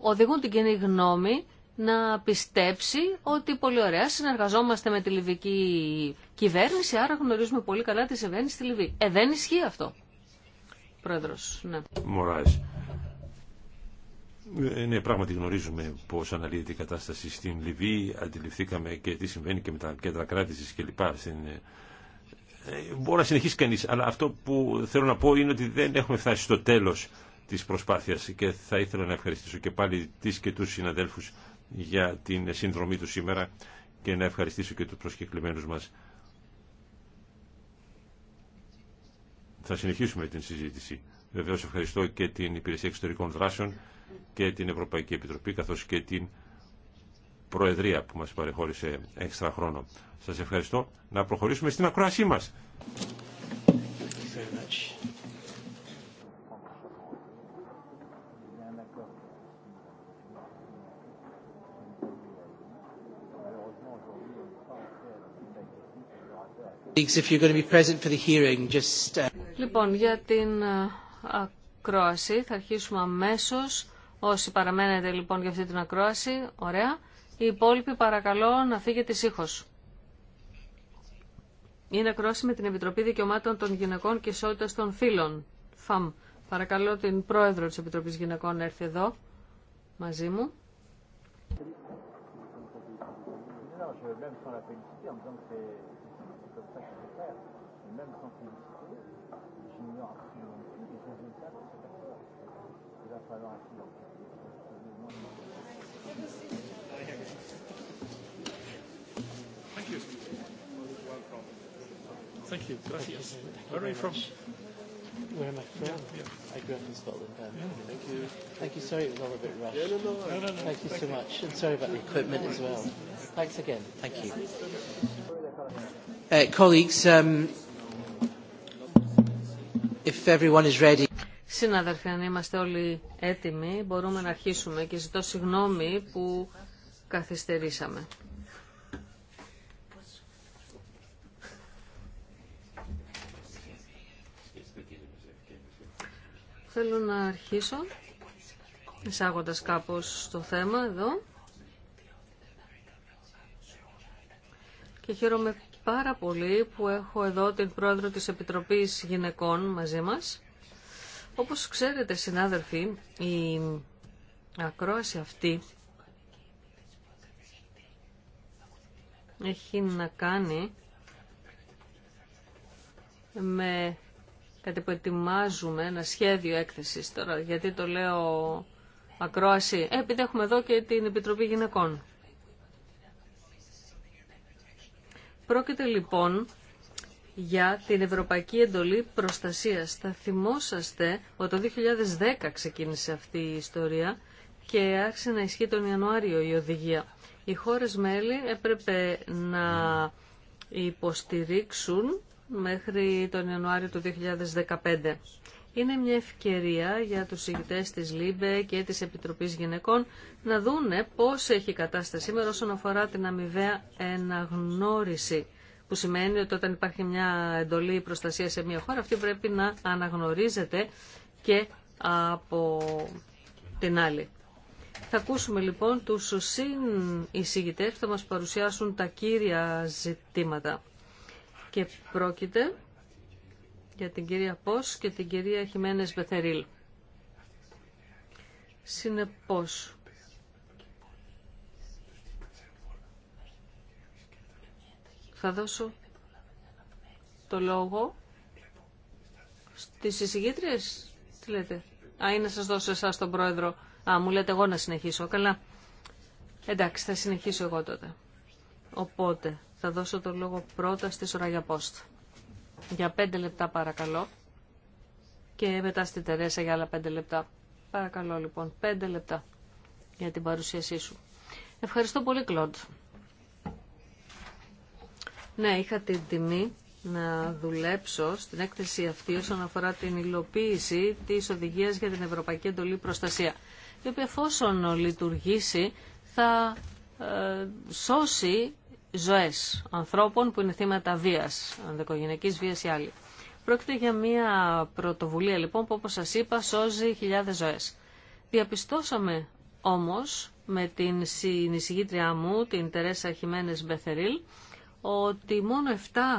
οδηγούν την κοινή γνώμη να πιστέψει ότι πολύ ωραία συνεργαζόμαστε με τη Λιβική κυβέρνηση, άρα γνωρίζουμε πολύ καλά τι συμβαίνει στη Λιβύη. Ε, δεν ισχύει αυτό. Ναι. Ε, ναι. πράγματι γνωρίζουμε πώ αναλύεται η κατάσταση στην Λιβύη. Αντιληφθήκαμε και τι συμβαίνει και με τα κέντρα κράτηση κλπ. Στην... Ε, Μπορεί να συνεχίσει κανεί, αλλά αυτό που θέλω να πω είναι ότι δεν έχουμε φτάσει στο τέλο τη προσπάθεια και θα ήθελα να ευχαριστήσω και πάλι τι και του συναδέλφου για την συνδρομή του σήμερα και να ευχαριστήσω και του προσκεκλημένου μα. θα συνεχίσουμε την συζήτηση. Βεβαίως ευχαριστώ και την Υπηρεσία Εξωτερικών Δράσεων και την Ευρωπαϊκή Επιτροπή καθώς και την Προεδρία που μας παρεχώρησε έξτρα χρόνο. Σας ευχαριστώ. Να προχωρήσουμε στην ακρόασή μας. Thank you Λοιπόν, για την ε, ακρόαση θα αρχίσουμε αμέσω. Όσοι παραμένετε λοιπόν για αυτή την ακρόαση, ωραία. Οι υπόλοιποι παρακαλώ να φύγετε ησύχω. Είναι ακρόαση με την Επιτροπή Δικαιωμάτων των Γυναικών και Ισότητας των Φίλων. ΦΑΜ. Παρακαλώ την Πρόεδρο της Επιτροπής Γυναικών να έρθει εδώ μαζί μου. Thank you. Thank you. Where are you from? Where am I from? I grew up in Scotland. Thank you. Thank you. Sorry it was all a bit rushed. Thank you so much. And sorry about the equipment as well. Thanks again. Thank you. Uh, um, Συναδελφοί, αν είμαστε όλοι έτοιμοι, μπορούμε να αρχίσουμε και ζητώ συγγνώμη που καθυστερήσαμε. Θέλω να αρχίσω εισάγοντας κάπως το θέμα εδώ. Και χαίρομαι πάρα πολύ που έχω εδώ την πρόεδρο της Επιτροπής Γυναικών μαζί μας. Όπως ξέρετε συνάδελφοι, η ακρόαση αυτή έχει να κάνει με κάτι που ετοιμάζουμε, ένα σχέδιο έκθεσης τώρα, γιατί το λέω ακρόαση, ε, επειδή έχουμε εδώ και την Επιτροπή Γυναικών. Πρόκειται λοιπόν για την Ευρωπαϊκή Εντολή Προστασίας. Θα θυμόσαστε ότι το 2010 ξεκίνησε αυτή η ιστορία και άρχισε να ισχύει τον Ιανουάριο η οδηγία. Οι χώρες μέλη έπρεπε να υποστηρίξουν μέχρι τον Ιανουάριο του 2015 είναι μια ευκαιρία για τους ηγητές της ΛΥΜΠΕ και της Επιτροπής Γυναικών να δούνε πώς έχει κατάσταση σήμερα όσον αφορά την αμοιβαία εναγνώριση που σημαίνει ότι όταν υπάρχει μια εντολή προστασία σε μια χώρα αυτή πρέπει να αναγνωρίζεται και από την άλλη. Θα ακούσουμε λοιπόν τους οι που θα μας παρουσιάσουν τα κύρια ζητήματα. Και πρόκειται για την κυρία Πώς και την κυρία Χιμένες Μπεθερίλ. Συνεπώς, θα δώσω το λόγο στις εισηγήτριες. Τι λέτε. Α, ή να σας δώσω εσά τον πρόεδρο. Α, μου λέτε εγώ να συνεχίσω. Καλά. Εντάξει, θα συνεχίσω εγώ τότε. Οπότε, θα δώσω το λόγο πρώτα στη Σοραγιά Πόστ. Για πέντε λεπτά παρακαλώ. Και μετά στη Τερέσα για άλλα πέντε λεπτά. Παρακαλώ λοιπόν, πέντε λεπτά για την παρουσίασή σου. Ευχαριστώ πολύ Κλοντ. Ναι, είχα την τιμή να δουλέψω στην έκθεση αυτή όσον αφορά την υλοποίηση της οδηγίας για την Ευρωπαϊκή Εντολή Προστασία, η οποία εφόσον λειτουργήσει θα ε, σώσει Ζωέ ανθρώπων που είναι θύματα βία, ανδεκογενειακή βία ή άλλη. Πρόκειται για μια πρωτοβουλία λοιπόν που όπω σας είπα σώζει χιλιάδε ζωέ. Διαπιστώσαμε όμως με την συνεισηγήτριά μου, την Τερέσα Χιμένες Μπεθερίλ, ότι μόνο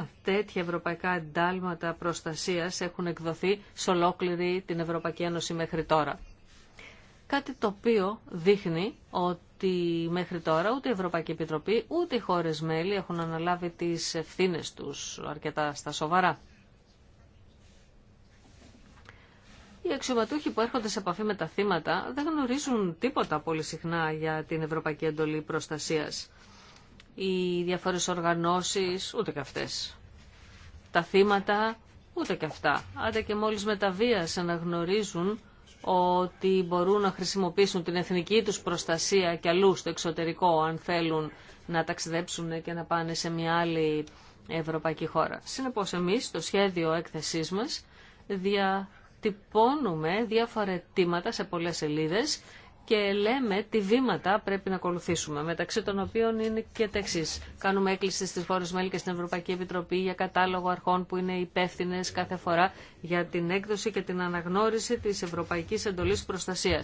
7 τέτοια ευρωπαϊκά εντάλματα προστασίας έχουν εκδοθεί σε ολόκληρη την Ευρωπαϊκή Ένωση μέχρι τώρα. Κάτι το οποίο δείχνει ότι μέχρι τώρα ούτε η Ευρωπαϊκή Επιτροπή ούτε οι χώρες μέλη έχουν αναλάβει τις ευθύνες τους αρκετά στα σοβαρά. Οι αξιωματούχοι που έρχονται σε επαφή με τα θύματα δεν γνωρίζουν τίποτα πολύ συχνά για την Ευρωπαϊκή Εντολή Προστασίας. Οι διαφορές οργανώσεις ούτε και αυτές. Τα θύματα ούτε και αυτά. Άντε και μόλις μεταβίας αναγνωρίζουν ότι μπορούν να χρησιμοποιήσουν την εθνική τους προστασία και αλλού στο εξωτερικό αν θέλουν να ταξιδέψουν και να πάνε σε μια άλλη ευρωπαϊκή χώρα. Συνεπώς εμείς στο σχέδιο έκθεσής μας διατυπώνουμε διάφορα αιτήματα σε πολλές σελίδες και λέμε τι βήματα πρέπει να ακολουθήσουμε, μεταξύ των οποίων είναι και τα εξή. Κάνουμε έκκληση στι χώρε μέλη και στην Ευρωπαϊκή Επιτροπή για κατάλογο αρχών που είναι υπεύθυνε κάθε φορά για την έκδοση και την αναγνώριση τη Ευρωπαϊκή Εντολή Προστασία.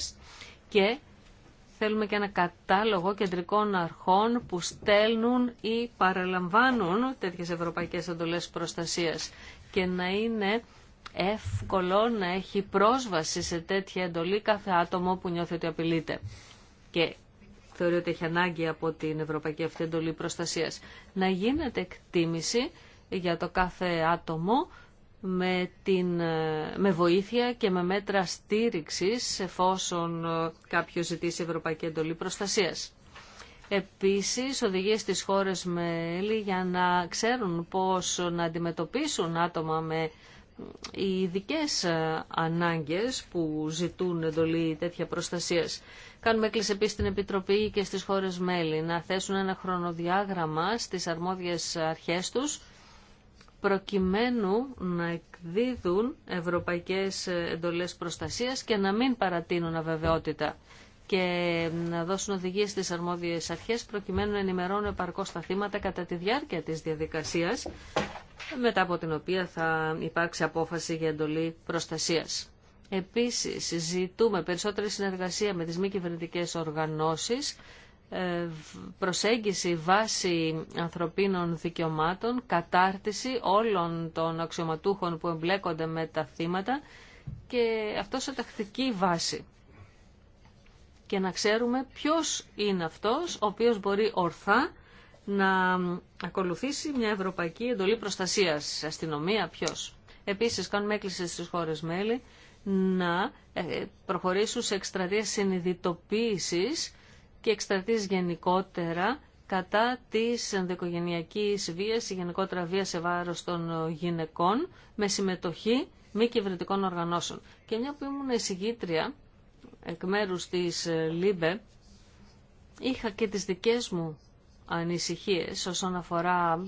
Και θέλουμε και ένα κατάλογο κεντρικών αρχών που στέλνουν ή παραλαμβάνουν τέτοιες ευρωπαϊκές εντολές προστασίας και να είναι εύκολο να έχει πρόσβαση σε τέτοια εντολή κάθε άτομο που νιώθει ότι απειλείται. Και θεωρεί ότι έχει ανάγκη από την Ευρωπαϊκή αυτή εντολή προστασίας. Να γίνεται εκτίμηση για το κάθε άτομο με, την, με βοήθεια και με μέτρα στήριξης εφόσον ε, κάποιο ζητήσει Ευρωπαϊκή Εντολή Προστασίας. Επίσης, οδηγεί στις χώρες μέλη για να ξέρουν πώς να αντιμετωπίσουν άτομα με οι ειδικέ ε, ανάγκες που ζητούν εντολή τέτοια προστασίας. Κάνουμε έκκληση επίσης στην Επιτροπή και στις χώρες μέλη να θέσουν ένα χρονοδιάγραμμα στις αρμόδιες αρχές τους προκειμένου να εκδίδουν ευρωπαϊκές εντολές προστασίας και να μην παρατείνουν αβεβαιότητα και να δώσουν οδηγίες στις αρμόδιες αρχές προκειμένου να ενημερώνουν επαρκώς τα θύματα κατά τη διάρκεια της διαδικασίας μετά από την οποία θα υπάρξει απόφαση για εντολή προστασίας. Επίσης, ζητούμε περισσότερη συνεργασία με τις μη κυβερνητικέ οργανώσεις, ε, προσέγγιση βάση ανθρωπίνων δικαιωμάτων, κατάρτιση όλων των αξιωματούχων που εμπλέκονται με τα θύματα και αυτό σε τακτική βάση. Και να ξέρουμε ποιος είναι αυτός ο οποίος μπορεί ορθά να ακολουθήσει μια ευρωπαϊκή εντολή προστασίας, αστυνομία, ποιος. Επίσης κάνουμε έκκληση στις χώρες μέλη να ε, προχωρήσουν σε εκστρατείες συνειδητοποίησης και εκστρατείες γενικότερα κατά της ενδοικογενειακής βίας ή γενικότερα βία σε βάρος των γυναικών με συμμετοχή μη κυβερνητικών οργανώσεων. Και μια που ήμουν εισηγήτρια εκ μέρους της ΛΥΜΠΕ είχα και τις δικές μου ανησυχίες όσον αφορά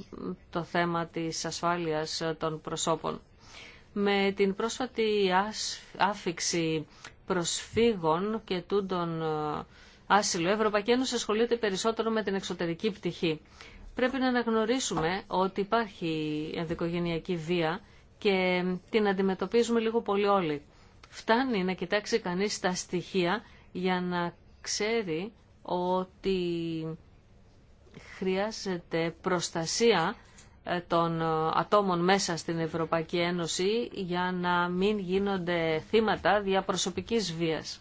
το θέμα της ασφάλειας των προσώπων. Με την πρόσφατη άφηξη προσφύγων και τούντων ε, άσυλο, η Ευρωπαϊκή Ένωση ασχολείται περισσότερο με την εξωτερική πτυχή. Πρέπει να αναγνωρίσουμε ότι υπάρχει ενδοικογενειακή βία και την αντιμετωπίζουμε λίγο πολύ όλοι. Φτάνει να κοιτάξει κανείς τα στοιχεία για να ξέρει ότι χρειάζεται προστασία ε, των ε, ατόμων μέσα στην Ευρωπαϊκή Ένωση για να μην γίνονται θύματα διαπροσωπικής βίας.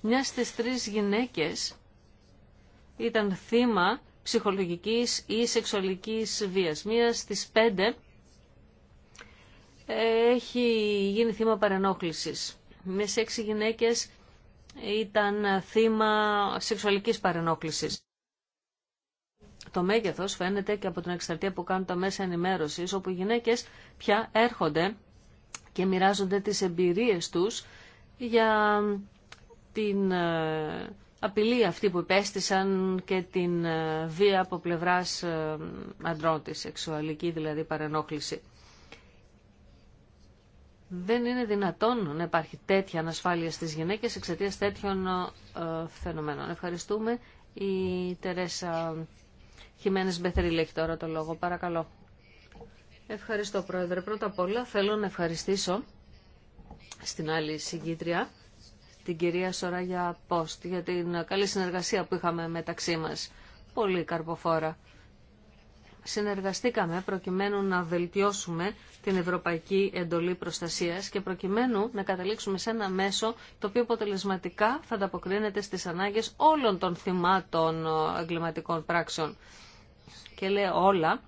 Μια στις τρεις γυναίκες ήταν θύμα ψυχολογικής ή σεξουαλικής βίας. Μία στις πέντε ε, έχει γίνει θύμα παρενόχλησης. Μία έξι γυναίκες ήταν θύμα σεξουαλικής παρενόχλησης. Το μέγεθος φαίνεται και από την εξαρτία που κάνουν τα μέσα ενημέρωσης, όπου οι γυναίκες πια έρχονται και μοιράζονται τις εμπειρίες τους για την ε, απειλή αυτή που υπέστησαν και την ε, βία από πλευράς ε, αντρών της, σεξουαλική δηλαδή παρενόχληση. Δεν είναι δυνατόν να υπάρχει τέτοια ανασφάλεια στις γυναίκες εξαιτίας τέτοιων φαινομένων. Ευχαριστούμε η Τερέσα Χιμένε Μπεθερίλη έχει τώρα το λόγο. Παρακαλώ. Ευχαριστώ, Πρόεδρε. Πρώτα απ' όλα θέλω να ευχαριστήσω στην άλλη συγκίτρια την κυρία Σοράγια Πόστ, για την καλή συνεργασία που είχαμε μεταξύ μας. Πολύ καρποφόρα. Συνεργαστήκαμε προκειμένου να βελτιώσουμε την Ευρωπαϊκή Εντολή Προστασίας και προκειμένου να καταλήξουμε σε ένα μέσο το οποίο αποτελεσματικά θα ανταποκρίνεται στις ανάγκες όλων των θυμάτων ε, εγκληματικών πράξεων. Και λέει όλα,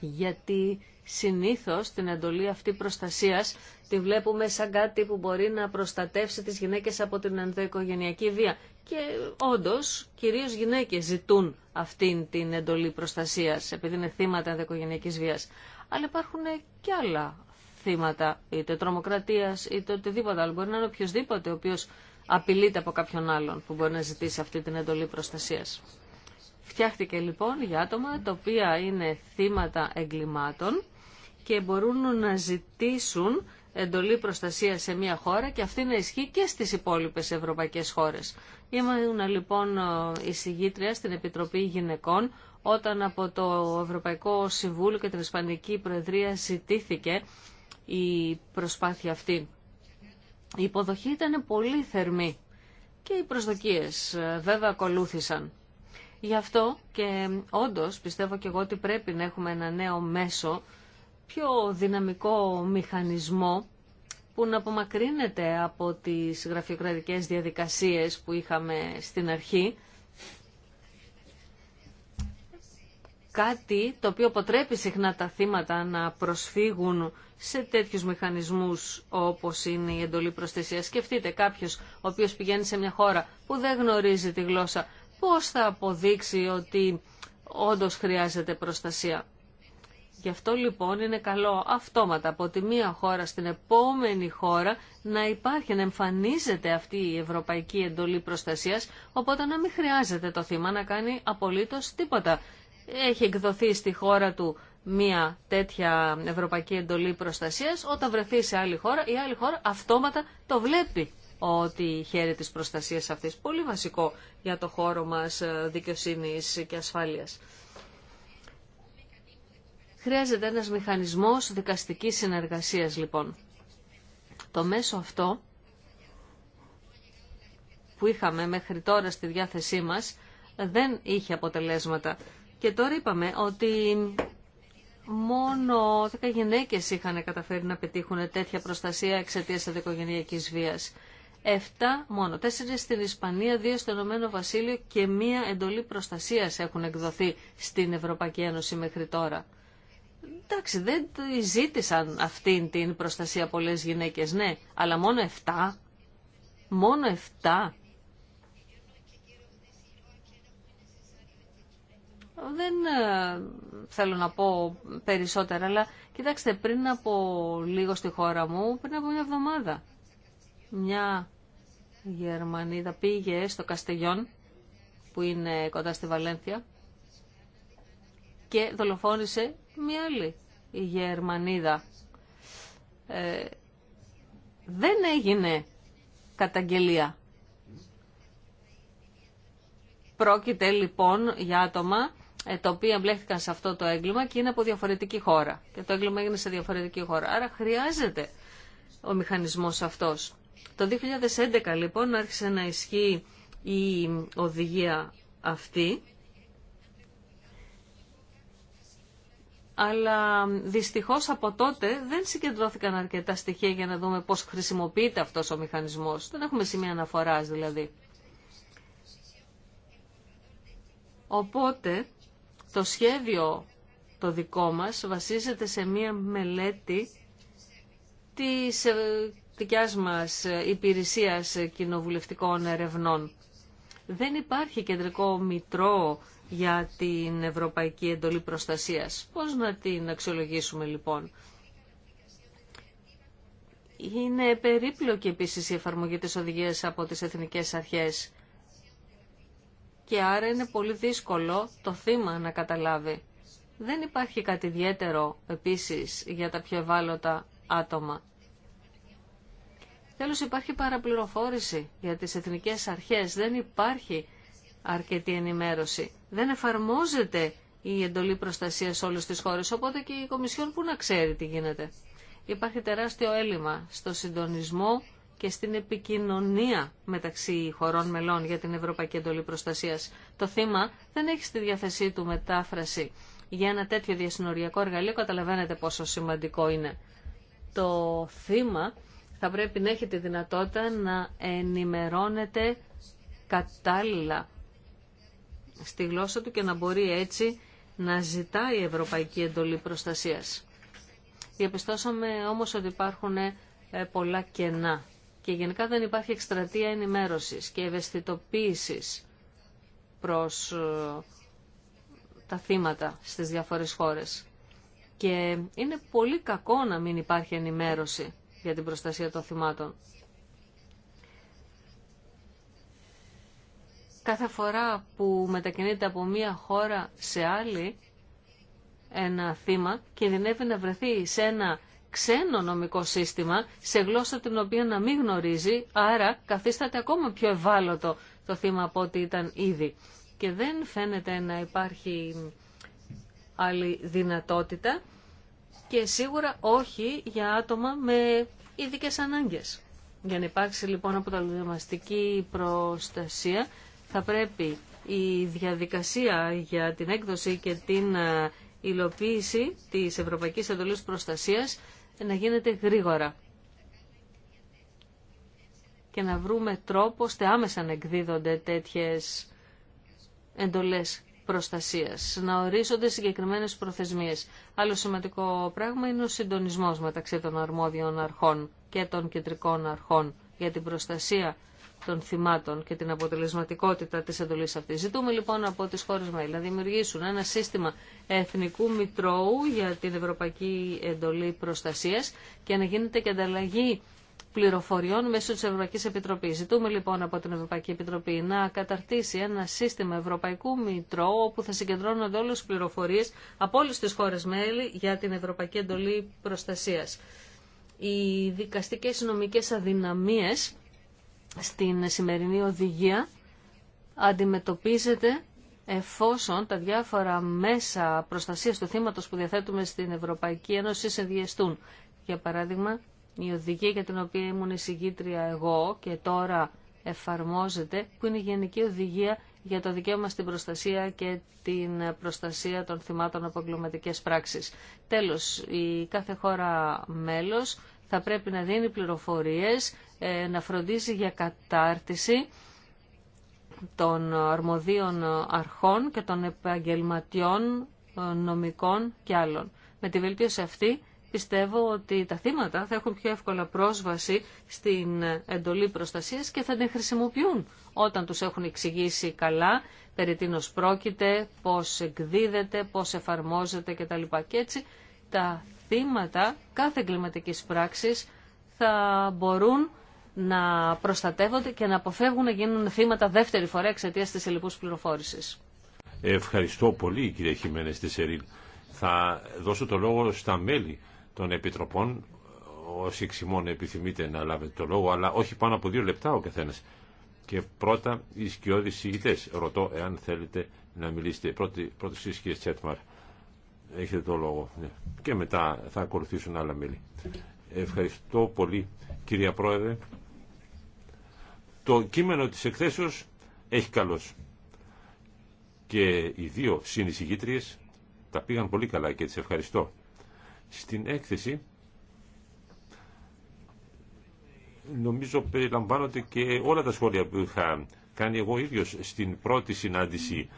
γιατί συνήθως την εντολή αυτή προστασίας τη βλέπουμε σαν κάτι που μπορεί να προστατεύσει τις γυναίκες από την ενδοοικογενειακή βία. Και όντως, κυρίως γυναίκες ζητούν αυτήν την εντολή προστασίας, επειδή είναι θύματα ενδοοικογενειακής βίας. Αλλά υπάρχουν και άλλα θύματα, είτε τρομοκρατίας, είτε οτιδήποτε άλλο. Μπορεί να είναι οποιοδήποτε ο οποίος απειλείται από κάποιον άλλον που μπορεί να ζητήσει αυτή την εντολή προστασίας. Φτιάχτηκε λοιπόν για άτομα τα οποία είναι θύματα εγκλημάτων και μπορούν να ζητήσουν εντολή προστασία σε μια χώρα και αυτή να ισχύει και στις υπόλοιπες ευρωπαϊκές χώρες. Ήμουν λοιπόν εισηγήτρια στην Επιτροπή Γυναικών όταν από το Ευρωπαϊκό Συμβούλιο και την Ισπανική Προεδρία ζητήθηκε η προσπάθεια αυτή. Η υποδοχή ήταν πολύ θερμή και οι προσδοκίες ε, βέβαια ακολούθησαν. Γι' αυτό και όντως πιστεύω και εγώ ότι πρέπει να έχουμε ένα νέο μέσο, πιο δυναμικό μηχανισμό που να απομακρύνεται από τις γραφειοκρατικές διαδικασίες που είχαμε στην αρχή. Κάτι το οποίο αποτρέπει συχνά τα θύματα να προσφύγουν σε τέτοιους μηχανισμούς όπως είναι η εντολή προστασία. Σκεφτείτε κάποιος ο οποίος πηγαίνει σε μια χώρα που δεν γνωρίζει τη γλώσσα, πώς θα αποδείξει ότι όντως χρειάζεται προστασία. Γι' αυτό λοιπόν είναι καλό αυτόματα από τη μία χώρα στην επόμενη χώρα να υπάρχει, να εμφανίζεται αυτή η ευρωπαϊκή εντολή προστασίας, οπότε να μην χρειάζεται το θύμα να κάνει απολύτως τίποτα. Έχει εκδοθεί στη χώρα του μία τέτοια ευρωπαϊκή εντολή προστασίας, όταν βρεθεί σε άλλη χώρα, η άλλη χώρα αυτόματα το βλέπει ότι χαίρεται της προστασίας αυτής. Πολύ βασικό για το χώρο μας ε, δικαιοσύνης και ασφάλειας. Χρειάζεται ένας μηχανισμός δικαστικής συνεργασίας λοιπόν. Το μέσο αυτό που είχαμε μέχρι τώρα στη διάθεσή μας δεν είχε αποτελέσματα. Και τώρα είπαμε ότι μόνο 10 γυναίκες είχαν καταφέρει να πετύχουν τέτοια προστασία εξαιτίας αδικογενειακής βίας. 7 μόνο. 4 στην Ισπανία, 2 στο Ηνωμένο Βασίλειο και μία εντολή προστασίας έχουν εκδοθεί στην Ευρωπαϊκή Ένωση μέχρι τώρα. Εντάξει, δεν ζήτησαν αυτήν την προστασία πολλές γυναίκες, ναι, αλλά μόνο 7. Μόνο 7. Δεν ε, θέλω να πω περισσότερα, αλλά κοιτάξτε, πριν από λίγο στη χώρα μου, πριν από μια εβδομάδα, μια Γερμανίδα πήγε στο Καστεγιόν, που είναι κοντά στη Βαλένθια, και δολοφόνησε μια άλλη η Γερμανίδα. Ε, δεν έγινε καταγγελία. Πρόκειται λοιπόν για άτομα ε, τα οποία μπλέχτηκαν σε αυτό το έγκλημα και είναι από διαφορετική χώρα. Και το έγκλημα έγινε σε διαφορετική χώρα. Άρα χρειάζεται ο μηχανισμός αυτός. Το 2011 λοιπόν άρχισε να ισχύει η οδηγία αυτή, αλλά δυστυχώς από τότε δεν συγκεντρώθηκαν αρκετά στοιχεία για να δούμε πώς χρησιμοποιείται αυτός ο μηχανισμός. Δεν έχουμε σημεία αναφοράς δηλαδή. Οπότε το σχέδιο το δικό μας βασίζεται σε μία μελέτη της ε, δικιάς μας υπηρεσίας κοινοβουλευτικών ερευνών. Δεν υπάρχει κεντρικό μητρό για την Ευρωπαϊκή Εντολή Προστασίας. Πώς να την αξιολογήσουμε λοιπόν. Είναι περίπλοκη επίσης η εφαρμογή της οδηγίας από τις εθνικές αρχές και άρα είναι πολύ δύσκολο το θύμα να καταλάβει. Δεν υπάρχει κάτι ιδιαίτερο επίσης για τα πιο ευάλωτα άτομα. Τέλος υπάρχει παραπληροφόρηση για τις εθνικές αρχές. Δεν υπάρχει αρκετή ενημέρωση. Δεν εφαρμόζεται η εντολή προστασία σε όλες τις χώρες, οπότε και η Κομισιόν που να ξέρει τι γίνεται. Υπάρχει τεράστιο έλλειμμα στο συντονισμό και στην επικοινωνία μεταξύ χωρών μελών για την Ευρωπαϊκή Εντολή Προστασίας. Το θύμα δεν έχει στη διάθεσή του μετάφραση. Για ένα τέτοιο διασυνοριακό εργαλείο καταλαβαίνετε πόσο σημαντικό είναι. Το θύμα θα πρέπει να έχετε δυνατότητα να ενημερώνετε κατάλληλα στη γλώσσα του και να μπορεί έτσι να ζητάει η Ευρωπαϊκή Εντολή Προστασίας. Διαπιστώσαμε όμως ότι υπάρχουν ε, πολλά κενά και γενικά δεν υπάρχει εκστρατεία ενημέρωσης και ευαισθητοποίησης προς ε, τα θύματα στις διάφορες χώρες. Και είναι πολύ κακό να μην υπάρχει ενημέρωση για την προστασία των θυμάτων. Κάθε φορά που μετακινείται από μία χώρα σε άλλη ένα θύμα κινδυνεύει να βρεθεί σε ένα ξένο νομικό σύστημα, σε γλώσσα την οποία να μην γνωρίζει, άρα καθίσταται ακόμα πιο ευάλωτο το θύμα από ό,τι ήταν ήδη. Και δεν φαίνεται να υπάρχει άλλη δυνατότητα και σίγουρα όχι για άτομα με ειδικέ ανάγκες. Για να υπάρξει λοιπόν αποτελεσματική προστασία θα πρέπει η διαδικασία για την έκδοση και την ε, υλοποίηση της Ευρωπαϊκής Εντολής Προστασίας να γίνεται γρήγορα και να βρούμε τρόπο ώστε άμεσα να εκδίδονται τέτοιες εντολές προστασίας, να ορίζονται συγκεκριμένες προθεσμίες. Άλλο σημαντικό πράγμα είναι ο συντονισμός μεταξύ των αρμόδιων αρχών και των κεντρικών αρχών για την προστασία των θυμάτων και την αποτελεσματικότητα της εντολής αυτής. Ζητούμε λοιπόν από τις χώρες μα να δημιουργήσουν ένα σύστημα εθνικού μητρώου για την Ευρωπαϊκή Εντολή Προστασίας και να γίνεται και ανταλλαγή πληροφοριών μέσω της Ευρωπαϊκής Επιτροπής. Ζητούμε λοιπόν από την Ευρωπαϊκή Επιτροπή να καταρτήσει ένα σύστημα ευρωπαϊκού μητρώου όπου θα συγκεντρώνονται όλες τι πληροφορίες από όλες τις χώρες μέλη για την Ευρωπαϊκή Εντολή Προστασίας. Οι δικαστικές νομικέ αδυναμίες στην σημερινή οδηγία αντιμετωπίζεται εφόσον τα διάφορα μέσα προστασίας του θύματος που διαθέτουμε στην Ευρωπαϊκή Ένωση συνδυαστούν. Για παράδειγμα, η οδηγία για την οποία ήμουν εισηγήτρια εγώ και τώρα εφαρμόζεται, που είναι η Γενική Οδηγία για το δικαίωμα στην προστασία και την προστασία των θυμάτων από εγκληματικές πράξεις. Τέλος, η κάθε χώρα μέλος θα πρέπει να δίνει πληροφορίες, ε, να φροντίζει για κατάρτιση των αρμοδίων αρχών και των επαγγελματιών, ε, νομικών και άλλων. Με τη βελτίωση αυτή πιστεύω ότι τα θύματα θα έχουν πιο εύκολα πρόσβαση στην εντολή προστασίας και θα την χρησιμοποιούν όταν τους έχουν εξηγήσει καλά περί τίνος πρόκειται, πώς εκδίδεται, πώς εφαρμόζεται κτλ. Και έτσι τα θύματα κάθε εγκληματική πράξης θα μπορούν να προστατεύονται και να αποφεύγουν να γίνουν θύματα δεύτερη φορά εξαιτία τη ελληπούς πληροφόρηση. Ευχαριστώ πολύ κύριε Χιμένες Τεσσερίν. Θα δώσω το λόγο στα μέλη των επιτροπών. Όσοι εξημών επιθυμείτε να λάβετε το λόγο, αλλά όχι πάνω από δύο λεπτά ο καθένας. Και πρώτα οι σκιώδεις συγητές. Ρωτώ εάν θέλετε να μιλήσετε. Πρώτη, πρώτη κύριε Τσέτμαρ. Έχετε το λόγο. Ναι. Και μετά θα ακολουθήσουν άλλα μέλη. Ευχαριστώ πολύ κυρία Πρόεδρε. Το κείμενο της εκθέσεως έχει καλώς Και οι δύο συνεισηγήτριες τα πήγαν πολύ καλά και τις ευχαριστώ. Στην έκθεση νομίζω περιλαμβάνονται και όλα τα σχόλια που είχα κάνει εγώ ίδιος στην πρώτη συνάντηση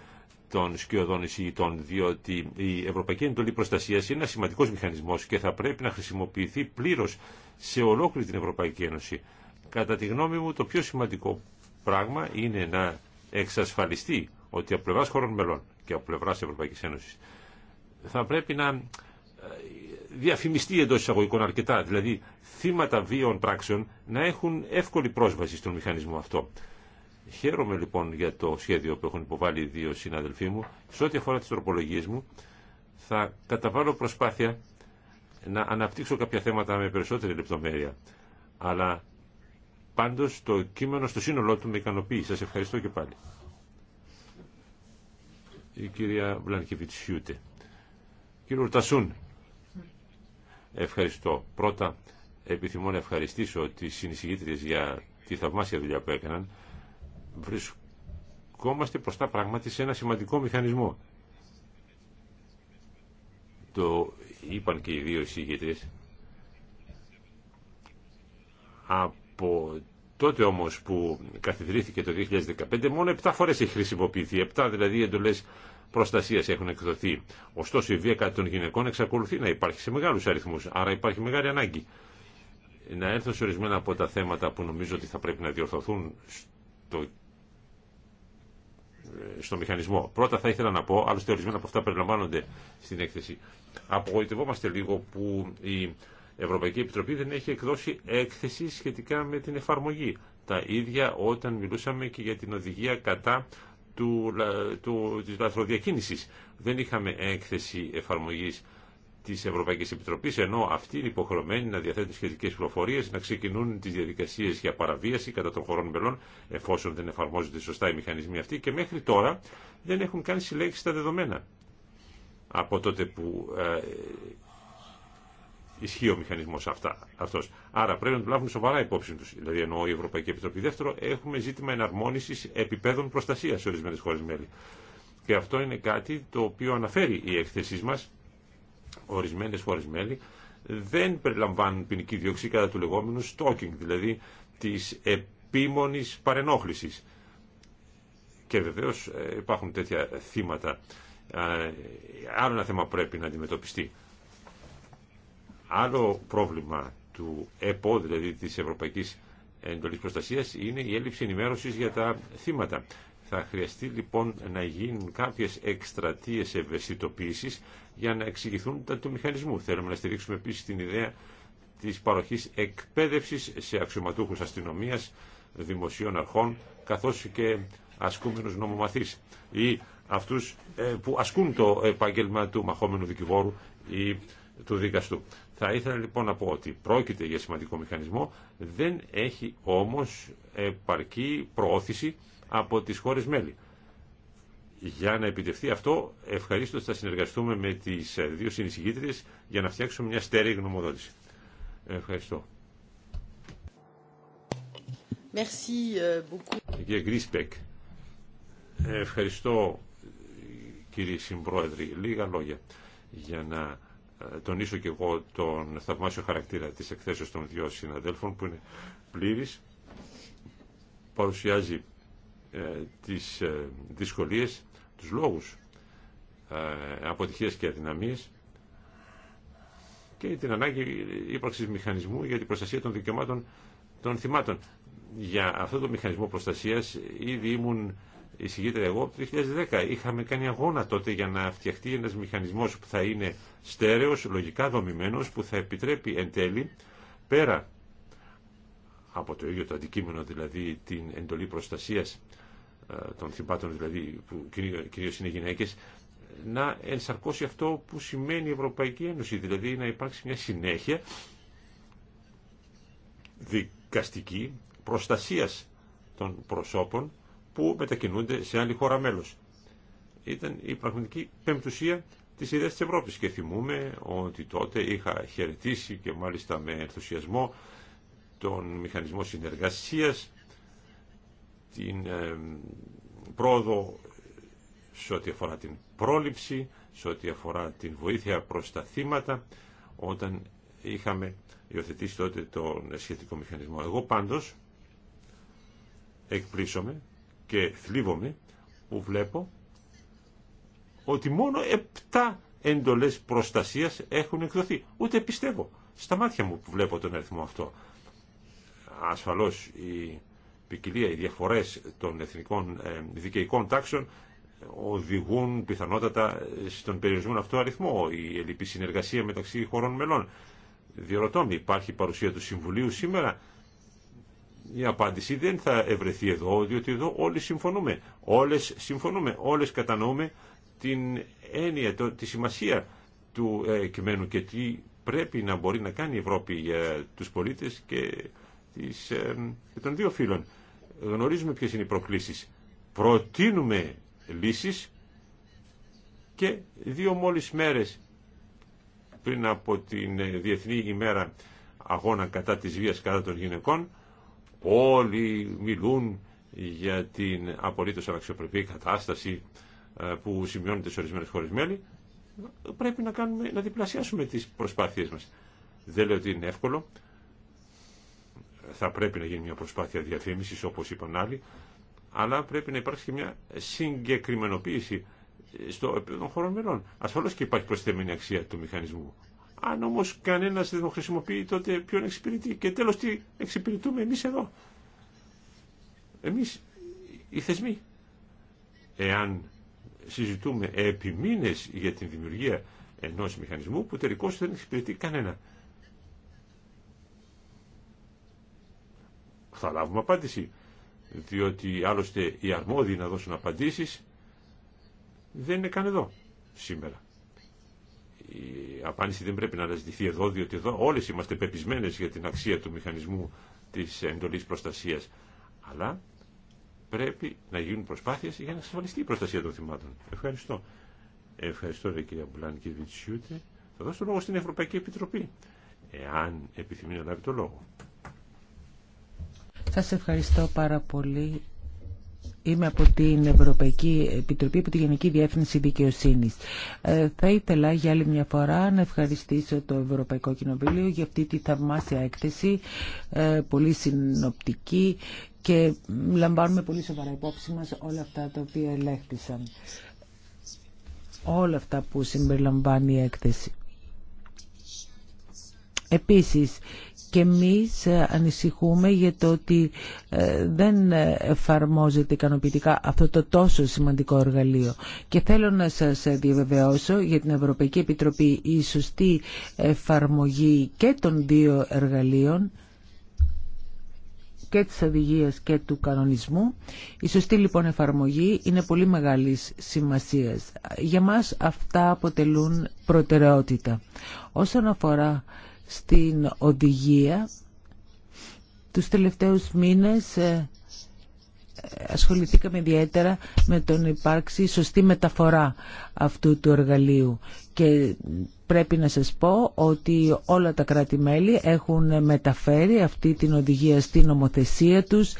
των σκιωδών εισηγητών, διότι η Ευρωπαϊκή Εντολή Προστασία είναι ένα σημαντικό μηχανισμό και θα πρέπει να χρησιμοποιηθεί πλήρω σε ολόκληρη την Ευρωπαϊκή Ένωση. Κατά τη γνώμη μου, το πιο σημαντικό πράγμα είναι να εξασφαλιστεί ότι από πλευρά χωρών μελών και από πλευρά Ευρωπαϊκή Ένωση θα πρέπει να διαφημιστεί εντό εισαγωγικών αρκετά, δηλαδή θύματα βίων πράξεων να έχουν εύκολη πρόσβαση στον μηχανισμό αυτό. Χαίρομαι λοιπόν για το σχέδιο που έχουν υποβάλει οι δύο συναδελφοί μου. Σε ό,τι αφορά τι τροπολογίε μου, θα καταβάλω προσπάθεια να αναπτύξω κάποια θέματα με περισσότερη λεπτομέρεια. Αλλά πάντως το κείμενο στο σύνολό του με ικανοποιεί. Σα ευχαριστώ και πάλι. Η κυρία Βλανκεβιτσιούτε. Κύριε Ορτασούν, Ευχαριστώ. Πρώτα επιθυμώ να ευχαριστήσω τις συνεισηγήτριες για τη θαυμάσια δουλειά που έκαναν. Βρισκόμαστε προς τα πράγματι σε ένα σημαντικό μηχανισμό. Το είπαν και οι δύο εισηγήτριες. Από τότε όμως που καθιδρύθηκε το 2015 μόνο 7 φορές έχει χρησιμοποιηθεί, 7 δηλαδή εντολές προστασίας έχουν εκδοθεί. Ωστόσο η βία κατά των γυναικών εξακολουθεί να υπάρχει σε μεγάλους αριθμούς, άρα υπάρχει μεγάλη ανάγκη. Να έρθω σε ορισμένα από τα θέματα που νομίζω ότι θα πρέπει να διορθωθούν στο, ε, στο μηχανισμό. Πρώτα θα ήθελα να πω, άλλωστε ορισμένα από αυτά περιλαμβάνονται στην έκθεση. Απογοητευόμαστε λίγο που η Ευρωπαϊκή Επιτροπή δεν έχει εκδώσει έκθεση σχετικά με την εφαρμογή. Τα ίδια όταν μιλούσαμε και για την οδηγία κατά του, του, της λαθροδιακίνησης. Δεν είχαμε έκθεση εφαρμογής της Ευρωπαϊκής Επιτροπής, ενώ αυτή είναι υποχρεωμένη να διαθέτουν σχετικές πληροφορίες, να ξεκινούν τις διαδικασίες για παραβίαση κατά των χωρών μελών, εφόσον δεν εφαρμόζονται σωστά οι μηχανισμοί αυτοί και μέχρι τώρα δεν έχουν καν συλλέξει τα δεδομένα. Από τότε που ε, ισχύει ο μηχανισμό αυτό. Άρα πρέπει να του λάβουν σοβαρά υπόψη του. Δηλαδή, εννοώ η Ευρωπαϊκή Επιτροπή. Δεύτερο, έχουμε ζήτημα εναρμόνιση επιπέδων προστασία σε ορισμένε χώρε μέλη. Και αυτό είναι κάτι το οποίο αναφέρει η έκθεσή μα. Ορισμένε χώρε μέλη δεν περιλαμβάνουν ποινική δίωξη κατά του λεγόμενου stalking, δηλαδή τη επίμονη παρενόχληση. Και βεβαίω ε, υπάρχουν τέτοια θύματα. Ε, άλλο ένα θέμα πρέπει να αντιμετωπιστεί. Άλλο πρόβλημα του ΕΠΟ, δηλαδή τη Ευρωπαϊκή Εντολή Προστασία, είναι η έλλειψη ενημέρωση για τα θύματα. Θα χρειαστεί λοιπόν να γίνουν κάποιε εκστρατείε ευαισθητοποίηση για να εξηγηθούν τα του μηχανισμού. Θέλουμε να στηρίξουμε επίση την ιδέα τη παροχή εκπαίδευση σε αξιωματούχου αστυνομία, δημοσίων αρχών, καθώ και ασκούμενου νομομαθεί ή αυτούς ε, που ασκούν το επάγγελμα του μαχόμενου δικηγόρου ή του δίκαστου. Θα ήθελα λοιπόν να πω ότι πρόκειται για σημαντικό μηχανισμό, δεν έχει όμως επαρκή προώθηση από τις χώρες μέλη. Για να επιτευχθεί αυτό, ευχαρίστω θα συνεργαστούμε με τις δύο συνεισηγήτριες για να φτιάξουμε μια στέρεη γνωμοδότηση. Ευχαριστώ. Merci ε, ευχαριστώ κύριε Συμπρόεδρε. Λίγα λόγια για να τονίσω και εγώ τον θαυμάσιο χαρακτήρα της εκθέσεως των δυο συναδέλφων που είναι πλήρης, παρουσιάζει ε, τις ε, δυσκολίες, τους λόγους ε, αποτυχίες και αδυναμίες και την ανάγκη ύπαρξης μηχανισμού για την προστασία των δικαιωμάτων των θυμάτων. Για αυτό το μηχανισμό προστασίας ήδη ήμουν εισηγήτρια εγώ από το 2010. Είχαμε κάνει αγώνα τότε για να φτιαχτεί ένας μηχανισμός που θα είναι στέρεος, λογικά δομημένος, που θα επιτρέπει εν τέλει πέρα από το ίδιο το αντικείμενο, δηλαδή την εντολή προστασίας ε, των θυμάτων, δηλαδή που κυρίως είναι γυναίκες, να ενσαρκώσει αυτό που σημαίνει η Ευρωπαϊκή Ένωση, δηλαδή να υπάρξει μια συνέχεια δικαστική προστασίας των προσώπων που μετακινούνται σε άλλη χώρα μέλος. Ήταν η πραγματική πεμπτουσία της ιδέας της Ευρώπης και θυμούμε ότι τότε είχα χαιρετήσει και μάλιστα με ενθουσιασμό τον μηχανισμό συνεργασίας, την πρόοδο σε ό,τι αφορά την πρόληψη, σε ό,τι αφορά την βοήθεια προς τα θύματα, όταν είχαμε υιοθετήσει τότε τον σχετικό μηχανισμό. Εγώ πάντως εκπλήσωμαι και θλίβομαι που βλέπω ότι μόνο 7 εντολές προστασίας έχουν εκδοθεί. Ούτε πιστεύω στα μάτια μου που βλέπω τον αριθμό αυτό. Ασφαλώς η ποικιλία, οι διαφορές των εθνικών ε, δικαιικών τάξεων οδηγούν πιθανότατα στον περιορισμό αυτό αριθμό, η ελληπή συνεργασία μεταξύ χωρών μελών. Διερωτώ με, υπάρχει παρουσία του Συμβουλίου σήμερα η απάντηση δεν θα ευρεθεί εδώ, διότι εδώ όλοι συμφωνούμε. Όλες συμφωνούμε, όλες κατανοούμε την έννοια, τη σημασία του ε, κειμένου και τι πρέπει να μπορεί να κάνει η Ευρώπη για τους πολίτες και, τις, ε, των δύο φίλων. Γνωρίζουμε ποιες είναι οι προκλήσεις. Προτείνουμε λύσεις και δύο μόλις μέρες πριν από την ε, Διεθνή ημέρα αγώνα κατά της βίας κατά των γυναικών Όλοι μιλούν για την απολύτως αναξιοπρεπή κατάσταση ε, που σημειώνεται σε ορισμένες χώρες μέλη. Πρέπει να, κάνουμε, να διπλασιάσουμε τις προσπάθειές μας. Δεν λέω ότι είναι εύκολο. Θα πρέπει να γίνει μια προσπάθεια διαφήμισης όπως είπαν άλλοι. Αλλά πρέπει να υπάρξει και μια συγκεκριμενοποίηση στο επίπεδο των χωρών μελών. Ασφαλώ και υπάρχει προσθέμενη αξία του μηχανισμού αν όμως κανένα δεν το χρησιμοποιεί, τότε ποιον εξυπηρετεί. Και τέλος τι εξυπηρετούμε εμείς εδώ. Εμείς, οι θεσμοί. Εάν συζητούμε επί μήνες για την δημιουργία ενός μηχανισμού που τελικώ δεν εξυπηρετεί κανένα. Θα λάβουμε απάντηση, διότι άλλωστε οι αρμόδιοι να δώσουν απαντήσεις δεν είναι καν εδώ σήμερα η απάντηση δεν πρέπει να αναζητηθεί εδώ, διότι εδώ όλες είμαστε πεπισμένες για την αξία του μηχανισμού της εντολής προστασίας. Αλλά πρέπει να γίνουν προσπάθειες για να εξασφαλιστεί η προστασία των θυμάτων. Ευχαριστώ. Ευχαριστώ, ρε, κυρία Μπουλάν, κύριε Θα δώσω λόγο στην Ευρωπαϊκή Επιτροπή, εάν επιθυμεί να λάβει το λόγο. Σας ευχαριστώ πάρα πολύ Είμαι από την Ευρωπαϊκή Επιτροπή, από τη Γενική Διεύθυνση Δικαιοσύνη. Ε, θα ήθελα για άλλη μια φορά να ευχαριστήσω το Ευρωπαϊκό Κοινοβούλιο για αυτή τη θαυμάσια έκθεση, ε, πολύ συνοπτική και λαμβάνουμε πολύ σοβαρά υπόψη μα όλα αυτά τα οποία ελέγχθησαν. Όλα αυτά που συμπεριλαμβάνει η έκθεση. Επίσης, και εμείς ε, ανησυχούμε για το ότι ε, δεν εφαρμόζεται ικανοποιητικά αυτό το τόσο σημαντικό εργαλείο. Και θέλω να σας διαβεβαιώσω για την Ευρωπαϊκή Επιτροπή η σωστή εφαρμογή και των δύο εργαλείων και της οδηγίας και του κανονισμού. Η σωστή λοιπόν εφαρμογή είναι πολύ μεγάλης σημασίας. Για μας αυτά αποτελούν προτεραιότητα. Όσον αφορά στην οδηγία. Τους τελευταίους μήνες ε, ασχοληθήκαμε ιδιαίτερα με το να υπάρξει σωστή μεταφορά αυτού του εργαλείου και πρέπει να σας πω ότι όλα τα κράτη-μέλη έχουν μεταφέρει αυτή την οδηγία στην νομοθεσία τους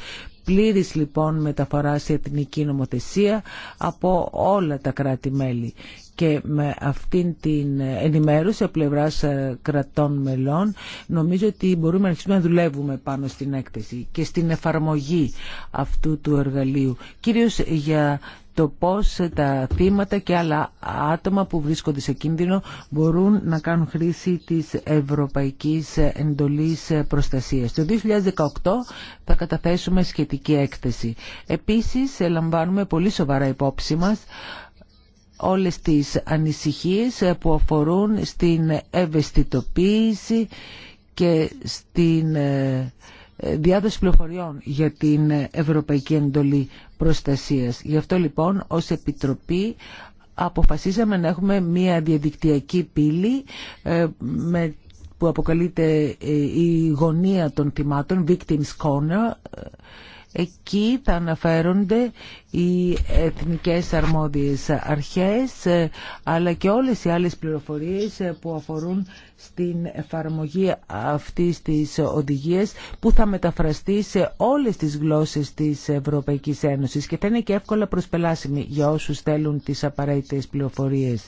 πλήρης λοιπόν μεταφορά σε εθνική νομοθεσία από όλα τα κράτη-μέλη και με αυτήν την ενημέρωση από πλευρά ε, κρατών μελών νομίζω ότι μπορούμε να αρχίσουμε να δουλεύουμε πάνω στην έκθεση και στην εφαρμογή αυτού του εργαλείου κυρίως για το πώς τα θύματα και άλλα άτομα που βρίσκονται σε κίνδυνο μπορούν να κάνουν χρήση της Ευρωπαϊκής Εντολής Προστασίας. Το 2018 θα καταθέσουμε σχετική έκθεση. Επίσης, λαμβάνουμε πολύ σοβαρά υπόψη μας όλες τις ανησυχίες που αφορούν στην ευαισθητοποίηση και στην ε, ε, διάδοση πληροφοριών για την Ευρωπαϊκή Εντολή Προστασίας. Γι' αυτό λοιπόν ως Επιτροπή αποφασίσαμε να έχουμε μια διαδικτυακή πύλη ε, με που αποκαλείται η γωνία των θυμάτων, Victims Corner, Εκεί θα αναφέρονται οι εθνικές αρμόδιες αρχές ε, αλλά και όλες οι άλλες πληροφορίες ε, που αφορούν στην εφαρμογή αυτής της οδηγίας που θα μεταφραστεί σε όλες τις γλώσσες της Ευρωπαϊκής Ένωσης και θα είναι και εύκολα προσπελάσιμη για όσους θέλουν τις απαραίτητες πληροφορίες.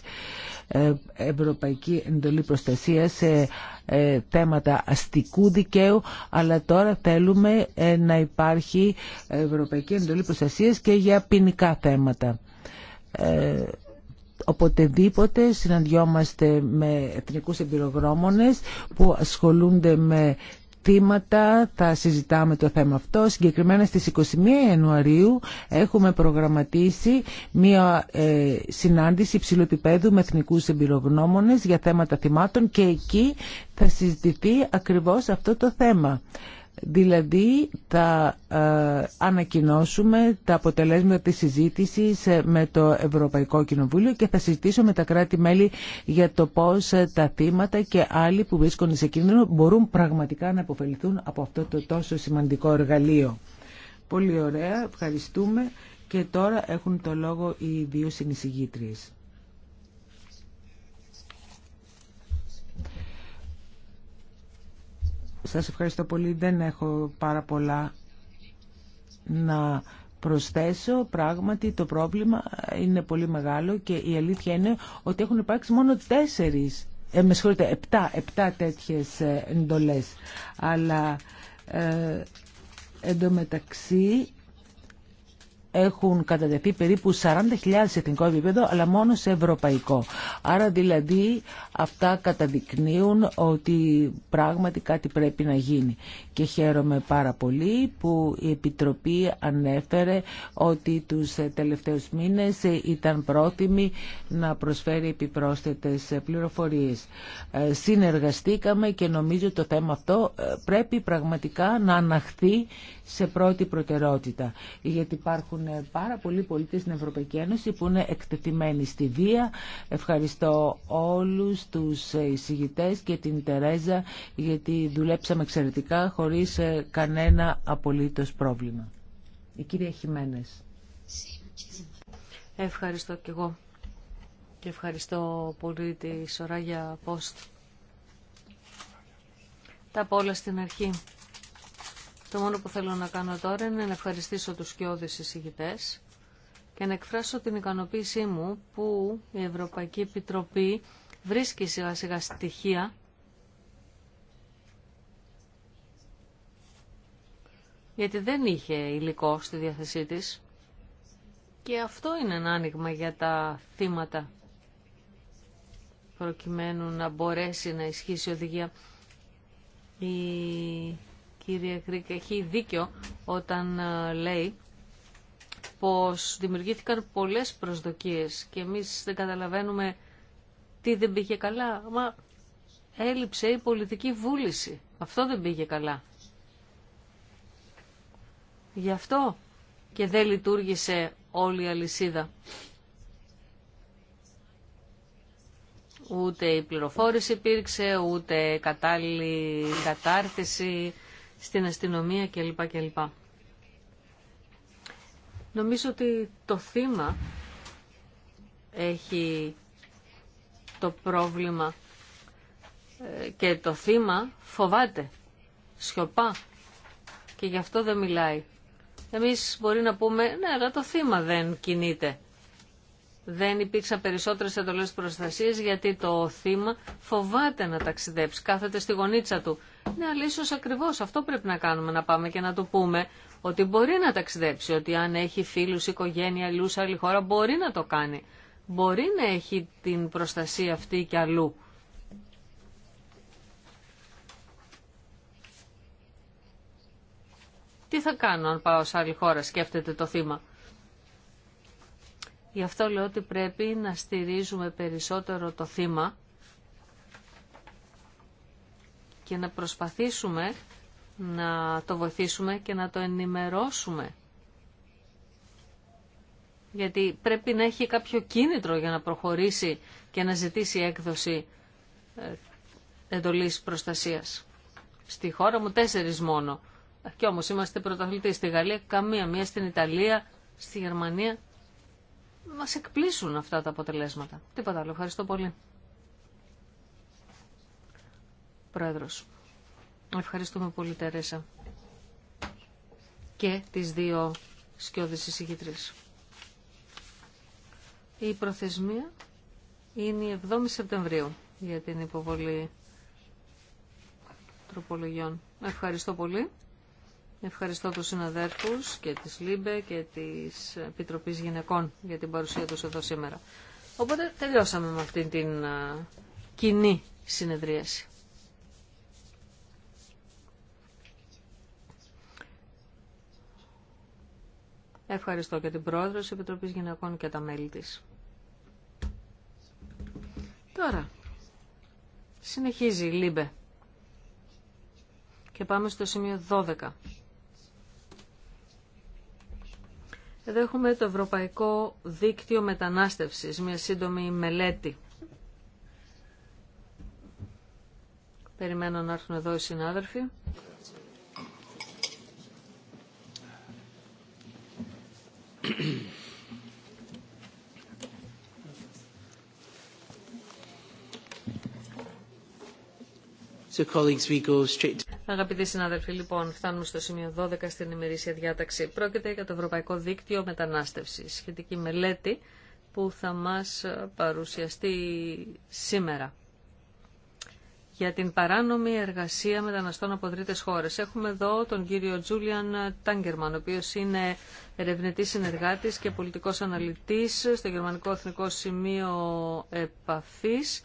Ε, ευρωπαϊκή εντολή προστασία σε ε, θέματα αστικού δικαίου, αλλά τώρα θέλουμε ε, να υπάρχει ευρωπαϊκή εντολή προστασία και για ποινικά θέματα οποτεδήποτε συναντιόμαστε με εθνικούς εμπειρογνώμονες που ασχολούνται με θα συζητάμε το θέμα αυτό. Συγκεκριμένα στις 21 Ιανουαρίου έχουμε προγραμματίσει μία ε, συνάντηση ψηλοεπιπέδου με εθνικού εμπειρογνώμονες για θέματα θυμάτων και εκεί θα συζητηθεί ακριβώς αυτό το θέμα. Δηλαδή θα ε, ανακοινώσουμε τα αποτελέσματα της συζήτησης ε, με το Ευρωπαϊκό Κοινοβούλιο και θα συζητήσω με τα κράτη-μέλη για το πώς ε, τα θύματα και άλλοι που βρίσκονται σε κίνδυνο μπορούν πραγματικά να αποφεληθούν από αυτό το τόσο σημαντικό εργαλείο. Πολύ ωραία, ευχαριστούμε. Και τώρα έχουν το λόγο οι δύο συνεισηγήτριες. Σας ευχαριστώ πολύ. Δεν έχω πάρα πολλά να προσθέσω. Πράγματι το πρόβλημα είναι πολύ μεγάλο και η αλήθεια είναι ότι έχουν υπάρξει μόνο τέσσερις, ε, με συγχωρείτε, επτά, επτά τέτοιες ε, εντολές. Αλλά ε, εντωμεταξύ έχουν κατατεθεί περίπου 40.000 σε εθνικό επίπεδο, αλλά μόνο σε ευρωπαϊκό. Άρα δηλαδή Αυτά καταδεικνύουν ότι πράγματι κάτι πρέπει να γίνει. Και χαίρομαι πάρα πολύ που η Επιτροπή ανέφερε ότι τους τελευταίους μήνες ήταν πρόθυμη να προσφέρει επιπρόσθετες πληροφορίες. Ε, συνεργαστήκαμε και νομίζω το θέμα αυτό ε, πρέπει πραγματικά να αναχθεί σε πρώτη προτεραιότητα. Γιατί υπάρχουν πάρα πολλοί πολίτες στην Ευρωπαϊκή Ένωση που είναι εκτεθειμένοι στη βία. Ευχαριστώ όλους τους εισηγητές και την Τερέζα γιατί δουλέψαμε εξαιρετικά χωρίς ε, κανένα απολύτως πρόβλημα. Η κυρία Χιμένες. Ευχαριστώ και εγώ. Και ευχαριστώ πολύ τη Σωράγια Πόστ. Τα πόλα όλα στην αρχή. Το μόνο που θέλω να κάνω τώρα είναι να ευχαριστήσω τους σκιώδες εισηγητές και να εκφράσω την ικανοποίησή μου που η Ευρωπαϊκή Επιτροπή βρίσκει σιγά σιγά στοιχεία γιατί δεν είχε υλικό στη διάθεσή της και αυτό είναι ένα άνοιγμα για τα θύματα προκειμένου να μπορέσει να ισχύσει η οδηγία. Η κυρία Κρίκ έχει δίκιο όταν ε, λέει πως δημιουργήθηκαν πολλές προσδοκίες και εμείς δεν καταλαβαίνουμε τι δεν πήγε καλά. Μα έλειψε η πολιτική βούληση. Αυτό δεν πήγε καλά. Γι' αυτό και δεν λειτουργήσε όλη η αλυσίδα. Ούτε η πληροφόρηση υπήρξε, ούτε κατάλληλη κατάρτιση στην αστυνομία κλπ. κλπ. Νομίζω ότι το θύμα έχει το πρόβλημα ε, και το θύμα φοβάται, σιωπά και γι' αυτό δεν μιλάει. Εμείς μπορεί να πούμε, ναι, αλλά το θύμα δεν κινείται. Δεν υπήρξαν περισσότερες εντολές προστασίας γιατί το θύμα φοβάται να ταξιδέψει, κάθεται στη γωνίτσα του. Ναι, αλλά ίσως ακριβώς αυτό πρέπει να κάνουμε, να πάμε και να του πούμε ότι μπορεί να ταξιδέψει, ότι αν έχει φίλους, οικογένεια, λούσα, άλλη χώρα, μπορεί να το κάνει μπορεί να έχει την προστασία αυτή και αλλού. Τι θα κάνω αν πάω σε άλλη χώρα, σκέφτεται το θύμα. Γι' αυτό λέω ότι πρέπει να στηρίζουμε περισσότερο το θύμα και να προσπαθήσουμε να το βοηθήσουμε και να το ενημερώσουμε γιατί πρέπει να έχει κάποιο κίνητρο για να προχωρήσει και να ζητήσει έκδοση ε, εντολής προστασίας. Στη χώρα μου τέσσερις μόνο. Και όμως είμαστε πρωταθλητές στη Γαλλία, καμία μία στην Ιταλία, στη Γερμανία. Μας εκπλήσουν αυτά τα αποτελέσματα. Τίποτα άλλο. Ευχαριστώ πολύ. Πρόεδρος. Ευχαριστούμε πολύ Τέρεσα. Και τις δύο σκιώδεις εισηγητρίες. Η προθεσμία είναι η 7η Σεπτεμβρίου για την υποβολή τροπολογιών. Ευχαριστώ πολύ. Ευχαριστώ τους συναδέρφους και της ΛΥΜΠΕ και της Επιτροπής Γυναικών για την παρουσία τους εδώ σήμερα. Οπότε τελειώσαμε με αυτήν την κοινή συνεδρίαση. Ευχαριστώ και την Πρόεδρο της Επιτροπής Γυναικών και τα μέλη της. Τώρα, συνεχίζει η Λίμπε. Και πάμε στο σημείο 12. Εδώ έχουμε το Ευρωπαϊκό Δίκτυο Μετανάστευσης, μια σύντομη μελέτη. Περιμένω να έρθουν εδώ οι συνάδελφοι. Αγαπητοί συνάδελφοι, λοιπόν, φτάνουμε στο σημείο 12 στην ημερήσια διάταξη. Πρόκειται για το Ευρωπαϊκό Δίκτυο Μετανάστευση, σχετική μελέτη που θα μας παρουσιαστεί σήμερα για την παράνομη εργασία μεταναστών από τρίτε χώρες. Έχουμε εδώ τον κύριο Τζούλιαν Τάγκερμαν, ο οποίος είναι ερευνητής συνεργάτης και πολιτικός αναλυτής στο Γερμανικό Εθνικό Σημείο Επαφής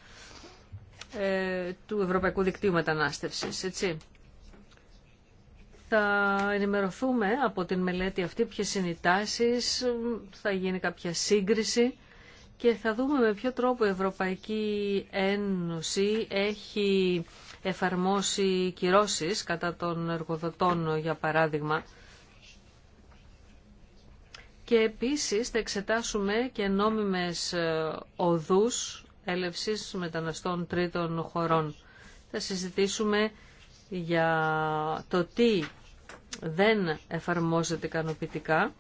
ε, του Ευρωπαϊκού Δικτύου Μετανάστευσης. Θα ενημερωθούμε από την μελέτη αυτή ποιες είναι οι τάσεις, θα γίνει κάποια σύγκριση και θα δούμε με ποιο τρόπο η Ευρωπαϊκή Ένωση έχει εφαρμόσει κυρώσεις κατά των εργοδοτών, για παράδειγμα. Και επίσης θα εξετάσουμε και νόμιμες ε, οδούς έλευσης μεταναστών τρίτων χωρών. Θα συζητήσουμε για το τι δεν εφαρμόζεται ικανοποιητικά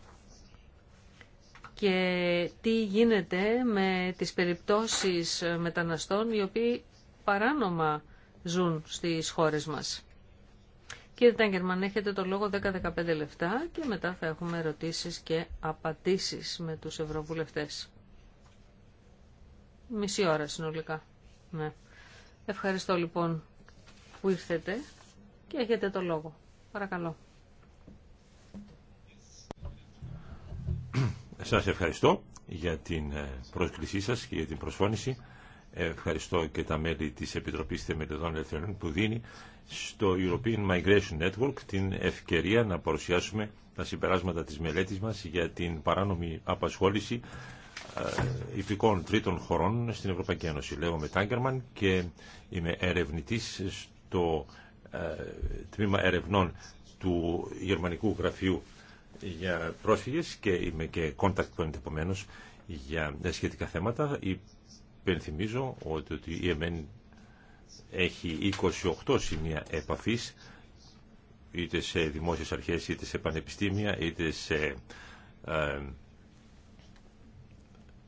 και τι γίνεται με τις περιπτώσεις μεταναστών οι οποίοι παράνομα ζουν στις χώρες μας. Κύριε Τάγκερμαν, έχετε το λόγο 10-15 λεπτά και μετά θα έχουμε ερωτήσεις και απαντήσεις με τους ευρωβουλευτές. Μισή ώρα συνολικά. Ναι. Ευχαριστώ λοιπόν που ήρθετε και έχετε το λόγο. Παρακαλώ. Σας ευχαριστώ για την ε, πρόσκλησή σας και για την προσφώνηση. Ευχαριστώ και τα μέλη της Επιτροπής Θεμελιωδών Ελευθερών που δίνει στο European Migration Network την ευκαιρία να παρουσιάσουμε τα συμπεράσματα της μελέτης μας για την παράνομη απασχόληση ε, υπηκών τρίτων χωρών στην Ευρωπαϊκή Ένωση. Λέγομαι Τάγκερμαν και είμαι ερευνητής στο ε, τμήμα ερευνών του Γερμανικού Γραφείου για πρόσφυγες και είμαι και contact point επομένω για σχετικά θέματα. Υπενθυμίζω ότι, ότι η ΕΜΕΝ έχει 28 σημεία επαφής είτε σε δημόσιες αρχές, είτε σε πανεπιστήμια, είτε σε ε,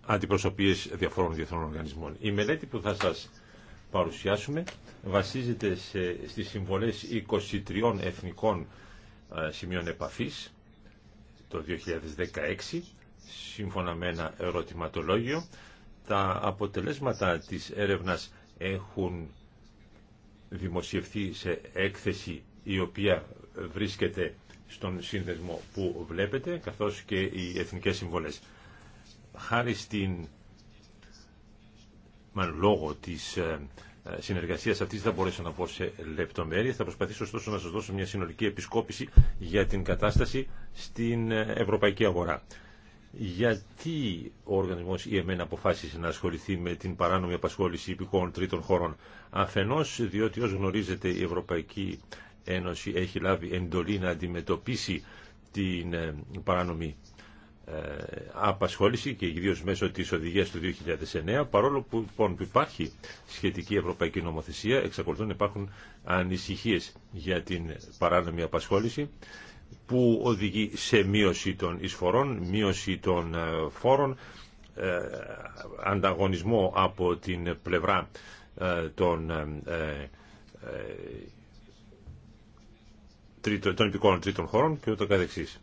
αντιπροσωπείες διαφόρων διεθνών οργανισμών. Η μελέτη που θα σας παρουσιάσουμε βασίζεται στις συμβολές 23 εθνικών ε, σημείων επαφής το 2016 σύμφωνα με ένα ερωτηματολόγιο. Τα αποτελέσματα της έρευνας έχουν δημοσιευθεί σε έκθεση η οποία βρίσκεται στον σύνδεσμο που βλέπετε, καθώς και οι εθνικές συμβολές. Χάρη στην, λόγω της ε, ε, Συνεργασία αυτή δεν θα μπορέσω να πω σε λεπτομέρειε. Θα προσπαθήσω ωστόσο να σα δώσω μια συνολική επισκόπηση για την κατάσταση στην ε, ευρωπαϊκή αγορά. Γιατί ο ή εμένα αποφάσισε να ασχοληθεί με την παράνομη απασχόληση υπηκόων τρίτων χωρών. Αφενός διότι ω γνωρίζετε η Ευρωπαϊκή Ένωση έχει λάβει εντολή να αντιμετωπίσει την ε, παράνομη ε, απασχόληση και ιδίω μέσω τη οδηγία του 2009 παρόλο που, λοιπόν, που υπάρχει σχετική ευρωπαϊκή νομοθεσία εξακολουθούν να υπάρχουν ανησυχίες για την παράνομη απασχόληση που οδηγεί σε μείωση των εισφορών, μείωση των ε, φόρων, ε, ανταγωνισμό από την πλευρά των των τρίτων χωρών και ούτω καθεξής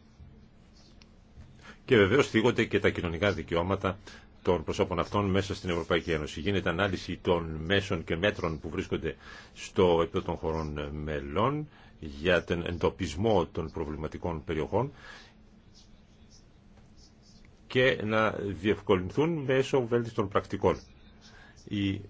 και βεβαίω θίγονται και τα κοινωνικά δικαιώματα των προσώπων αυτών μέσα στην Ευρωπαϊκή Ένωση. Γίνεται ανάλυση των μέσων και μέτρων που βρίσκονται στο επίπεδο των χωρών μελών για τον εντοπισμό των προβληματικών περιοχών και να διευκολυνθούν μέσω βέλτιστων πρακτικών. Η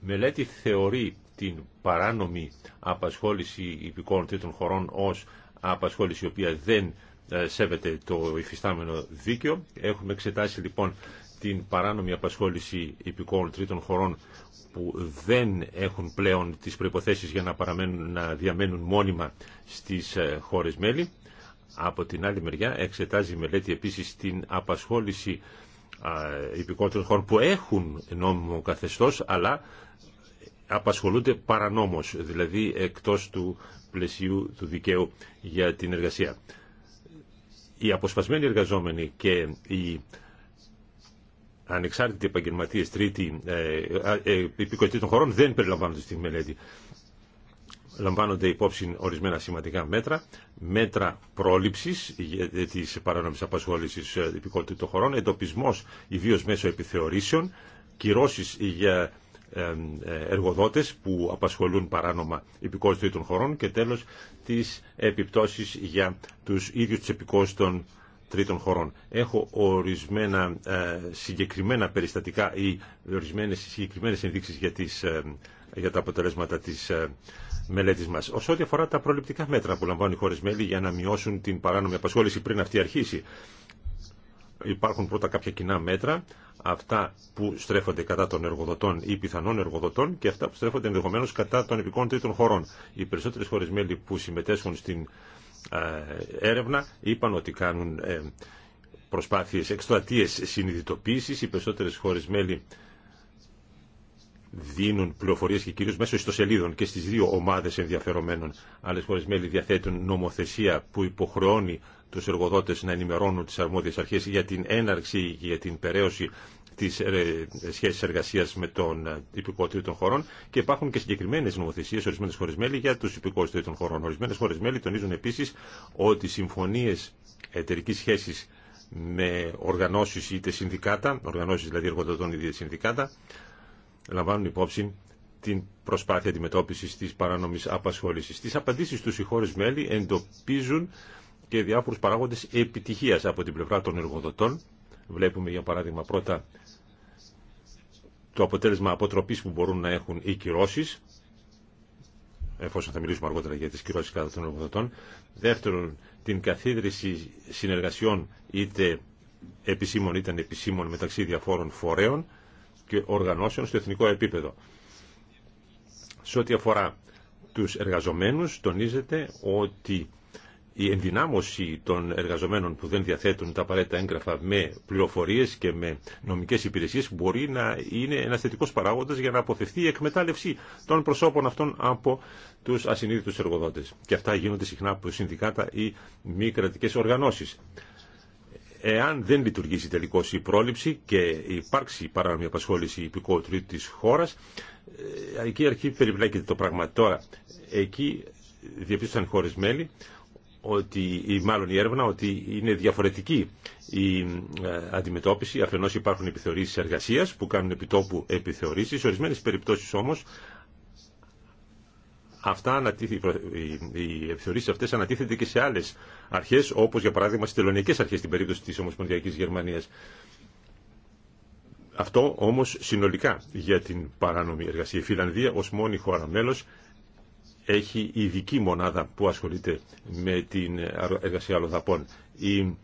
μελέτη θεωρεί την παράνομη απασχόληση υπηκών τρίτων χωρών ως απασχόληση η οποία δεν ε, σέβεται το υφιστάμενο δίκαιο. Έχουμε εξετάσει λοιπόν την παράνομη απασχόληση υπηκόων τρίτων χωρών που δεν έχουν πλέον τις προϋποθέσεις για να, παραμένουν, να διαμένουν μόνιμα στις ε, χώρες μέλη. Από την άλλη μεριά εξετάζει η μελέτη επίσης την απασχόληση υπηκόων τρίτων χωρών που έχουν νόμιμο καθεστώς αλλά απασχολούνται παρανόμως, δηλαδή εκτός του πλαισίου του δικαίου για την εργασία οι αποσπασμένοι εργαζόμενοι και οι ανεξάρτητοι επαγγελματίες τρίτη ε, ε των χωρών δεν περιλαμβάνονται στη μελέτη. Λαμβάνονται υπόψη ορισμένα σημαντικά μέτρα, μέτρα πρόληψης ε, τη παράνομη απασχόλησης υπηκότητα ε, των χωρών, εντοπισμό ιδίω μέσω επιθεωρήσεων, κυρώσει για εργοδότες που απασχολούν παράνομα υπηκότητα των χωρών και τέλος τις επιπτώσεις για τους ίδιους τους επικόστον των τρίτων χωρών. Έχω ορισμένα ε, συγκεκριμένα περιστατικά ή ορισμένες συγκεκριμένες ενδείξεις για, τις, ε, για τα αποτελέσματα της ε, μελέτης μας. Όσο ό,τι αφορά τα προληπτικά μέτρα που λαμβάνουν οι χώρες μέλη για να μειώσουν την παράνομη απασχόληση πριν αυτή αρχίσει. Υπάρχουν πρώτα κάποια κοινά μέτρα αυτά που στρέφονται κατά των εργοδοτών ή πιθανών εργοδοτών και αυτά που στρέφονται ενδεχομένω κατά των επικών τρίτων χωρών. Οι περισσότερε χώρε μέλη που συμμετέσχουν στην ε, έρευνα είπαν ότι κάνουν ε, προσπάθειες εκστρατείε συνειδητοποίησης. Οι περισσότερες χώρες μέλη δίνουν πληροφορίε και κυρίως μέσω ιστοσελίδων και στι δύο ομάδε ενδιαφερομένων. άλλε χώρες μέλη διαθέτουν νομοθεσία που υποχρεώνει του εργοδότε να ενημερώνουν τι αρμόδιες αρχέ για την έναρξη και για την περαίωση τη ε, σχέση εργασία με τον ε, υπηκό τρίτων χωρών και υπάρχουν και συγκεκριμένες νομοθεσίες ορισμένε χώρε μέλη για του υπηκό τρίτων χωρών. Ορισμένε χώρε μέλη τονίζουν επίση ότι συμφωνίε εταιρική σχέση με οργανώσει είτε συνδικάτα, οργανώσει δηλαδή εργοδοτών είτε συνδικάτα, λαμβάνουν υπόψη την προσπάθεια αντιμετώπιση τη παράνομη απασχόληση. Τι απαντήσει του οι χώρε μέλη εντοπίζουν και διάφορου παράγοντε επιτυχία από την πλευρά των εργοδοτών. Βλέπουμε, για παράδειγμα, πρώτα το αποτέλεσμα αποτροπής που μπορούν να έχουν οι κυρώσει, εφόσον θα μιλήσουμε αργότερα για τι κυρώσει κατά των εργοδοτών. Δεύτερον, την καθίδρυση συνεργασιών είτε επισήμων είτε ανεπισήμων μεταξύ διαφόρων φορέων και οργανώσεων στο εθνικό επίπεδο. Σε ό,τι αφορά τους εργαζομένους, τονίζεται ότι η ενδυνάμωση των εργαζομένων που δεν διαθέτουν τα απαραίτητα έγγραφα με πληροφορίες και με νομικές υπηρεσίες μπορεί να είναι ένας θετικός παράγοντας για να αποφευθεί η εκμετάλλευση των προσώπων αυτών από τους ασυνείδητους εργοδότες. Και αυτά γίνονται συχνά από συνδικάτα ή μη κρατικέ οργανώσεις εάν δεν λειτουργήσει τελικώ η πρόληψη και υπάρξει παράνομη απασχόληση υπηκό τρίτη της χώρας, ε, εκεί αρχή περιβλέκεται το πράγμα. Τώρα, εκεί διαπίστωσαν χώρες μέλη ότι, ή μάλλον η έρευνα, ότι είναι διαφορετική η ε, αντιμετώπιση. Αφενός υπάρχουν επιθεωρήσεις εργασίας που κάνουν επιτόπου επιθεωρήσεις. Σε ορισμένες περιπτώσεις όμως αυτά οι επιθεωρήσει αυτές ανατίθεται και σε άλλες αρχές, όπως για παράδειγμα στι τελωνιακές αρχές, στην περίπτωση της Ομοσπονδιακής Γερμανίας. Αυτό όμως συνολικά για την παράνομη εργασία. Η Φιλανδία ως μόνη χώρα μέλος έχει ειδική μονάδα που ασχολείται με την εργασία αλλοδαπών. Οι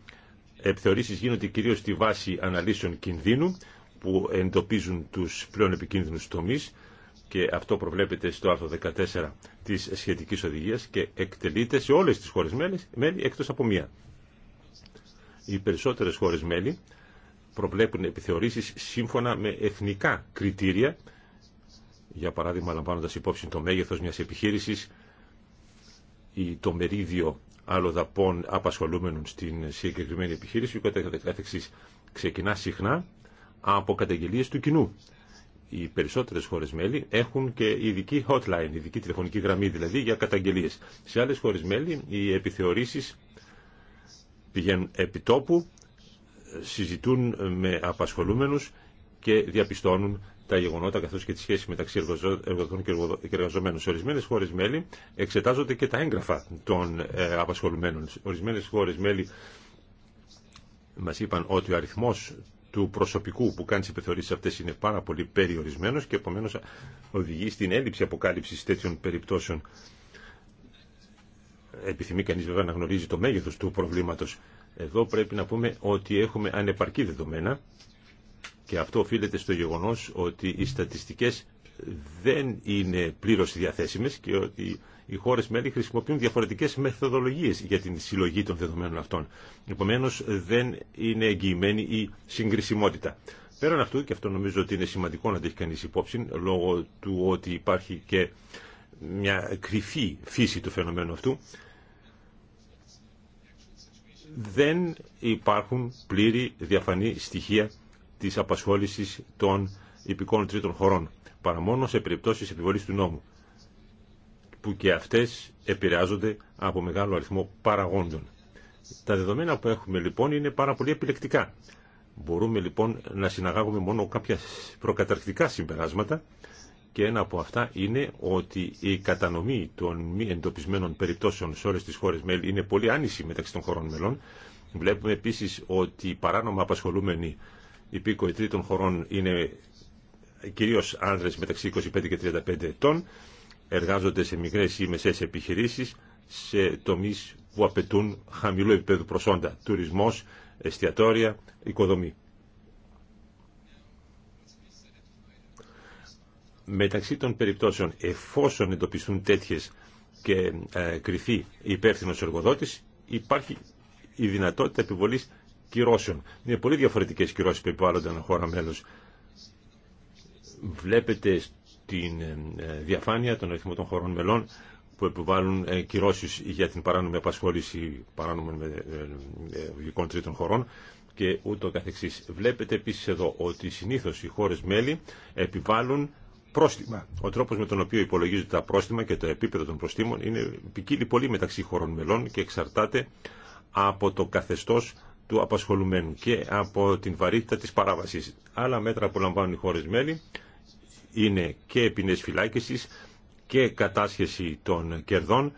επιθεωρήσει γίνονται κυρίω στη βάση αναλύσεων κινδύνου που εντοπίζουν τους πλέον επικίνδυνους τομείς και αυτό προβλέπεται στο άρθρο 14 της σχετικής οδηγίας και εκτελείται σε όλες τις χώρες μέλη, μέλη εκτός από μία. Οι περισσότερες χώρες μέλη προβλέπουν επιθεωρήσεις σύμφωνα με εθνικά κριτήρια, για παράδειγμα λαμβάνοντας υπόψη το μέγεθος μιας επιχείρησης ή το μερίδιο δαπων απασχολούμενων στην συγκεκριμένη επιχείρηση, ο καθεξής ξεκινά συχνά από καταγγελίες του κοινού οι περισσότερες χώρες μέλη έχουν και ειδική hotline, ειδική τηλεφωνική γραμμή δηλαδή για καταγγελίες. Σε άλλες χώρες μέλη οι επιθεωρήσεις πηγαίνουν επί τόπου, συζητούν με απασχολούμενους και διαπιστώνουν τα γεγονότα καθώς και τη σχέση μεταξύ εργοδοτών και εργαζομένων. Σε ορισμένες χώρες μέλη εξετάζονται και τα έγγραφα των ε, απασχολουμένων. Σε ορισμένες χώρες μέλη μας είπαν ότι ο αριθμός του προσωπικού που κάνει τι επιθεωρήσει αυτέ είναι πάρα πολύ περιορισμένο και επομένω οδηγεί στην έλλειψη αποκάλυψη τέτοιων περιπτώσεων. Επιθυμεί κανεί βέβαια να γνωρίζει το μέγεθο του προβλήματο. Εδώ πρέπει να πούμε ότι έχουμε ανεπαρκή δεδομένα και αυτό οφείλεται στο γεγονό ότι οι στατιστικέ δεν είναι πλήρω διαθέσιμε και ότι οι χώρες μέλη χρησιμοποιούν διαφορετικές μεθοδολογίες για την συλλογή των δεδομένων αυτών. Επομένως δεν είναι εγγυημένη η συγκρισιμότητα. Πέραν αυτού, και αυτό νομίζω ότι είναι σημαντικό να το έχει κανείς υπόψη, λόγω του ότι υπάρχει και μια κρυφή φύση του φαινομένου αυτού, δεν υπάρχουν πλήρη διαφανή στοιχεία της απασχόλησης των υπηκών τρίτων χωρών, παρά μόνο σε περιπτώσεις επιβολής του νόμου που και αυτές επηρεάζονται από μεγάλο αριθμό παραγόντων. Τα δεδομένα που έχουμε λοιπόν είναι πάρα πολύ επιλεκτικά. Μπορούμε λοιπόν να συναγάγουμε μόνο κάποια προκαταρκτικά συμπεράσματα και ένα από αυτά είναι ότι η κατανομή των μη εντοπισμένων περιπτώσεων σε όλες τις χώρες μέλη είναι πολύ άνηση μεταξύ των χωρών μελών. Βλέπουμε επίσης ότι οι παράνομα απασχολούμενοι υπήκοοι τρίτων χωρών είναι κυρίως άνδρες μεταξύ 25 και 35 ετών εργάζονται σε μικρές ή μεσές επιχειρήσεις σε τομείς που απαιτούν χαμηλου επιπεδου προσόντα, τουρισμός, εστιατόρια, οικοδομή. Μεταξύ των περιπτώσεων, εφόσον εντοπιστούν τέτοιες και ε, κρυθεί υπεύθυνο εργοδότης, υπάρχει η δυνατότητα επιβολής κυρώσεων. Είναι πολύ διαφορετικέ κυρώσεις που επιβάλλονται ένα χώρα μέλο. Βλέπετε την ε, διαφάνεια, τον αριθμό των χωρών μελών που επιβάλλουν ε, κυρώσεις για την παράνομη απασχόληση παράνομων βγικών ε, τρίτων χωρών και ούτω καθεξής. Βλέπετε επίσης εδώ ότι συνήθως οι χώρες μέλη επιβάλλουν πρόστιμα. Ο τρόπος με τον οποίο υπολογίζονται τα πρόστιμα και το επίπεδο των προστήμων είναι ποικίλει πολύ μεταξύ χωρών μελών και εξαρτάται από το καθεστώς του απασχολουμένου και από την βαρύτητα της παράβασης. Άλλα μέτρα που λαμβάνουν οι χώρες μέλη είναι και ποινές φυλάκισης και κατάσχεση των κερδών,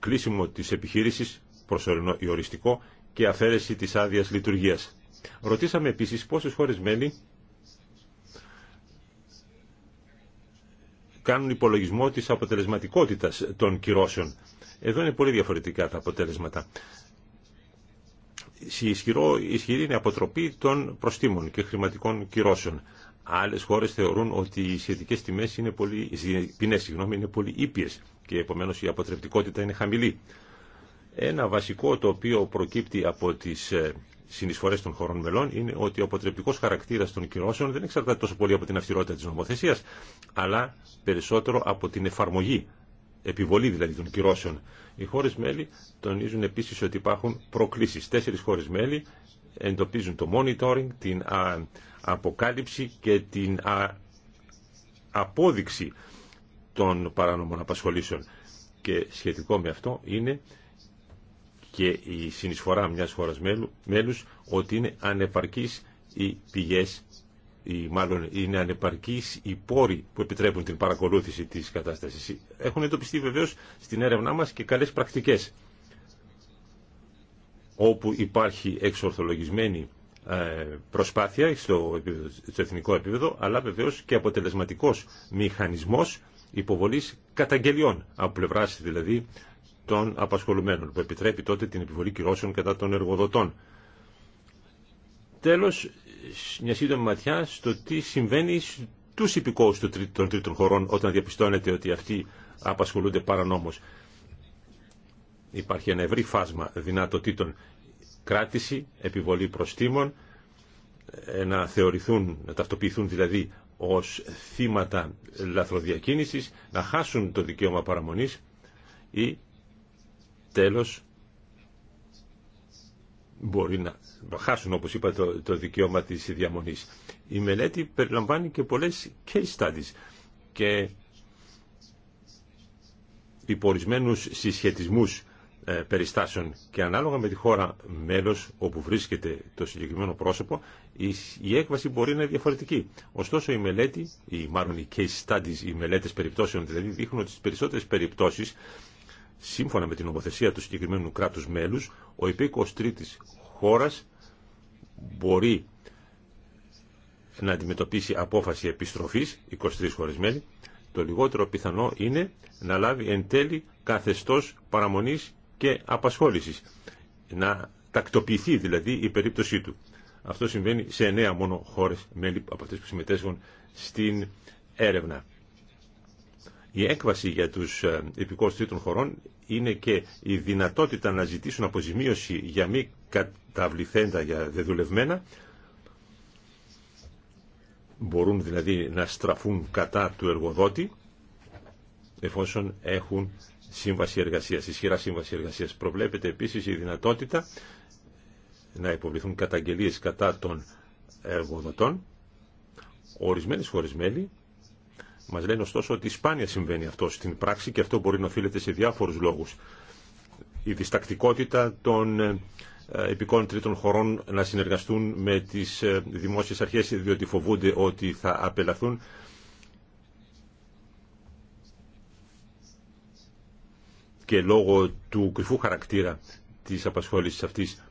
κλείσιμο της επιχείρησης, προσωρινό ή οριστικό, και αφαίρεση της άδειας λειτουργίας. Ρωτήσαμε επίσης πόσες χώρες μέλη κάνουν υπολογισμό της αποτελεσματικότητας των κυρώσεων. Εδώ είναι πολύ διαφορετικά τα αποτέλεσματα. Ισχυρό, ισχυρή είναι η αποτροπή των προστήμων και χρηματικών ειναι πολυ διαφορετικα τα αποτελεσματα η ισχυρη ειναι η αποτροπη των προστημων και χρηματικων κυρωσεων Άλλες χώρες θεωρούν ότι οι σχετικές τιμές είναι πολύ, ποινές, συγγνώμη, είναι πολύ ήπιες και επομένως η αποτρεπτικότητα είναι χαμηλή. Ένα βασικό το οποίο προκύπτει από τις ε, συνεισφορές των χωρών μελών είναι ότι ο αποτρεπτικός χαρακτήρας των κυρώσεων δεν εξαρτάται τόσο πολύ από την αυστηρότητα της νομοθεσίας, αλλά περισσότερο από την εφαρμογή επιβολή δηλαδή των κυρώσεων. Οι χώρες μέλη τονίζουν επίσης ότι υπάρχουν προκλήσεις. Τέσσερις χώρες μέλη εντοπίζουν το monitoring, την αποκάλυψη και την απόδειξη των παράνομων απασχολήσεων. Και σχετικό με αυτό είναι και η συνεισφορά μιας χώρας μέλου, μέλους ότι είναι ανεπαρκείς οι πηγές ή μάλλον είναι ανεπαρκείς οι πόροι που επιτρέπουν την παρακολούθηση της κατάστασης. Έχουν εντοπιστεί βεβαίως στην έρευνά μας και καλές πρακτικές όπου υπάρχει εξορθολογισμένη ε, προσπάθεια στο, εθνικό επίπεδο, αλλά βεβαίως και αποτελεσματικός μηχανισμός υποβολής καταγγελιών, από πλευρά δηλαδή των απασχολουμένων, που επιτρέπει τότε την επιβολή κυρώσεων κατά των εργοδοτών. Τέλος, μια σύντομη ματιά στο τι συμβαίνει στους υπηκόους των τρίτων χωρών όταν διαπιστώνεται ότι αυτοί απασχολούνται παρανόμως. Υπάρχει ένα ευρύ φάσμα δυνατοτήτων κράτηση, επιβολή προστήμων, ε, να θεωρηθούν, να ταυτοποιηθούν δηλαδή ως θύματα λαθροδιακίνησης, να χάσουν το δικαίωμα παραμονής ή τέλος μπορεί να χάσουν όπως είπα το, το δικαίωμα της διαμονής. Η μελέτη περιλαμβάνει και πολλές case studies και υπορισμένους συσχετισμούς ε, περιστάσεων και ανάλογα με τη χώρα μέλος όπου βρίσκεται το συγκεκριμένο πρόσωπο η έκβαση μπορεί να είναι διαφορετική. Ωστόσο η μελέτη, ή μάλλον οι case studies, οι μελέτες περιπτώσεων δηλαδή δείχνουν ότι στις περισσότερες περιπτώσεις σύμφωνα με την ομοθεσία του συγκεκριμένου κράτους μέλους ο υπήκος τρίτης χώρας μπορεί να αντιμετωπίσει απόφαση επιστροφής 23 χώρες μέλη το λιγότερο πιθανό είναι να λάβει εν τέλει καθεστώς παραμονής και απασχόλησης. Να τακτοποιηθεί δηλαδή η περίπτωσή του. Αυτό συμβαίνει σε εννέα μόνο χώρες μέλη από αυτές που συμμετέσχουν στην έρευνα. Η έκβαση για τους επικοστήτων τρίτων χωρών είναι και η δυνατότητα να ζητήσουν αποζημίωση για μη καταβληθέντα, για δεδουλευμένα. Μπορούν δηλαδή να στραφούν κατά του εργοδότη εφόσον έχουν σύμβαση εργασίας, ισχυρά σύμβαση εργασίας. Προβλέπεται επίσης η δυνατότητα να υποβληθούν καταγγελίες κατά των εργοδοτών. Ορισμένες χώρες μέλη μας λένε ωστόσο ότι σπάνια συμβαίνει αυτό στην πράξη και αυτό μπορεί να οφείλεται σε διάφορους λόγους. Η διστακτικότητα των επικών τρίτων χωρών να συνεργαστούν με τις ε, δημόσιες αρχές διότι φοβούνται ότι θα απελαθούν και λόγω του κρυφού χαρακτήρα της απασχόλησης αυτής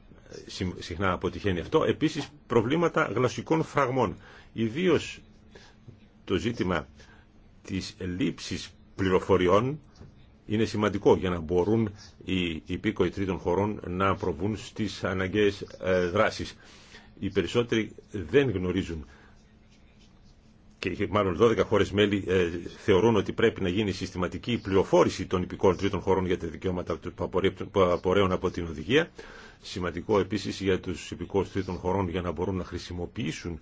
συχνά αποτυχαίνει αυτό. Επίσης προβλήματα γλωσσικών φραγμών. Ιδίω το ζήτημα της λήψης πληροφοριών είναι σημαντικό για να μπορούν οι υπήκοοι τρίτων χωρών να προβούν στις αναγκαίες ε, δράσεις. Οι περισσότεροι δεν γνωρίζουν και μάλλον 12 χώρε μέλη ε, θεωρούν ότι πρέπει να γίνει συστηματική πληροφόρηση των υπηκών τρίτων χωρών για τα δικαιώματα που απορρέουν από την οδηγία. Σημαντικό επίση για του υπηκού τρίτων χωρών για να μπορούν να χρησιμοποιήσουν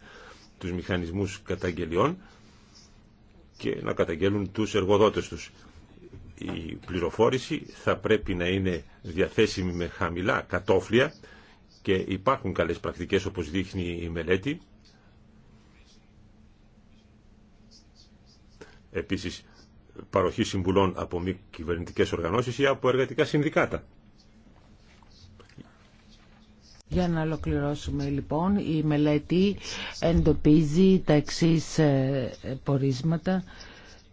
του μηχανισμού καταγγελιών και να καταγγέλουν του εργοδότε του. Η πληροφόρηση θα πρέπει να είναι διαθέσιμη με χαμηλά κατόφλια και υπάρχουν καλές πρακτικές όπως δείχνει η μελέτη επίσης παροχή συμβουλών από μη κυβερνητικέ οργανώσεις ή από εργατικά συνδικάτα. Για να ολοκληρώσουμε λοιπόν, η μελέτη εντοπίζει τα εξής ε, πορίσματα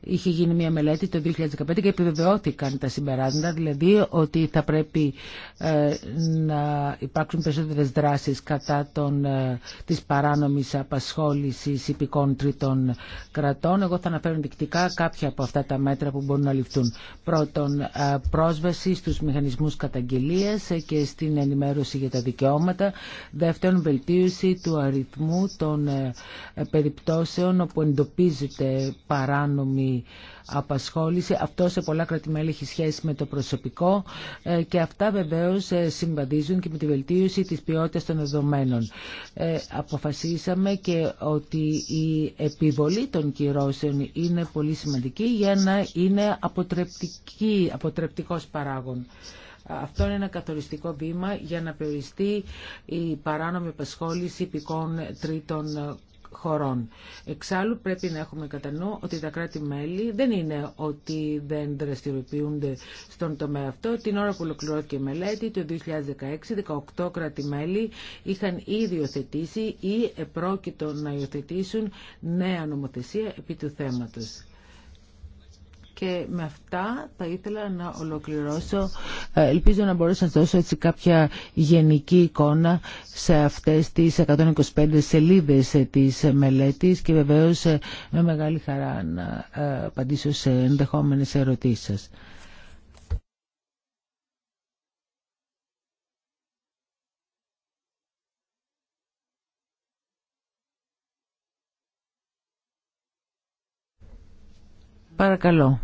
είχε γίνει μια μελέτη το 2015 και επιβεβαιώθηκαν τα συμπεράσματα, δηλαδή ότι θα πρέπει ε, να υπάρξουν περισσότερες δράσεις κατά των, ε, της παράνομης απασχόλησης υπηκών τρίτων κρατών. Εγώ θα αναφέρω δεικτικά κάποια από αυτά τα μέτρα που μπορούν να ληφθούν. Πρώτον, ε, πρόσβαση στους μηχανισμούς καταγγελίας και στην ενημέρωση για τα δικαιώματα. Δεύτερον, βελτίωση του αριθμού των περιπτώσεων όπου εντοπίζεται παράνομη απασχόληση. Αυτό σε πολλά κρατημέλη έχει σχέση με το προσωπικό ε, και αυτά βεβαίως ε, συμβαδίζουν και με τη βελτίωση της ποιότητας των δεδομένων. Ε, αποφασίσαμε και ότι η επιβολή των κυρώσεων είναι πολύ σημαντική για να είναι αποτρεπτική, αποτρεπτικός παράγων. Αυτό είναι ένα καθοριστικό βήμα για να περιοριστεί η παράνομη απασχόληση υπηκών τρίτων χωρών. Εξάλλου πρέπει να έχουμε κατά νου ότι τα κράτη-μέλη δεν είναι ότι δεν δραστηριοποιούνται στον τομέα αυτό. Την ώρα που ολοκληρώθηκε η μελέτη, το 2016, 18 κράτη-μέλη είχαν ήδη υιοθετήσει ή επρόκειτο να υιοθετήσουν νέα νομοθεσία επί του θέματος. Και με αυτά θα ήθελα να ολοκληρώσω. Ε, ελπίζω να μπορέσω να δώσω έτσι κάποια γενική εικόνα σε αυτές τις 125 σελίδες ε, της μελέτης και βεβαίως ε, με μεγάλη χαρά να απαντήσω σε ενδεχόμενες ερωτήσεις σας. Παρακαλώ.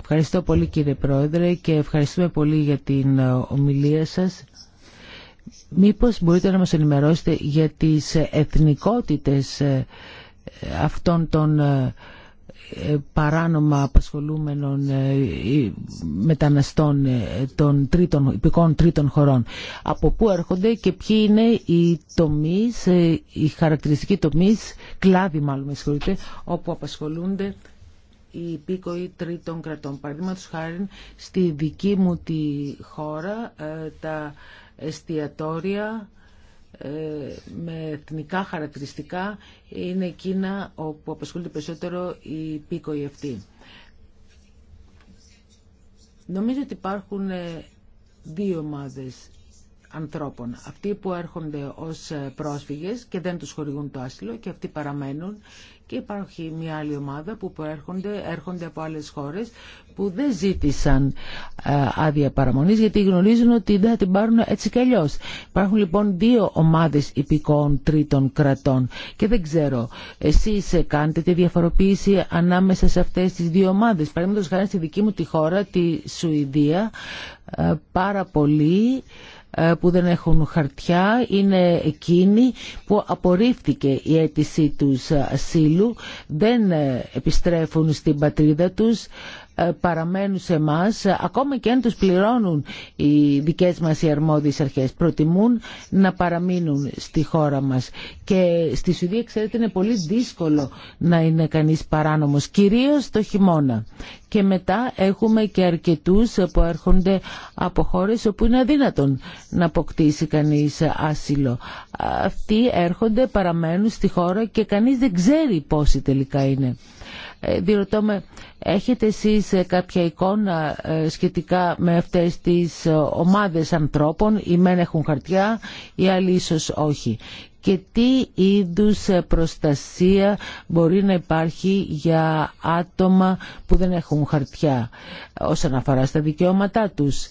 Ευχαριστώ πολύ κύριε Πρόεδρε και ευχαριστούμε πολύ για την ε, ομιλία σας. Μήπως μπορείτε να μας ενημερώσετε για τις εθνικότητες ε, αυτών των ε, ε, παράνομα απασχολούμενων ε, ε, μεταναστών των τρίτων, υπηκών τρίτων χωρών. Από πού έρχονται και ποιοι είναι οι τομείς, οι χαρακτηριστικοί τομείς, κλάδοι μάλλον με συγχωρείτε, όπου απασχολούνται οι υπήκοοι τρίτων κρατών. Παραδείγματος χάρη στη δική μου τη χώρα τα εστιατόρια ε, με εθνικά χαρακτηριστικά είναι εκείνα όπου απασχολούνται περισσότερο οι η αυτοί. Νομίζω ότι υπάρχουν ε, δύο ομάδες ανθρώπων. Αυτοί που έρχονται ως ε, πρόσφυγες και δεν τους χορηγούν το άσυλο και αυτοί παραμένουν και υπάρχει μια άλλη ομάδα που προέρχονται, έρχονται από άλλες χώρες που δεν ζήτησαν ε, άδεια παραμονής γιατί γνωρίζουν ότι δεν θα την πάρουν έτσι κι αλλιώ. Υπάρχουν λοιπόν δύο ομάδες υπηκών τρίτων κρατών και δεν ξέρω, εσείς κάνετε τη διαφοροποίηση ανάμεσα σε αυτές τις δύο ομάδες. Παραδείγματος χάρη στη δική μου τη χώρα, τη Σουηδία, ε, πάρα πολλοί ε, που δεν έχουν χαρτιά είναι εκείνοι που απορρίφθηκε η αίτησή τους ασύλου, δεν ε, επιστρέφουν στην πατρίδα τους, ε, παραμένουν σε εμά, ακόμα και αν τους πληρώνουν οι δικές μας οι αρμόδιες αρχές. Προτιμούν να παραμείνουν στη χώρα μας. Και στη Σουηδία, ξέρετε, είναι πολύ δύσκολο να είναι κανείς παράνομος, κυρίως το χειμώνα. Και μετά έχουμε και αρκετούς που έρχονται από χώρες όπου είναι αδύνατον να αποκτήσει κανείς άσυλο. Αυτοί έρχονται, παραμένουν στη χώρα και κανείς δεν ξέρει πόσοι τελικά είναι. Ε, διερωτώ με, έχετε εσείς ε, κάποια εικόνα ε, σχετικά με αυτές τις ομάδες ανθρώπων, οι μεν έχουν χαρτιά, οι άλλοι ίσως όχι. Και τι είδους προστασία μπορεί να υπάρχει για άτομα που δεν έχουν χαρτιά όσον αφορά στα δικαιώματά τους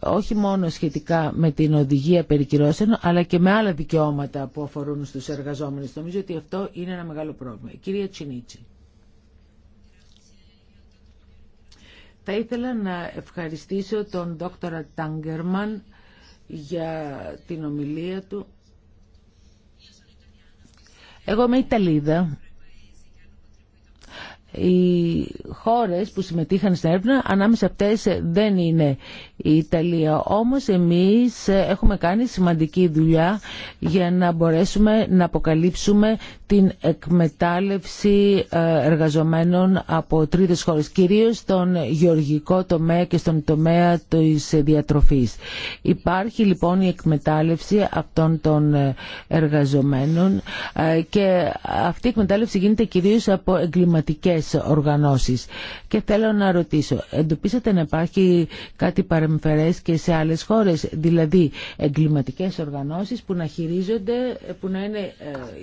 όχι μόνο σχετικά με την οδηγία περικυρώσεων, αλλά και με άλλα δικαιώματα που αφορούν στους εργαζόμενους. Νομίζω ότι αυτό είναι ένα μεγάλο πρόβλημα. κυρία Τσινίτση. Θα ήθελα να ευχαριστήσω τον Δόκτωρα Τάγκερμαν για την ομιλία του. Εγώ είμαι Ιταλίδα οι χώρες που συμμετείχαν στην έρευνα, ανάμεσα αυτές δεν είναι η Ιταλία. Όμως εμείς έχουμε κάνει σημαντική δουλειά για να μπορέσουμε να αποκαλύψουμε την εκμετάλλευση ε, εργαζομένων από τρίτες χώρες, κυρίως στον γεωργικό τομέα και στον τομέα της διατροφής. Υπάρχει λοιπόν η εκμετάλλευση αυτών των ε, εργαζομένων ε, και αυτή η εκμετάλλευση γίνεται κυρίως από εγκληματικές οργανώσεις. Και θέλω να ρωτήσω, εντοπίσατε να υπάρχει κάτι παρεμφερές και σε άλλες χώρες, δηλαδή εγκληματικές οργανώσεις που να χειρίζονται, που να είναι ε,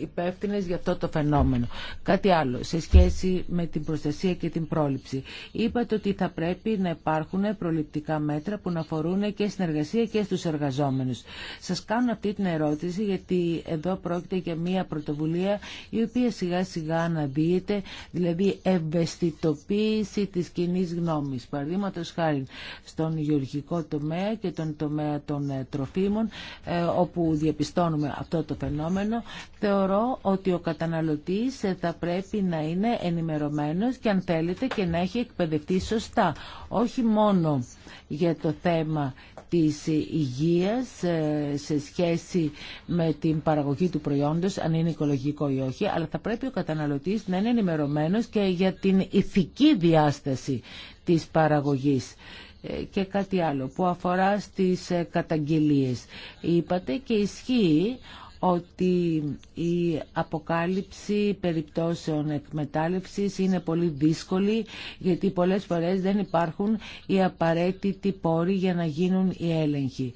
υπεύθυνε για αυτό το φαινόμενο. Κάτι άλλο, σε σχέση με την προστασία και την πρόληψη. Είπατε ότι θα πρέπει να υπάρχουν προληπτικά μέτρα που να αφορούν και στην εργασία και στους εργαζόμενους. Σας κάνω αυτή την ερώτηση γιατί εδώ πρόκειται για μια πρωτοβουλία η οποία σιγά σιγά αναδύεται, δηλαδή ευαισθητοποίηση της κοινή γνώμης. Παραδείγματος χάρη στον γεωργικό τομέα και τον τομέα των ε, τροφίμων ε, όπου διαπιστώνουμε αυτό το φαινόμενο θεωρώ ότι ο καταναλωτής ε, θα πρέπει να είναι ενημερωμένος και αν θέλετε και να έχει εκπαιδευτεί σωστά. Όχι μόνο για το θέμα της υγείας ε, σε σχέση με την παραγωγή του προϊόντος, αν είναι οικολογικό ή όχι, αλλά θα πρέπει ο καταναλωτής να είναι ενημερωμένος και για την ηθική διάσταση της παραγωγής ε, και κάτι άλλο που αφορά στις ε, καταγγελίες. Είπατε και ισχύει ότι η αποκάλυψη περιπτώσεων εκμετάλλευσης είναι πολύ δύσκολη γιατί πολλές φορές δεν υπάρχουν οι απαραίτητοι πόροι για να γίνουν οι έλεγχοι.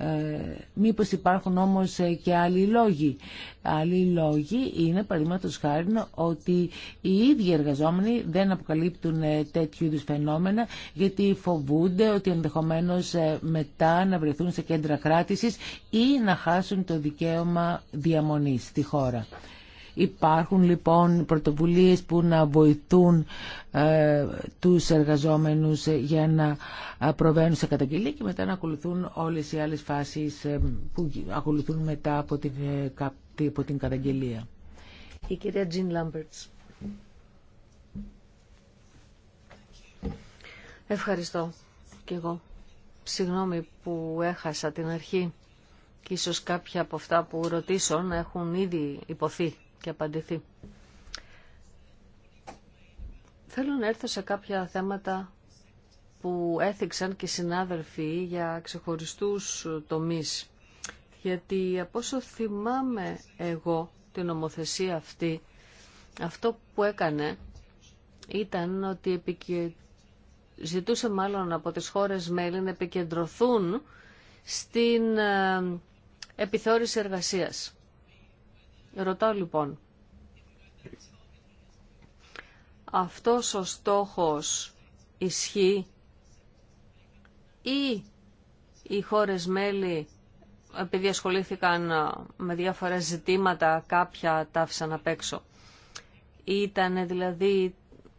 Ε, μήπως υπάρχουν όμως ε, και άλλοι λόγοι. Άλλοι λόγοι είναι παραδείγματο χάρη ότι οι ίδιοι εργαζόμενοι δεν αποκαλύπτουν ε, τέτοιου είδου φαινόμενα γιατί φοβούνται ότι ενδεχομένως μετά να βρεθούν σε κέντρα κράτησης ή να χάσουν το δικαίωμα διαμονής στη χώρα. Υπάρχουν λοιπόν πρωτοβουλίες που να βοηθούν ε, τους εργαζόμενους για να ε, προβαίνουν σε καταγγελία και μετά να ακολουθούν όλες οι άλλες φάσεις ε, που ακολουθούν μετά από την, ε, από την καταγγελία. Η κυρία Τζιν Λάμπερτς. Ευχαριστώ και εγώ. Συγγνώμη που έχασα την αρχή και ίσως κάποια από αυτά που ρωτήσω να έχουν ήδη υποθεί και απαντηθεί. Θέλω να έρθω σε κάποια θέματα που έθιξαν και συνάδελφοι για ξεχωριστούς τομείς. Γιατί από όσο θυμάμαι εγώ την νομοθεσία αυτή, αυτό που έκανε ήταν ότι επικε... ζητούσε μάλλον από τις χώρες μέλη να επικεντρωθούν στην ε, επιθεώρηση εργασίας. Ρωτάω λοιπόν, αυτός ο στόχος ισχύει ή οι χώρες μέλη επειδή ασχολήθηκαν ε, με διάφορα ζητήματα κάποια τα άφησαν απ' έξω. Ήταν δηλαδή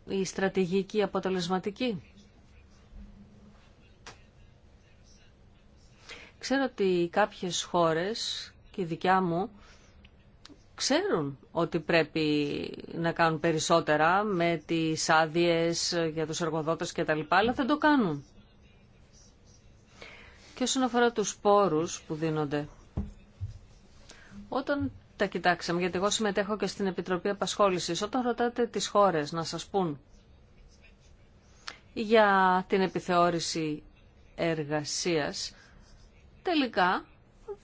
η στρατηγική αποτελεσματική. Ξέρω ότι κάποιες χώρες και δικιά μου ξέρουν ότι πρέπει να κάνουν περισσότερα με τις άδειε για τους εργοδότες και τα λοιπά, αλλά δεν το κάνουν. Και όσον αφορά τους πόρους που δίνονται, όταν τα κοιτάξαμε, γιατί εγώ συμμετέχω και στην Επιτροπή Απασχόλησης, όταν ρωτάτε τις χώρες να σας πούν για την επιθεώρηση εργασίας, τελικά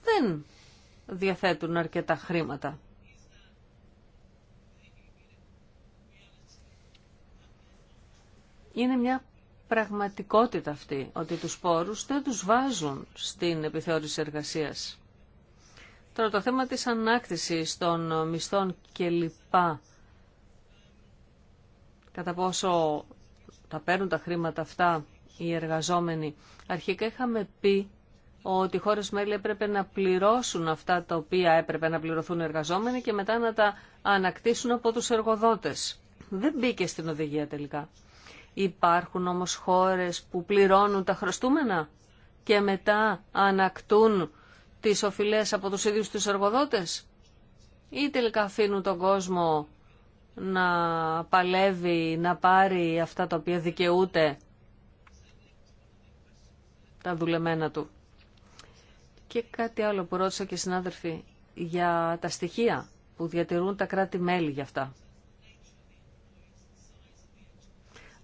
δεν διαθέτουν αρκετά χρήματα. Είναι μια πραγματικότητα αυτή, ότι τους πόρους δεν τους βάζουν στην επιθεώρηση εργασίας. Τώρα το θέμα της ανάκτησης των μισθών κλπ. Κατά πόσο τα παίρνουν τα χρήματα αυτά οι εργαζόμενοι. Αρχικά είχαμε πει ότι οι χώρες μέλη έπρεπε να πληρώσουν αυτά τα οποία έπρεπε να πληρωθούν οι εργαζόμενοι και μετά να τα ανακτήσουν από τους εργοδότες. Δεν μπήκε στην οδηγία τελικά. Υπάρχουν όμως χώρες που πληρώνουν τα χρωστούμενα και μετά ανακτούν τις οφειλές από τους ίδιους τους εργοδότες ή τελικά αφήνουν τον κόσμο να παλεύει, να πάρει αυτά τα οποία δικαιούται τα δουλεμένα του. Και κάτι άλλο που ρώτησα και συνάδελφοι για τα στοιχεία που διατηρούν τα κράτη-μέλη για αυτά.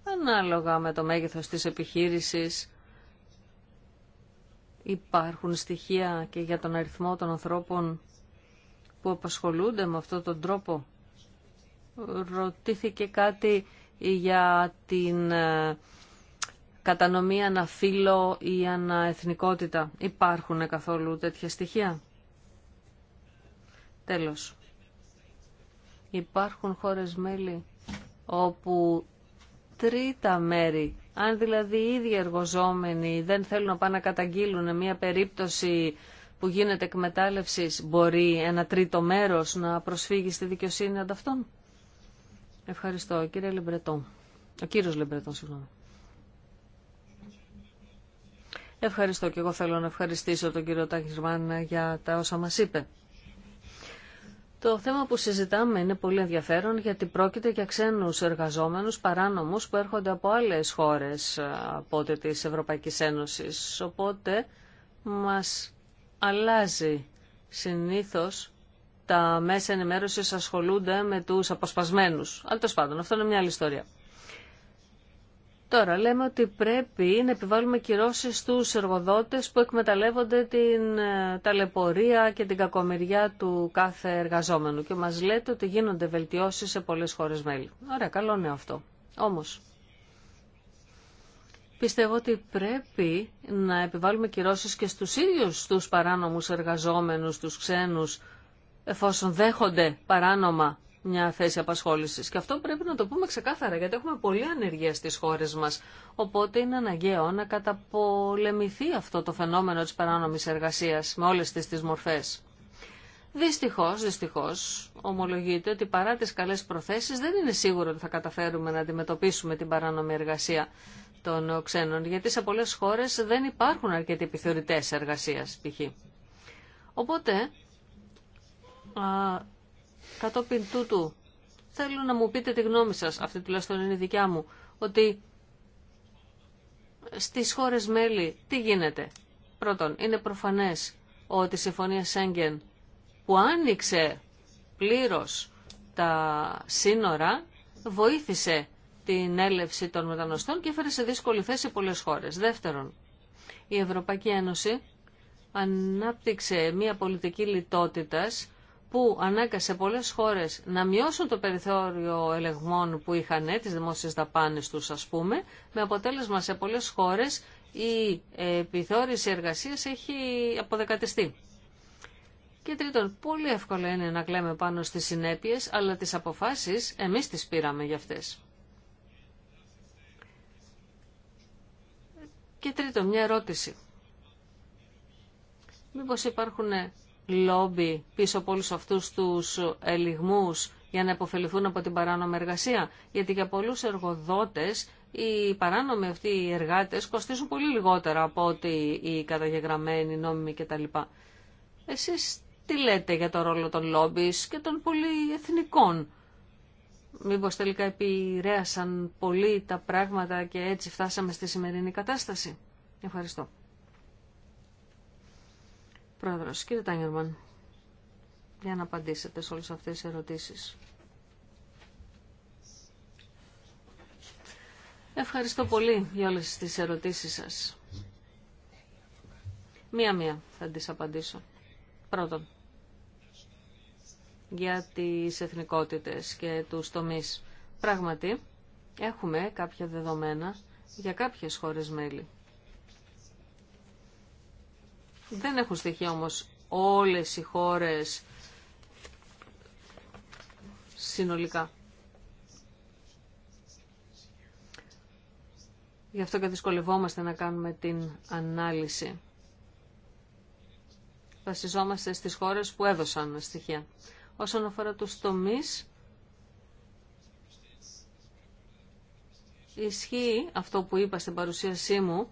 ανάλογα με το μέγεθος της επιχείρησης. Υπάρχουν στοιχεία και για τον αριθμό των ανθρώπων που απασχολούνται με αυτόν τον τρόπο. Ρωτήθηκε κάτι για την ε, κατανομή αναφύλλο ή αναεθνικότητα. Υπάρχουν καθόλου τέτοια στοιχεία. Τέλος. Υπάρχουν χώρες μέλη όπου τρίτα μέρη. Αν δηλαδή οι ίδιοι εργοζόμενοι δεν θέλουν να πάνε να καταγγείλουν μια περίπτωση που γίνεται εκμετάλλευση, μπορεί ένα τρίτο μέρος να προσφύγει στη δικαιοσύνη ανταυτών. Ευχαριστώ. Κύριε Λεμπρετό. Ο κύριος Λεμπρετό, συγγνώμη. Ευχαριστώ και εγώ θέλω να ευχαριστήσω τον κύριο Ρμάν για τα όσα μας είπε. Το θέμα που συζητάμε είναι πολύ ενδιαφέρον γιατί πρόκειται για ξένους εργαζόμενους παράνομους που έρχονται από άλλες χώρες ε, από ό,τι της Ευρωπαϊκής Ένωσης. Οπότε μας αλλάζει συνήθως τα μέσα ενημέρωσης ασχολούνται με τους αποσπασμένους. Αλλά πάντων, αυτό είναι μια άλλη ιστορία. Τώρα λέμε ότι πρέπει να επιβάλλουμε κυρώσεις στους εργοδότες που εκμεταλλεύονται την ε, ταλαιπωρία και την κακομεριά του κάθε εργαζόμενου και μας λέτε ότι γίνονται βελτιώσεις σε πολλές χώρες μέλη. Ωραία, καλό είναι αυτό. Όμως, πιστεύω ότι πρέπει να επιβάλλουμε κυρώσεις και στους ίδιους τους παράνομους εργαζόμενους, τους ξένους, εφόσον δέχονται παράνομα μια θέση απασχόλησης. Και αυτό πρέπει να το πούμε ξεκάθαρα, γιατί έχουμε πολλή ανεργία στις χώρες μας. Οπότε είναι αναγκαίο να καταπολεμηθεί αυτό το φαινόμενο της παράνομης εργασίας με όλες τις, τις μορφές. Δυστυχώς, ομολογείται ότι παρά τις καλές προθέσεις δεν είναι σίγουρο ότι θα καταφέρουμε να αντιμετωπίσουμε την παράνομη εργασία των ξένων, γιατί σε πολλές χώρες δεν υπάρχουν αρκετοί επιθεωρητές εργασίας, π.χ. Οπότε, Κατόπιν τούτου, θέλω να μου πείτε τη γνώμη σας, αυτή τουλάχιστον είναι η δικιά μου, ότι στις χώρες μέλη τι γίνεται. Πρώτον, είναι προφανές ότι η Συμφωνία Σέγγεν που άνοιξε πλήρως τα σύνορα βοήθησε την έλευση των μετανοστών και έφερε σε δύσκολη θέση πολλές χώρες. Δεύτερον, η Ευρωπαϊκή Ένωση ανάπτυξε μια πολιτική λιτότητας που ανάγκασε πολλές χώρες να μειώσουν το περιθώριο ελεγμών που είχαν ε, τις δημόσιες δαπάνες τους ας πούμε, με αποτέλεσμα σε πολλές χώρες η ε, επιθόρηση εργασίας έχει αποδεκατεστεί. Και τρίτον, πολύ εύκολο είναι να κλαίμε πάνω στις συνέπειες, αλλά τις αποφάσεις εμείς τις πήραμε για αυτές. Και τρίτον, μια ερώτηση. Μήπως υπάρχουν ε, λόμπι πίσω από όλους αυτούς τους ελιγμούς για να υποφεληθούν από την παράνομη εργασία. Γιατί για πολλούς εργοδότες οι παράνομοι αυτοί οι εργάτες κοστίζουν πολύ λιγότερα από ότι οι καταγεγραμμένοι νόμιμοι κτλ. Εσείς τι λέτε για το ρόλο των λόμπις και των πολυεθνικών. Μήπως τελικά επηρέασαν πολύ τα πράγματα και έτσι φτάσαμε στη σημερινή κατάσταση. Ευχαριστώ. Πρόεδρος, κύριε Τάγερμαν, για να απαντήσετε σε όλες αυτές τις ερωτήσεις. Ευχαριστώ πολύ για όλες τις ερωτήσεις σας. Μία-μία θα τις απαντήσω. Πρώτον, για τις εθνικότητες και τους τομείς. Πράγματι, έχουμε κάποια δεδομένα για κάποιες χώρες μέλη. Δεν έχουν στοιχεία όμως όλες οι χώρες συνολικά. Γι' αυτό και δυσκολευόμαστε να κάνουμε την ανάλυση. Βασιζόμαστε στις χώρες που έδωσαν στοιχεία. Όσον αφορά τους τομείς, ισχύει αυτό που είπα στην παρουσίασή μου,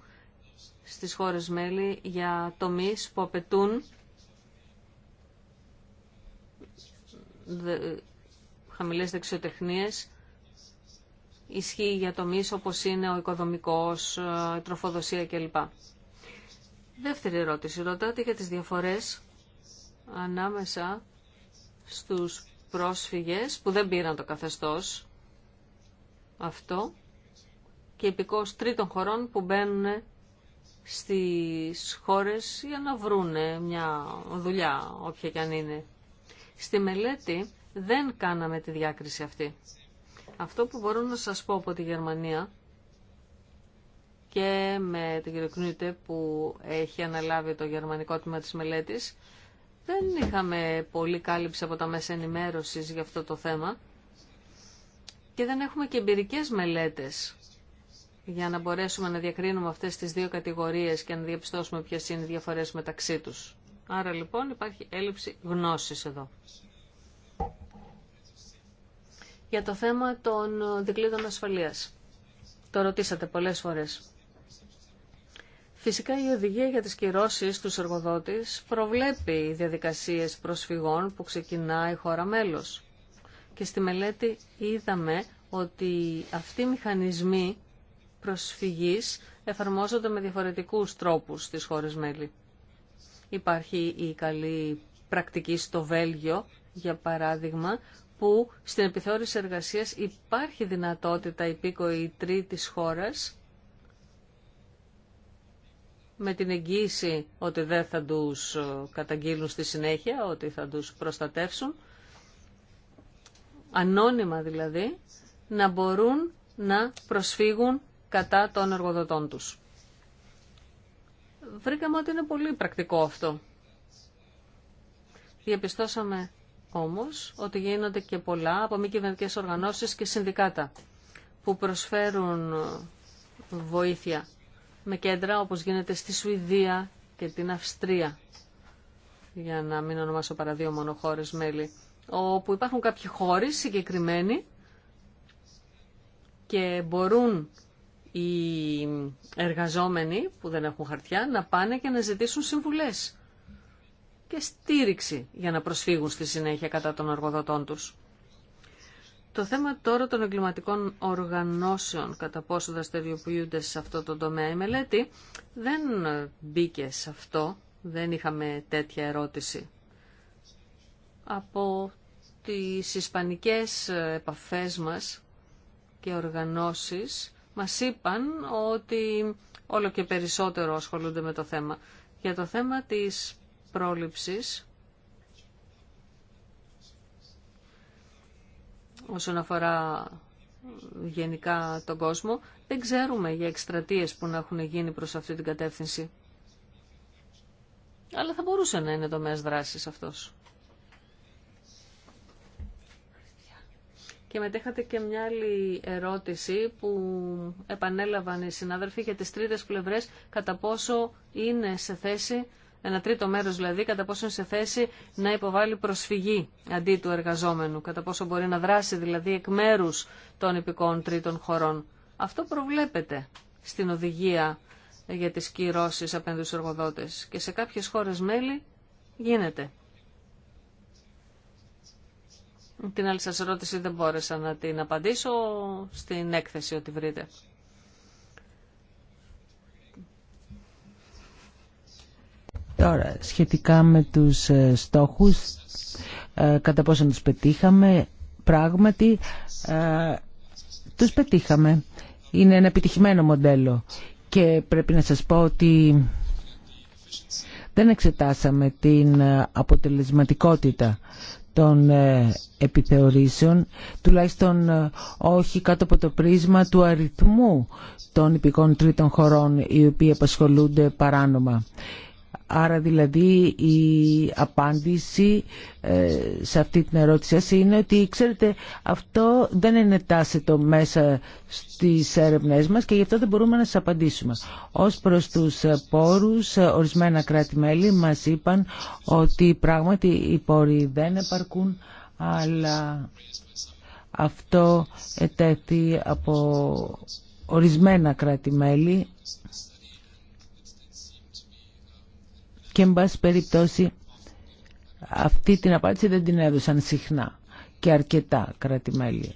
στις χώρες μέλη για τομείς που απαιτούν χαμηλές δεξιοτεχνίες ισχύει για τομείς όπως είναι ο οικοδομικός, η ε, τροφοδοσία κλπ. Δεύτερη ερώτηση. Ρωτάτε για τις διαφορές ανάμεσα στους πρόσφυγες που δεν πήραν το καθεστώς αυτό και υπηκός τρίτων χωρών που μπαίνουν στις χώρες για να βρούνε μια δουλειά, όποια και αν είναι. Στη μελέτη δεν κάναμε τη διάκριση αυτή. Αυτό που μπορώ να σας πω από τη Γερμανία και με την κύριο που έχει αναλάβει το γερμανικό τμήμα της μελέτης, δεν είχαμε πολύ κάλυψη από τα μέσα ενημέρωσης για αυτό το θέμα και δεν έχουμε και εμπειρικές μελέτες για να μπορέσουμε να διακρίνουμε αυτές τις δύο κατηγορίες και να διαπιστώσουμε ποιες είναι οι διαφορές μεταξύ τους. Άρα λοιπόν υπάρχει έλλειψη γνώσης εδώ. Για το θέμα των δικλείδων ασφαλείας. Το ρωτήσατε πολλές φορές. Φυσικά η οδηγία για τις κυρώσεις τους εργοδότης προβλέπει διαδικασίες προσφυγών που ξεκινάει η χώρα μέλος. Και στη μελέτη είδαμε ότι αυτοί οι μηχανισμοί προσφυγής εφαρμόζονται με διαφορετικούς τρόπους στις χώρες μέλη. Υπάρχει η καλή πρακτική στο Βέλγιο, για παράδειγμα, που στην επιθεώρηση εργασίας υπάρχει δυνατότητα υπήκοη τρίτης χώρας με την εγγύηση ότι δεν θα τους ε, καταγγείλουν στη συνέχεια, ότι θα τους προστατεύσουν, ανώνυμα δηλαδή, να μπορούν να προσφύγουν κατά των εργοδοτών τους. Βρήκαμε ότι είναι πολύ πρακτικό αυτό. Διαπιστώσαμε όμως ότι γίνονται και πολλά από μη κυβερνητικέ οργανώσεις και συνδικάτα που προσφέρουν βοήθεια με κέντρα όπως γίνεται στη Σουηδία και την Αυστρία για να μην ονομάσω παρά δύο μόνο χώρες μέλη όπου υπάρχουν κάποιοι χώροι συγκεκριμένοι και μπορούν οι εργαζόμενοι που δεν έχουν χαρτιά να πάνε και να ζητήσουν συμβουλές και στήριξη για να προσφύγουν στη συνέχεια κατά των εργοδοτών τους. Το θέμα τώρα των εγκληματικών οργανώσεων, κατά πόσο δραστηριοποιούνται σε αυτό το τομέα η μελέτη, δεν μπήκε σε αυτό, δεν είχαμε τέτοια ερώτηση. Από τις ισπανικές επαφές μας και οργανώσεις, μας είπαν ότι όλο και περισσότερο ασχολούνται με το θέμα. Για το θέμα της πρόληψης, όσον αφορά γενικά τον κόσμο, δεν ξέρουμε για εκστρατείες που να έχουν γίνει προς αυτή την κατεύθυνση. Αλλά θα μπορούσε να είναι τομέας δράσης αυτός. Και μετέχατε και μια άλλη ερώτηση που επανέλαβαν οι συνάδελφοι για τις τρίτες πλευρές κατά πόσο είναι σε θέση, ένα τρίτο μέρος δηλαδή, κατά πόσο είναι σε θέση να υποβάλει προσφυγή αντί του εργαζόμενου, κατά πόσο μπορεί να δράσει δηλαδή εκ μέρου των υπηκών τρίτων χωρών. Αυτό προβλέπεται στην οδηγία για τις κυρώσεις απέναντι εργοδότες και σε κάποιες χώρες μέλη γίνεται. Την άλλη σας ερώτηση δεν μπόρεσα να την απαντήσω στην έκθεση ότι βρείτε. Τώρα, σχετικά με τους ε, στόχους, ε, κατά πόσο τους πετύχαμε, πράγματι ε, τους πετύχαμε. Είναι ένα επιτυχημένο μοντέλο και πρέπει να σας πω ότι δεν εξετάσαμε την αποτελεσματικότητα των ε, επιθεωρήσεων, τουλάχιστον ε, όχι κάτω από το πρίσμα του αριθμού των υπηκών τρίτων χωρών οι οποίοι απασχολούνται παράνομα. Άρα δηλαδή η απάντηση ε, σε αυτή την ερώτηση είναι ότι ξέρετε αυτό δεν το μέσα στις έρευνές μας και γι' αυτό δεν μπορούμε να σας απαντήσουμε. Ως προς τους πόρους, ορισμένα κράτη-μέλη μας είπαν ότι πράγματι οι πόροι δεν επαρκούν αλλά αυτό ετέθη από ορισμένα κράτη-μέλη και εν πάση περιπτώσει αυτή την απάντηση δεν την έδωσαν συχνά και αρκετά κράτη-μέλη.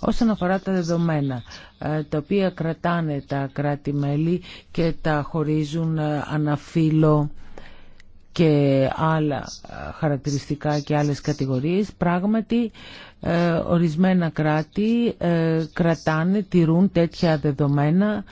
Όσον αφορά τα δεδομένα, ε, τα οποία κρατάνε τα κράτη-μέλη και τα χωρίζουν ε, αναφύλο και άλλα ε, χαρακτηριστικά και άλλες κατηγορίες, πράγματι ορισμένα κράτη κρατάνε, τηρούν τέτοια δεδομένα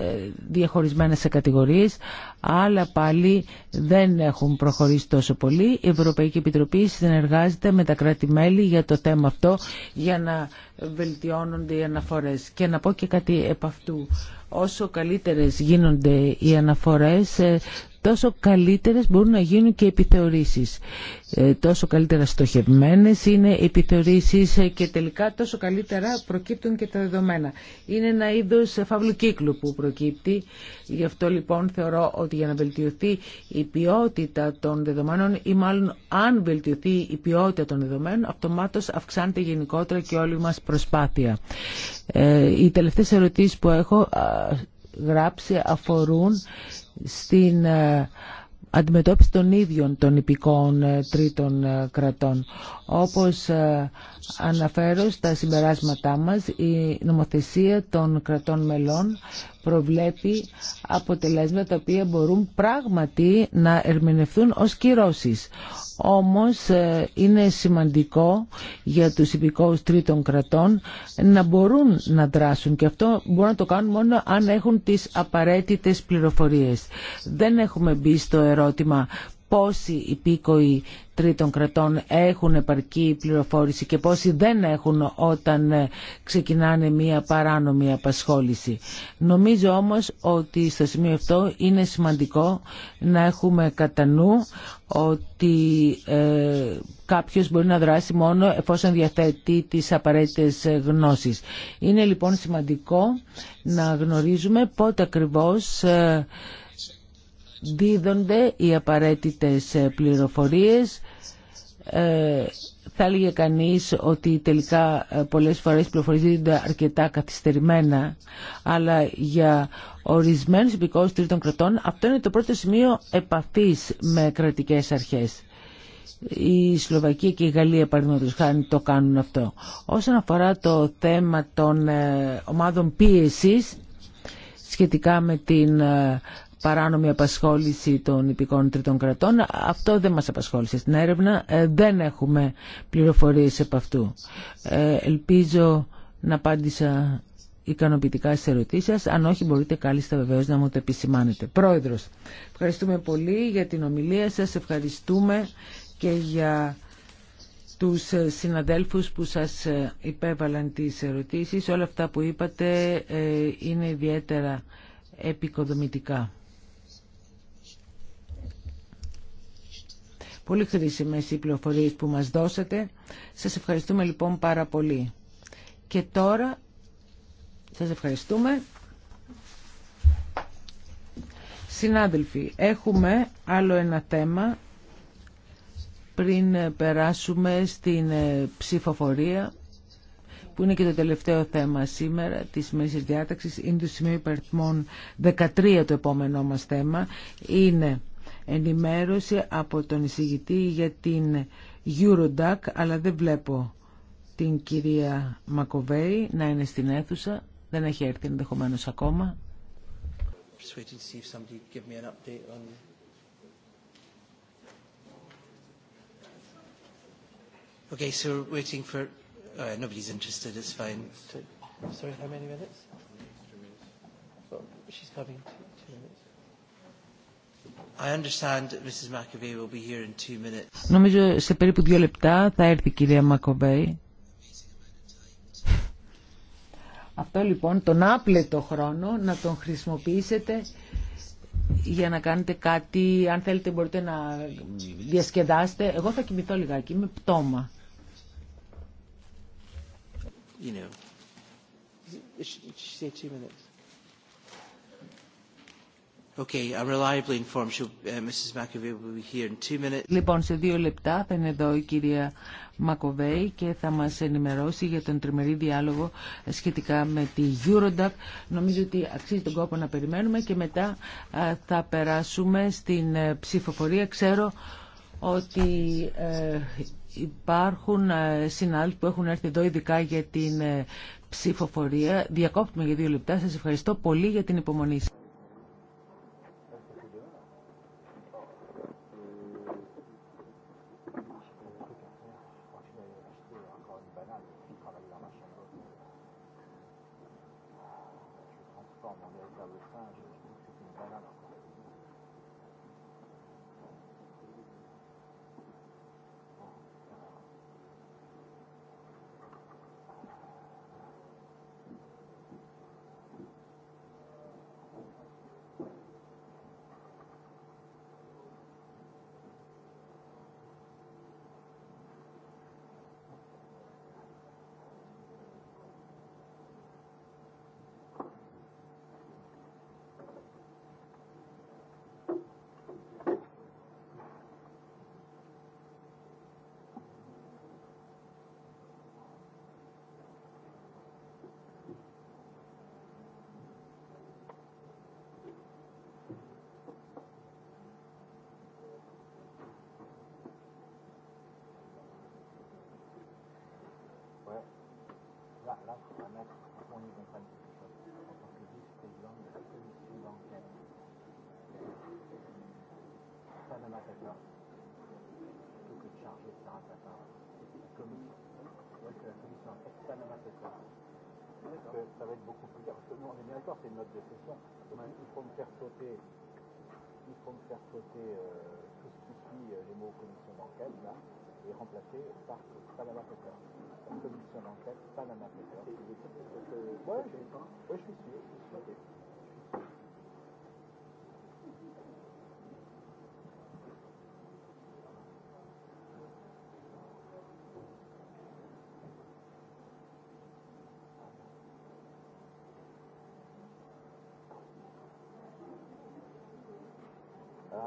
ε, διαχωρισμένες σε κατηγορίες, αλλά πάλι δεν έχουν προχωρήσει τόσο πολύ. Η Ευρωπαϊκή Επιτροπή συνεργάζεται με τα κράτη-μέλη για το θέμα αυτό, για να βελτιώνονται οι αναφορές. Και να πω και κάτι επ' αυτού. Όσο καλύτερες γίνονται οι αναφορές, ε, τόσο καλύτερες μπορούν να γίνουν και επιθεωρήσεις. Ε, τόσο καλύτερα στοχευμένες είναι επιθεωρήσεις ε, και τελικά τόσο καλύτερα προκύπτουν και τα δεδομένα. Είναι ένα είδος φαύλου κύκλου που προκύπτει. Γι' αυτό λοιπόν θεωρώ ότι για να βελτιωθεί η ποιότητα των δεδομένων ή μάλλον αν βελτιωθεί η ποιότητα των δεδομένων αυτομάτως αυξάνεται γενικότερα και όλη μας προσπάθεια. Ε, οι τελευταίες ερωτήσεις που έχω γράψει αφορούν στην ε, αντιμετώπιση των ίδιων των υπηκών ε, τρίτων ε, κρατών. Όπως αναφέρω στα συμπεράσματά μας, η νομοθεσία των κρατών μελών προβλέπει αποτελέσματα τα οποία μπορούν πράγματι να ερμηνευθούν ως κυρώσεις. Όμως ε, είναι σημαντικό για τους υπηκόους τρίτων κρατών να μπορούν να δράσουν και αυτό μπορούν να το κάνουν μόνο αν έχουν τις απαραίτητες πληροφορίες. Δεν έχουμε μπει στο ερώτημα πόσοι υπήκοοι τρίτων κρατών έχουν επαρκή πληροφόρηση και πόσοι δεν έχουν όταν ε, ξεκινάνε μια παράνομη απασχόληση. Νομίζω όμως ότι στο σημείο αυτό είναι σημαντικό να έχουμε κατά ότι ε, κάποιος μπορεί να δράσει μόνο εφόσον διαθέτει τις απαραίτητες γνώσεις. Είναι λοιπόν σημαντικό να γνωρίζουμε πότε ακριβώς ε, δίδονται οι απαραίτητες πληροφορίες. Ε, θα έλεγε κανείς ότι τελικά ε, πολλές φορές πληροφορίζονται αρκετά καθυστερημένα, αλλά για ορισμένους υπηκόους τρίτων κρατών αυτό είναι το πρώτο σημείο επαφής με κρατικές αρχές. Η Σλοβακία και η Γαλλία, παραδείγματο το κάνουν αυτό. Όσον αφορά το θέμα των ε, ομάδων πίεσης, σχετικά με την παράνομη απασχόληση των υπηκών τριτών κρατών. Αυτό δεν μας απασχόλησε στην έρευνα. Ε, δεν έχουμε πληροφορίες από αυτού. Ε, ελπίζω να απάντησα ικανοποιητικά στις ερωτήσεις σας. Αν όχι μπορείτε κάλλιστα βεβαίως να μου το επισημάνετε. Πρόεδρος, ευχαριστούμε πολύ για την ομιλία σας. Ευχαριστούμε και για τους συναδέλφους που σας υπέβαλαν τις ερωτήσεις. Όλα αυτά που είπατε ε, είναι ιδιαίτερα επικοδομητικά. Πολύ χρήσιμες οι πληροφορίες που μας δώσατε. Σας ευχαριστούμε λοιπόν πάρα πολύ. Και τώρα σας ευχαριστούμε. Συνάδελφοι, έχουμε άλλο ένα θέμα πριν περάσουμε στην ε, ψηφοφορία που είναι και το τελευταίο θέμα σήμερα της μέσης διάταξης είναι το σημείο υπερθμών 13 το επόμενό μας θέμα είναι ενημέρωση από τον εισηγητή για την Eurodac, αλλά δεν βλέπω την κυρία Μακοβέη να είναι στην αίθουσα. Δεν έχει έρθει ενδεχομένω ακόμα. Okay, so we're waiting for... Oh, nobody's interested, it's fine. Sorry, how many minutes? Well, she's coming. Νομίζω σε περίπου δύο λεπτά θα έρθει η κυρία Μακοβέη. Αυτό λοιπόν τον άπλετο χρόνο να τον χρησιμοποιήσετε για να κάνετε κάτι, αν θέλετε μπορείτε να διασκεδάσετε. Εγώ θα κοιμηθώ λιγάκι, είμαι πτώμα. You know. She said Uh, λοιπόν, σε δύο λεπτά θα είναι εδώ η κυρία Μακοβέη και θα μας ενημερώσει για τον τριμερή διάλογο σχετικά με τη Eurodac. Νομίζω ότι αξίζει τον κόπο να περιμένουμε και μετά θα περάσουμε στην ε, ψηφοφορία. Ξέρω ότι ε, υπάρχουν ε, συνάδελφοι που έχουν έρθει εδώ ειδικά για την ψηφοφορία. Διακόπτουμε για δύο λεπτά. Σας ευχαριστώ πολύ για την υπομονή σας. en tant que vice-président la commission Ça commission. ça va être beaucoup plus Parce que nous, on est bien d'accord, c'est une note de session. Il faut me faire sauter il faut me faire sauter tout ce qui suit les mots commission d'enquête, là est remplacé par Panama Paper. La commission d'enquête Panama Paper. Oui, je suis sûr.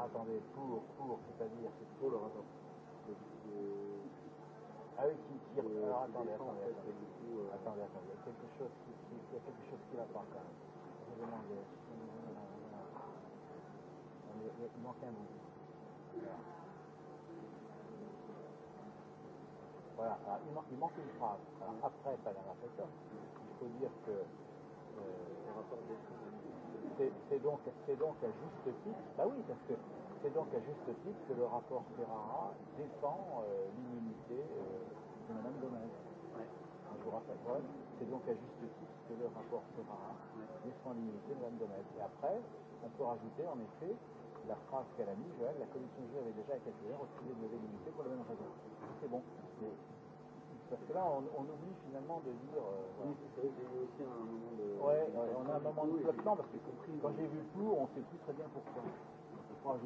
attendez, pour, pour, c'est-à-dire, c'est pour le rapport. Ah oui, qui tire. Alors attendez, attendez, attendez. Attendez, Il y a quelque chose qui, y a quelque chose qui va pas quand même. Il manque un mot. Voilà, il, manque, une phrase. après, ça la Il faut dire que c'est donc, donc à juste titre. Bah oui, parce que C'est donc à juste titre que le rapport Ferrara défend l'immunité de Madame Gomez. Je vous rappelle, c'est donc à juste titre que le rapport Ferrara défend l'immunité de Madame Gomez. Et après, on peut rajouter en effet la phrase qu'elle a mise, Joël, la commission juive avait déjà heures refusé de lever l'immunité pour la même raison. C'est bon. Parce que là, on, on oublie finalement de dire. Euh, voilà. Oui, c'est vrai que j'ai aussi un moment de. Ouais, ouais on a un moment de flottement parce que quand j'ai vu le flou, on ne sait plus très bien pourquoi. Well, AUTHORWAVE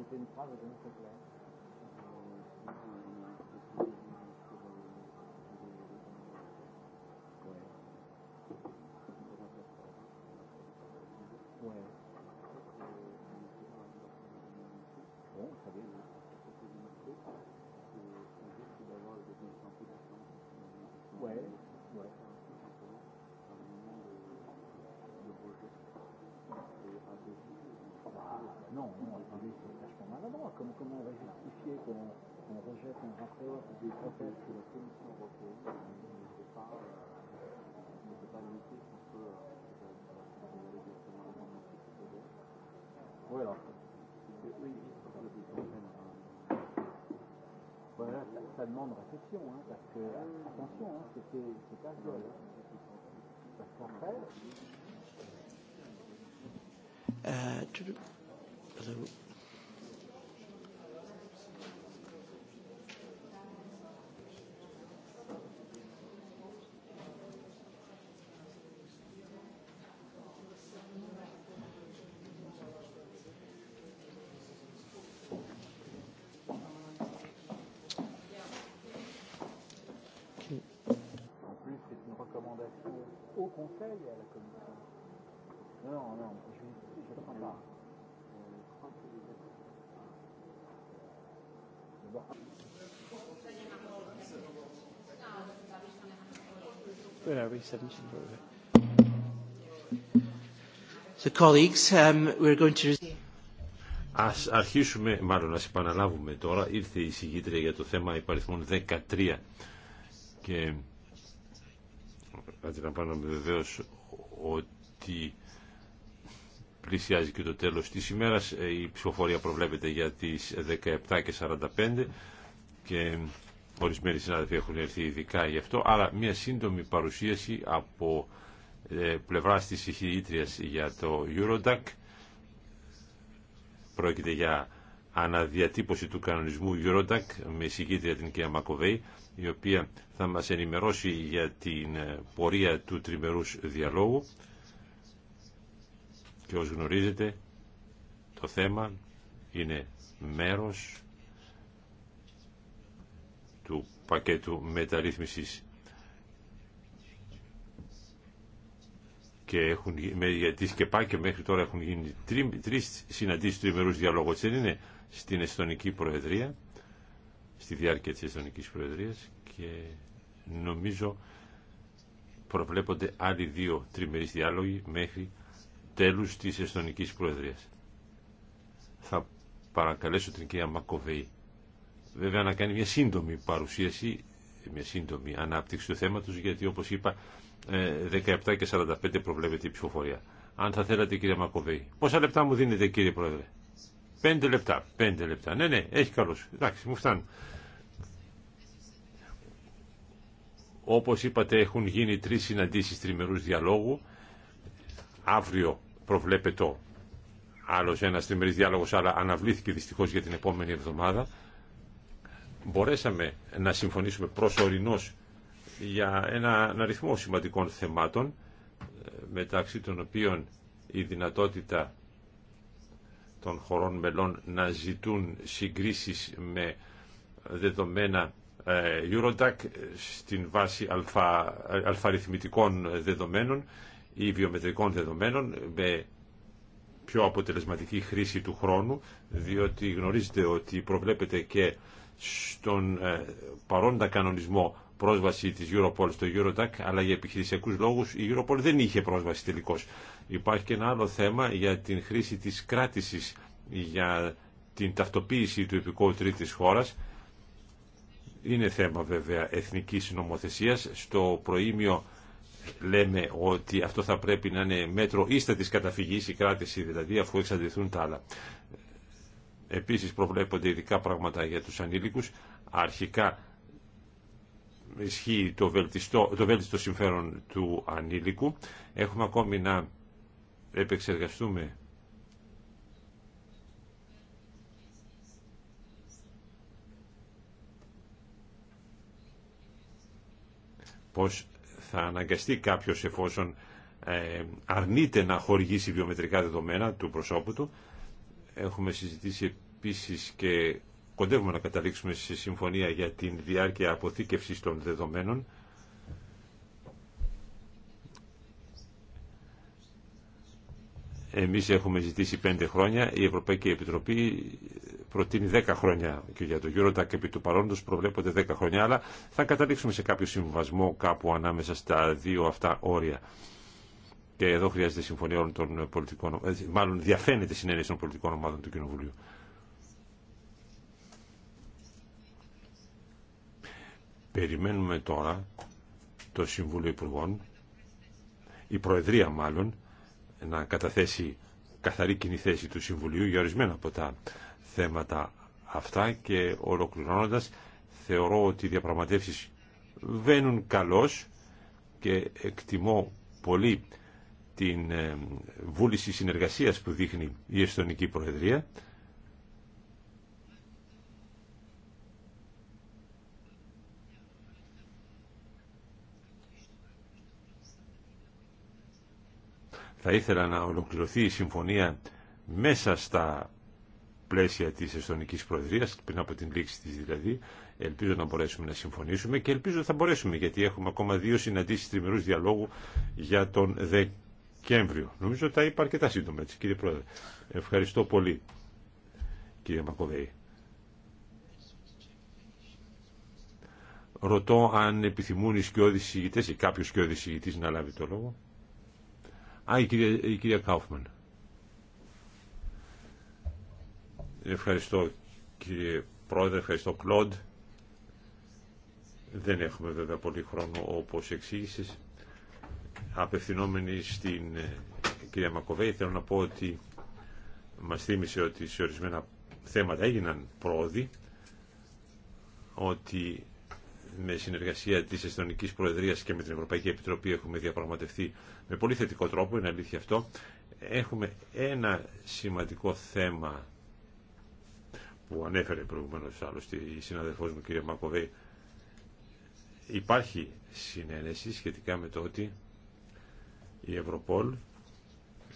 ça demande réflexion, hein, parce que, attention, hein, c'était, c'est pas Hein. Parce qu'après... Euh, hello. au Conseil et la Commission. Non, non, je ne crois Where are we? 17. So, colleagues, um, we're going to. Ας αρχίσουμε, μάλλον ας επαναλάβουμε τώρα, ήρθε η για το θέμα υπαριθμών 13 και Αντιλαμβάνομαι βεβαίω ότι πλησιάζει και το τέλος της ημέρας. Ε, η ψηφοφορία προβλέπεται για τις 17 και 45 και ορισμένοι συνάδελφοι έχουν έρθει ειδικά γι' αυτό, Άρα μια σύντομη παρουσίαση από ε, πλευρά της ηχηρήτριας για το Eurodac. Πρόκειται για αναδιατύπωση του κανονισμού Eurodac με εισηγήτρια την κυρία Μακοβέη η οποία θα μας ενημερώσει για την ε, πορεία του τριμερούς διαλόγου και ως γνωρίζετε το θέμα είναι μέρος του πακέτου μεταρρύθμισης και έχουν, για τις και μέχρι τώρα έχουν γίνει τρεις συναντήσεις τριμερούς διαλόγου, έτσι δεν είναι, στην Εστονική Προεδρία στη διάρκεια της Εστονικής Προεδρίας και νομίζω προβλέπονται άλλοι δύο τριμερείς διάλογοι μέχρι τέλους της Εστονικής Προεδρίας. Θα παρακαλέσω την κυρία Μακοβέη βέβαια να κάνει μια σύντομη παρουσίαση, μια σύντομη ανάπτυξη του θέματος γιατί όπως είπα 17 ε, και 45 προβλέπεται η ψηφοφορία. Αν θα θέλατε κυρία Μακοβέη. Πόσα λεπτά μου δίνετε κύριε Πρόεδρε. Πέντε λεπτά. Πέντε λεπτά. Ναι, ναι, έχει καλώ. Εντάξει, μου φτάνουν. Όπως είπατε, έχουν γίνει τρεις συναντήσεις τριμερούς διαλόγου. Αύριο προβλέπεται άλλο ένα τριμερής διάλογο, αλλά αναβλήθηκε δυστυχώ για την επόμενη εβδομάδα. Μπορέσαμε να συμφωνήσουμε προσωρινώ για ένα αριθμό σημαντικών θεμάτων, ε, μεταξύ των οποίων η δυνατότητα των χωρών μελών να ζητούν συγκρίσεις με δεδομένα ε, Eurodac στην βάση αλφα, αλφαριθμητικών δεδομένων ή βιομετρικών δεδομένων με πιο αποτελεσματική χρήση του χρόνου διότι γνωρίζετε ότι προβλέπεται και στον ε, παρόντα κανονισμό πρόσβαση της Europol στο EuroTac, αλλά για επιχειρησιακούς λόγους η Europol δεν είχε πρόσβαση τελικώς. Υπάρχει και ένα άλλο θέμα για την χρήση τη κράτηση για την ταυτοποίηση του υπηκόου τρίτη χώρα. Είναι θέμα βέβαια εθνική νομοθεσία. Στο προήμιο λέμε ότι αυτό θα πρέπει να είναι μέτρο ίστατη καταφυγής, η κράτηση δηλαδή, αφού εξαντληθούν τα άλλα. Επίσης προβλέπονται ειδικά πράγματα για τους ανήλικους. Αρχικά ισχύει το βελτιστό, το βέλτιστο συμφέρον του ανήλικου. Έχουμε ακόμη να επεξεργαστούμε πως θα αναγκαστεί κάποιος εφόσον ε, αρνείται να χορηγήσει βιομετρικά δεδομένα του προσώπου του. Έχουμε συζητήσει επίσης και κοντεύουμε να καταλήξουμε σε συμφωνία για την διάρκεια αποθήκευσης των δεδομένων. Εμείς έχουμε ζητήσει πέντε χρόνια, η Ευρωπαϊκή Επιτροπή προτείνει δέκα χρόνια και για το Eurodac επί του παρόντος προβλέπονται δέκα χρόνια, αλλά θα καταλήξουμε σε κάποιο συμβασμό κάπου ανάμεσα στα δύο αυτά όρια. Και εδώ χρειάζεται συμφωνία όλων των πολιτικών, ε, μάλλον διαφαίνεται συνένεση των πολιτικών ομάδων του Κοινοβουλίου. Περιμένουμε τώρα το Συμβούλιο Υπουργών, η Προεδρία μάλλον, να καταθέσει καθαρή κοινή θέση του Συμβουλίου για ορισμένα από τα θέματα αυτά και ολοκληρώνοντας θεωρώ ότι οι διαπραγματεύσεις βαίνουν καλώς και εκτιμώ πολύ την ε, βούληση συνεργασίας που δείχνει η Εστονική Προεδρία θα ήθελα να ολοκληρωθεί η συμφωνία μέσα στα πλαίσια της Εστονικής Προεδρίας, πριν από την λήξη της δηλαδή, ελπίζω να μπορέσουμε να συμφωνήσουμε και ελπίζω θα μπορέσουμε, γιατί έχουμε ακόμα δύο συναντήσεις τριμερούς διαλόγου για τον Δεκέμβριο. Νομίζω τα είπα αρκετά σύντομα, έτσι κύριε Πρόεδρε. Ευχαριστώ πολύ, κύριε Μακοβέη. Ρωτώ αν επιθυμούν οι σκιώδεις συγητές ή κάποιος σκιώδης συγητής να λάβει το λόγο. Α, η κυρία, η κυρία Κάουφμαν. Ευχαριστώ κύριε Πρόεδρε, ευχαριστώ Κλοντ. Δεν έχουμε βέβαια πολύ χρόνο όπως εξήγησες. Απευθυνόμενοι στην ε, κυρία Μακοβέη θέλω να πω ότι μας θύμισε ότι σε ορισμένα θέματα έγιναν πρόοδοι, ότι με συνεργασία της Εστονικής Προεδρίας και με την Ευρωπαϊκή Επιτροπή έχουμε διαπραγματευτεί με πολύ θετικό τρόπο, είναι αλήθεια αυτό. Έχουμε ένα σημαντικό θέμα που ανέφερε προηγουμένως άλλωστε η συναδελφός μου κυρία Μακοβέη. Υπάρχει συνένεση σχετικά με το ότι η Ευρωπόλ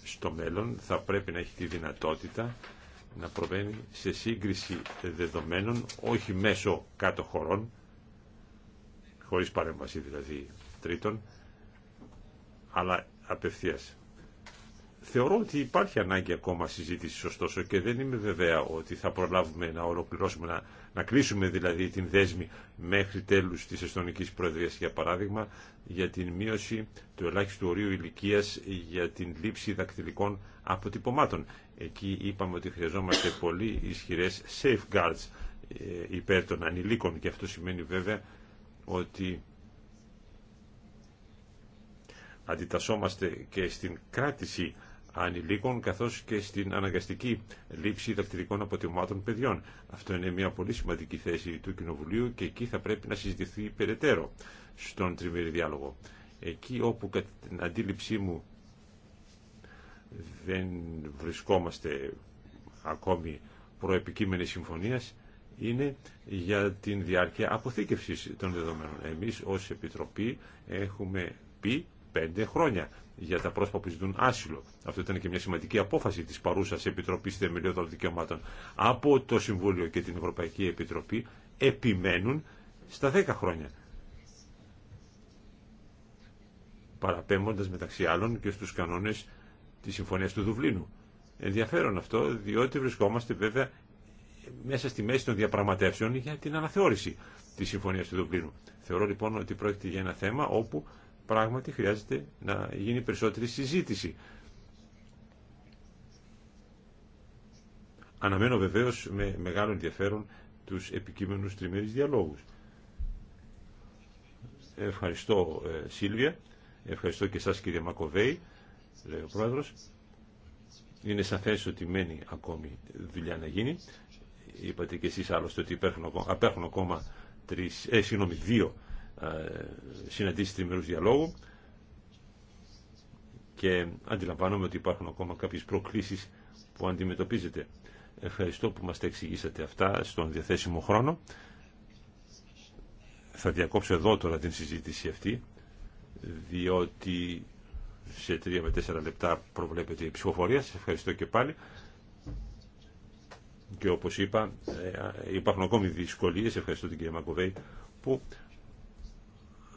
στο μέλλον θα πρέπει να έχει τη δυνατότητα να προβαίνει σε σύγκριση δεδομένων όχι μέσω κάτω χωρών χωρίς παρέμβαση δηλαδή τρίτων, αλλά απευθείας. Θεωρώ ότι υπάρχει ανάγκη ακόμα συζήτηση, ωστόσο, και δεν είμαι βεβαία ότι θα προλάβουμε να ολοκληρώσουμε, να, να κλείσουμε δηλαδή την δέσμη μέχρι τέλου τη Εστονική Προεδρία, για παράδειγμα, για την μείωση του ελάχιστου ορίου ηλικία για την λήψη δακτυλικών αποτυπωμάτων. Εκεί είπαμε ότι χρειαζόμαστε πολύ ισχυρέ safeguards ε, υπέρ των ανηλίκων και αυτό σημαίνει βέβαια ότι αντιτασσόμαστε και στην κράτηση ανηλίκων καθώς και στην αναγκαστική λήψη δακτυλικών αποτιμάτων παιδιών. Αυτό είναι μια πολύ σημαντική θέση του Κοινοβουλίου και εκεί θα πρέπει να συζητηθεί περαιτέρω στον τριμήρη διάλογο. Εκεί όπου κατά την αντίληψή μου δεν βρισκόμαστε ακόμη προεπικείμενη συμφωνίας είναι για την διάρκεια αποθήκευσης των δεδομένων. Εμείς ως Επιτροπή έχουμε πει πέντε χρόνια για τα πρόσωπα που ζητούν άσυλο. Αυτό ήταν και μια σημαντική απόφαση της παρούσας Επιτροπής Θεμελιώδων Δικαιωμάτων. Από το Συμβούλιο και την Ευρωπαϊκή Επιτροπή επιμένουν στα δέκα χρόνια. Παραπέμποντας μεταξύ άλλων και στους κανόνες της Συμφωνίας του Δουβλίνου. Ενδιαφέρον αυτό, διότι βρισκόμαστε βέβαια μέσα στη μέση των διαπραγματεύσεων για την αναθεώρηση της Συμφωνίας του Δουβλίνου. Θεωρώ λοιπόν ότι πρόκειται για ένα θέμα όπου πράγματι χρειάζεται να γίνει περισσότερη συζήτηση. Αναμένω βεβαίως με μεγάλο ενδιαφέρον τους επικείμενους τριμήρες διαλόγους. Ευχαριστώ ε, Σίλβια, ευχαριστώ και εσάς κύριε Μακοβέη, λέει ο Πρόεδρος. Είναι σαφές ότι μένει ακόμη δουλειά να γίνει. Είπατε και εσείς άλλωστε ότι υπέρχουν, απέχουν ακόμα τρεις, ε, δύο ε, συναντήσεις τριμερούς διαλόγου και αντιλαμβάνομαι ότι υπάρχουν ακόμα κάποιες προκλήσεις που αντιμετωπίζετε. Ευχαριστώ που μας τα εξηγήσατε αυτά στον διαθέσιμο χρόνο. Θα διακόψω εδώ τώρα την συζήτηση αυτή, διότι σε τρία με τέσσερα λεπτά προβλέπεται η ψηφοφορία. Σας ευχαριστώ και πάλι και όπως είπα ε, υπάρχουν ακόμη δυσκολίες, ευχαριστώ την κυρία Μακοβέη, που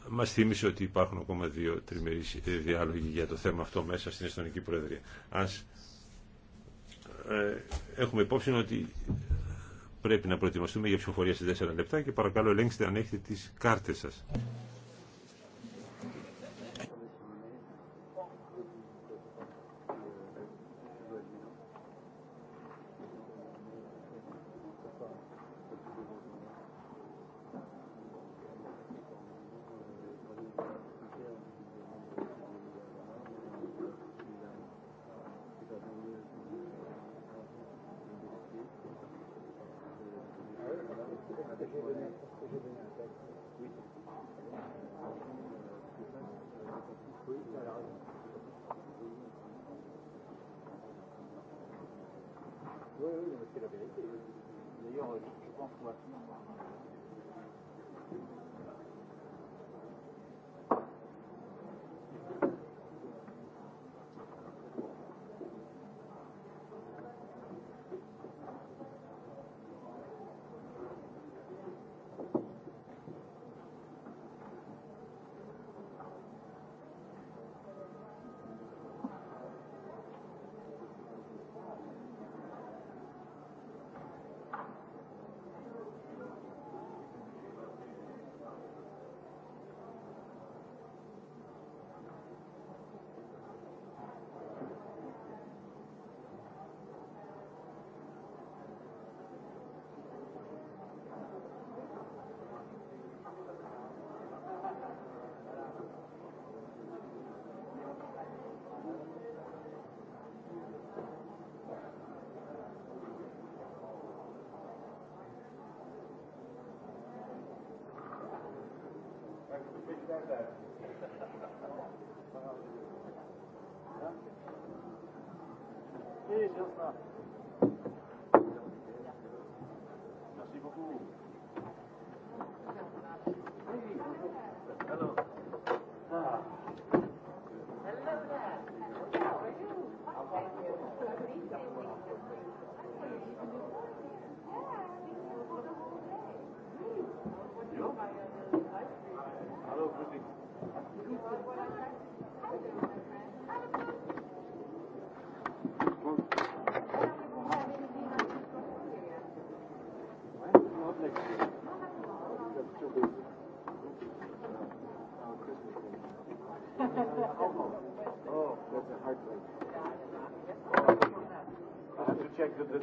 μας θύμισε ότι υπάρχουν ακόμα δύο τριμερείς ε, διάλογοι για το θέμα αυτό μέσα στην Εστονική Προεδρία. Ας ε, έχουμε υπόψη ότι πρέπει να προετοιμαστούμε για ψηφοφορία σε 4 λεπτά και παρακαλώ ελέγξτε αν έχετε τις κάρτες σας.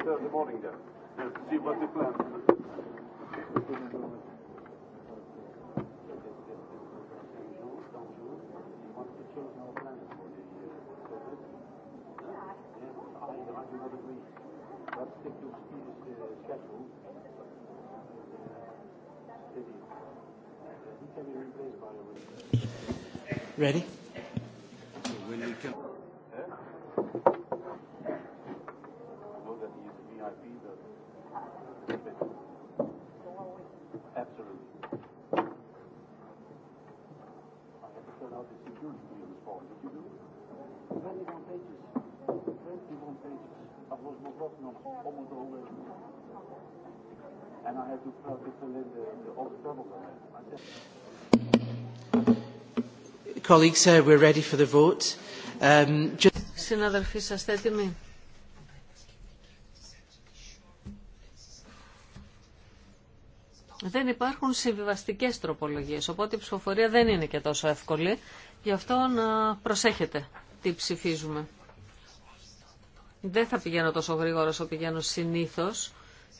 Thursday morning then. Let's see what the plan Ready? Colleagues, uh, we're ready for the vote. Um, just... Συναδελφοί, είστε έτοιμοι. Δεν υπάρχουν συμβιβαστικέ τροπολογίε, οπότε η ψηφοφορία δεν είναι και τόσο εύκολη. Γι' αυτό να προσέχετε τι ψηφίζουμε. Δεν θα πηγαίνω τόσο γρήγορα όσο πηγαίνω συνήθω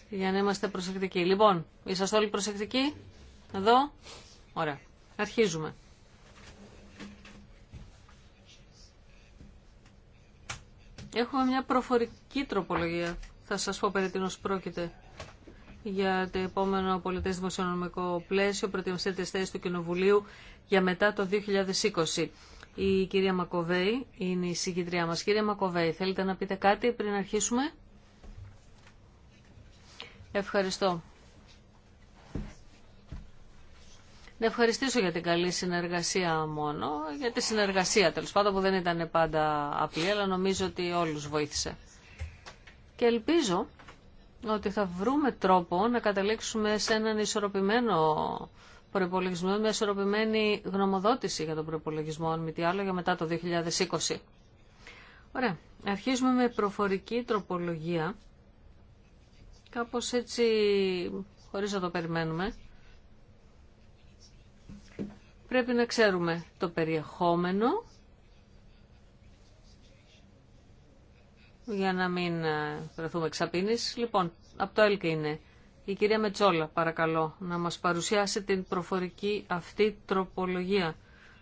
για να είμαστε προσεκτικοί. Λοιπόν, είσαστε όλοι προσεκτικοί. Εδώ. Ωραία. Αρχίζουμε. Έχουμε μια προφορική τροπολογία. Θα σας πω περί τίνος πρόκειται για το επόμενο πολιτές δημοσιονομικό πλαίσιο, προετοιμασία της θέσης του Κοινοβουλίου για μετά το 2020. Η κυρία Μακοβέη είναι η συγκεντριά μας. Κυρία Μακοβέη, θέλετε να πείτε κάτι πριν αρχίσουμε. Ευχαριστώ. Να ευχαριστήσω για την καλή συνεργασία μόνο, για τη συνεργασία τέλος πάντων που δεν ήταν πάντα απλή, αλλά νομίζω ότι όλους βοήθησε. Και ελπίζω ότι θα βρούμε τρόπο να καταλήξουμε σε έναν ισορροπημένο Προπολογισμό με ισορροπημένη γνωμοδότηση για τον προπολογισμό, αν μη τι άλλο, για μετά το 2020. Ωραία. Αρχίζουμε με προφορική τροπολογία. Κάπως έτσι, χωρίς να το περιμένουμε, πρέπει να ξέρουμε το περιεχόμενο για να μην ε, βρεθούμε εξαπίνης. Λοιπόν, από το ΕΛΚ είναι η κυρία Μετσόλα, παρακαλώ, να μας παρουσιάσει την προφορική αυτή τροπολογία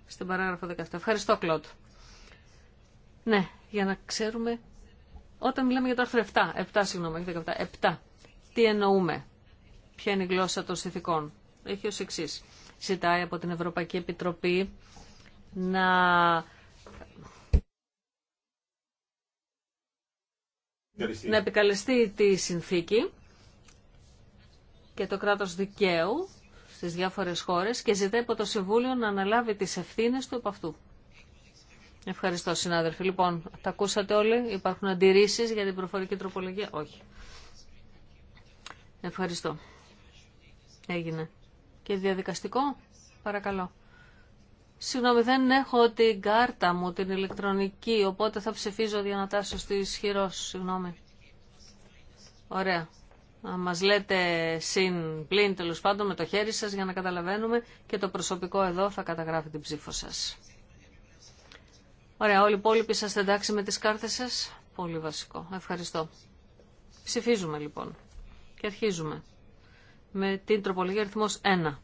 στην παράγραφο 17. Ευχαριστώ, Κλώτ. Ναι, για να ξέρουμε, όταν μιλάμε για το άρθρο 7, 7 συγγνώμη, 17, 7, τι εννοούμε, ποια είναι η γλώσσα των συνθηκών. Έχει ως εξή. Ζητάει από την Ευρωπαϊκή Επιτροπή να να επικαλεστεί τη συνθήκη και το κράτος δικαίου στις διάφορες χώρες και ζητάει από το Συμβούλιο να αναλάβει τις ευθύνες του από αυτού. Ευχαριστώ συνάδελφοι. Λοιπόν, τα ακούσατε όλοι. Υπάρχουν αντιρρήσεις για την προφορική τροπολογία. Όχι. Ευχαριστώ. Έγινε. Και διαδικαστικό. Παρακαλώ. Συγγνώμη, δεν έχω την κάρτα μου, την ηλεκτρονική, οπότε θα ψηφίζω διανατάσσω τη χειρός. Συγγνώμη. Ωραία μας λέτε συν πλήν τέλο πάντων με το χέρι σας για να καταλαβαίνουμε και το προσωπικό εδώ θα καταγράφει την ψήφο σας. Ωραία, όλοι οι υπόλοιποι είσαστε εντάξει με τις κάρτες σας. Πολύ βασικό. Ευχαριστώ. Ψηφίζουμε λοιπόν και αρχίζουμε με την τροπολογία αριθμός 1.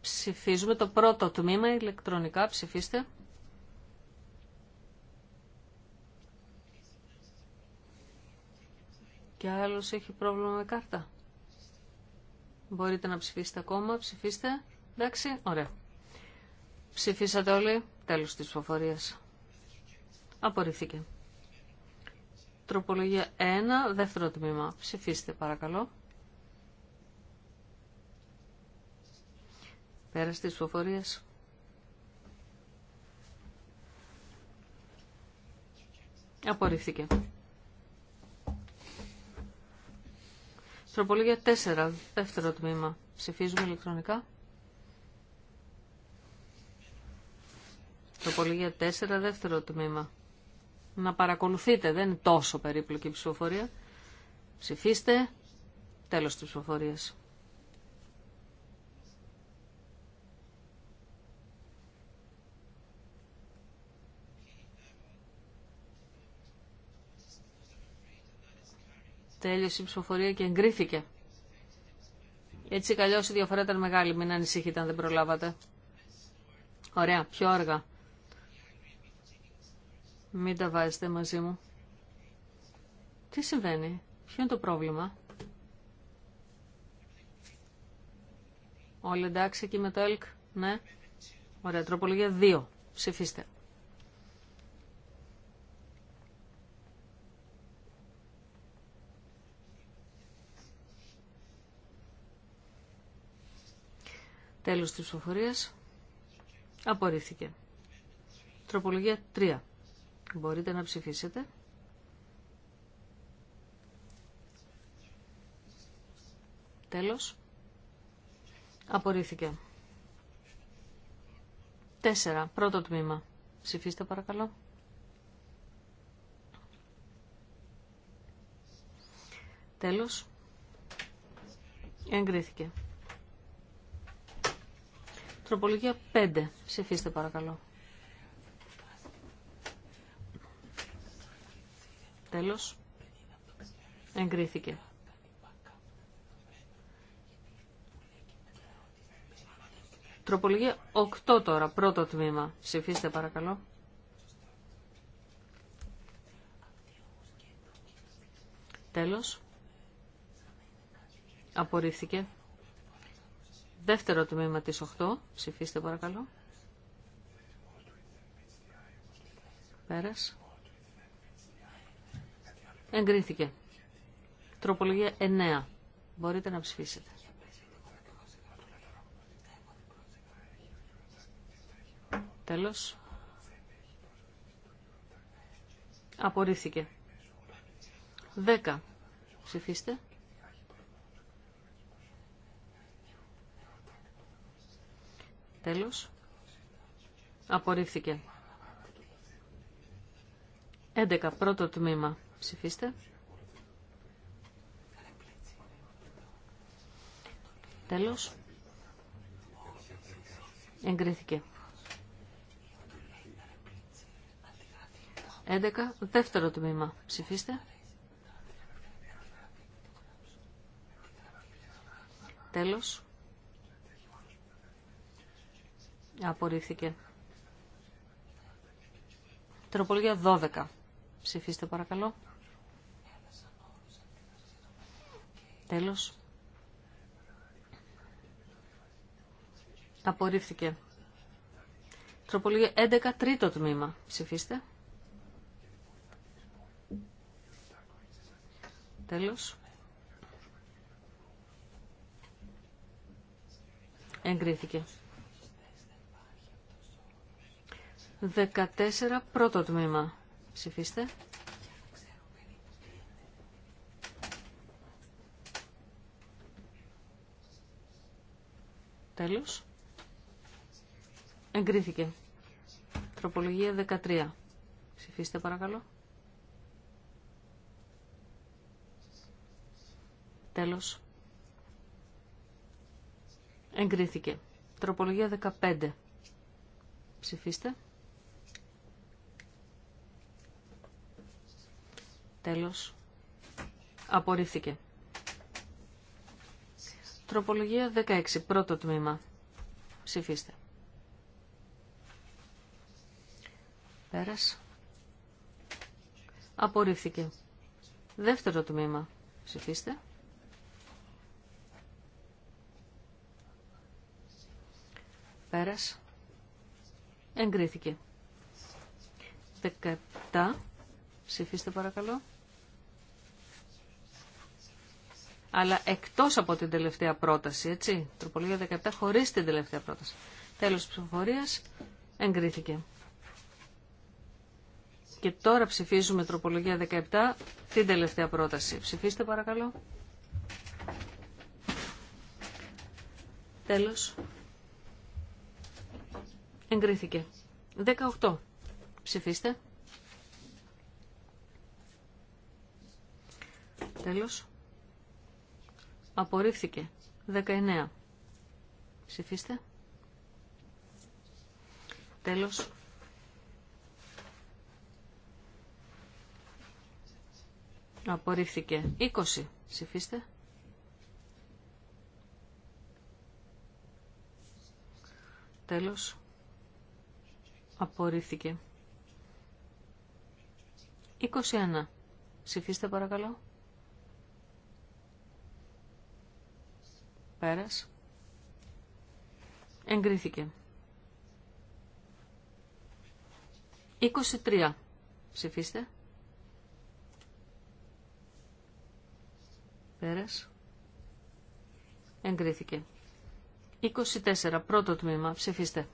Ψηφίζουμε το πρώτο τμήμα ηλεκτρονικά. Ψηφίστε. Και άλλος έχει πρόβλημα με κάρτα. Μπορείτε να ψηφίσετε ακόμα. Ψηφίστε. Εντάξει. Ωραία. Ψηφίσατε όλοι. Τέλος της ψηφοφορίας. Απορρίφθηκε. Τροπολογία 1, δεύτερο τμήμα. Ψηφίστε παρακαλώ. Πέρα στις ψηφοφορίες. Απορρίφθηκε. Τροπολογία 4, δεύτερο τμήμα. Ψηφίζουμε ηλεκτρονικά. Τροπολογία 4, δεύτερο τμήμα. Να παρακολουθείτε, δεν είναι τόσο περίπλοκη η ψηφοφορία. Ψηφίστε. Τέλος της ψηφοφορίας. Τέλειωσε η ψηφοφορία και εγκρίθηκε. Έτσι καλώ η διαφορά ήταν μεγάλη. Μην ανησυχείτε αν δεν προλάβατε. Ωραία, πιο αργά. Μην τα βάζετε μαζί μου. Τι συμβαίνει, ποιο είναι το πρόβλημα. Όλοι εντάξει εκεί με το ΕΛΚ, ναι. Ωραία, τροπολογία 2. Ψηφίστε. Τέλος της ψηφοφορίας. Απορρίφθηκε. Τροπολογία 3. Μπορείτε να ψηφίσετε. Τέλος. Απορρίφθηκε. 4. Πρώτο τμήμα. Ψηφίστε παρακαλώ. Τέλος. Εγκρίθηκε. Τροπολογία 5. Ψηφίστε παρακαλώ. Τέλος. Εγκρίθηκε. Τροπολογία 8 τώρα, πρώτο τμήμα. Ψηφίστε παρακαλώ. Τέλος. Απορρίφθηκε. Δεύτερο τμήμα της 8. Ψηφίστε παρακαλώ. Πέρας. Εγκρίθηκε. Τροπολογία 9. Μπορείτε να ψηφίσετε. Τέλος. Απορρίφθηκε. 10. Ψηφίστε. Τέλος. Απορρίφθηκε. 11. Πρώτο τμήμα. Ψηφίστε. Τέλος. Εγκρίθηκε. 11. Δεύτερο τμήμα. Ψηφίστε. Τέλος. Απορρίφθηκε. Τροπολογία 12. Ψηφίστε παρακαλώ. Τέλος. Απορρίφθηκε. Τροπολογία 11, τρίτο τμήμα. Ψηφίστε. Τέλος. Εγκρίθηκε. 14 πρώτο τμήμα. Ψηφίστε. Τέλος. Εγκρίθηκε. Τροπολογία 13. Ψηφίστε παρακαλώ. Τέλος. Εγκρίθηκε. Τροπολογία 15. Ψηφίστε. Τέλος. Απορρίφθηκε. Τροπολογία 16. Πρώτο τμήμα. Ψηφίστε. Πέρας. Απορρίφθηκε. Δεύτερο τμήμα. Ψηφίστε. Πέρας. Εγκρίθηκε. 17. Ψηφίστε παρακαλώ. αλλά εκτός από την τελευταία πρόταση, έτσι, τροπολογία 17 χωρίς την τελευταία πρόταση. Τέλος ψηφοφορίας, εγκρίθηκε. Και τώρα ψηφίζουμε τροπολογία 17, την τελευταία πρόταση. Ψηφίστε παρακαλώ. Τέλος. Εγκρίθηκε. 18. Ψηφίστε. Τέλος. Απορρίφθηκε. 19. Ψηφίστε. Τέλος. Απορρίφθηκε. 20. Ψηφίστε. Τέλος. Απορρίφθηκε. 21. Ψηφίστε παρακαλώ. Πέρας. Εγκρίθηκε. 23. Ψηφίστε. Πέρας. Εγκρίθηκε. 24. Πρώτο τμήμα. Ψηφίστε.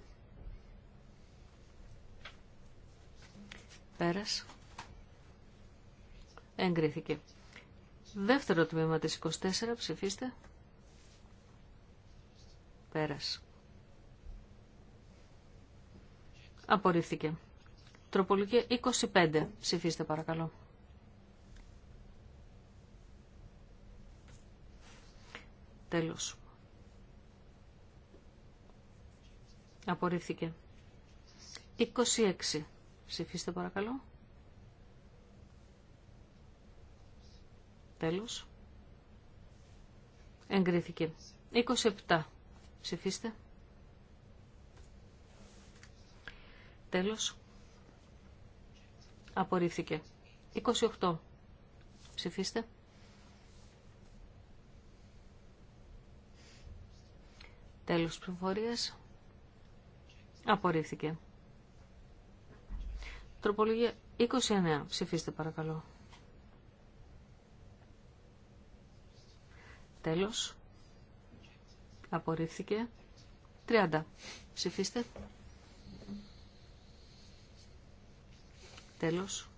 Πέρας. Εγκρίθηκε. Δεύτερο τμήμα της 24. Ψηφίστε. Πέρας. Απορρίφθηκε. Τροπολογία 25. Ψηφίστε παρακαλώ. Τέλος. Απορρίφθηκε. 26. Ψηφίστε παρακαλώ. Τέλος. Εγκρίθηκε. 27. Ψηφίστε. Τέλος. Απορρίφθηκε. 28. Ψηφίστε. Τέλος ψηφοφορίας. Απορρίφθηκε. Τροπολογία 29. Ψηφίστε παρακαλώ. Τέλος. Απορρίφθηκε. 30. Ψηφίστε. Τέλος.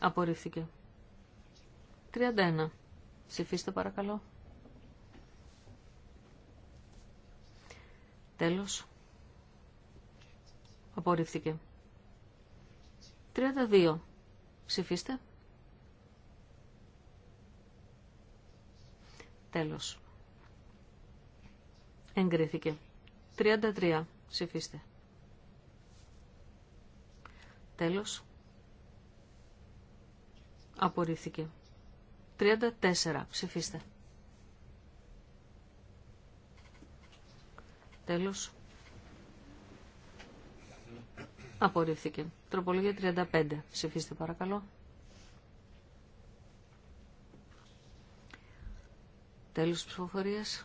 Απορρίφθηκε. 31. Ψηφίστε παρακαλώ. Τέλος. Απορρίφθηκε. 32. Ψηφίστε. Τέλος. Εγκρίθηκε. 33. Ψηφίστε. Τέλος. Απορρίφθηκε. 34. Ψηφίστε. Τέλος. Απορρίφθηκε. Τροπολογία 35. Ψηφίστε παρακαλώ. Τέλος της ψηφοφορίας.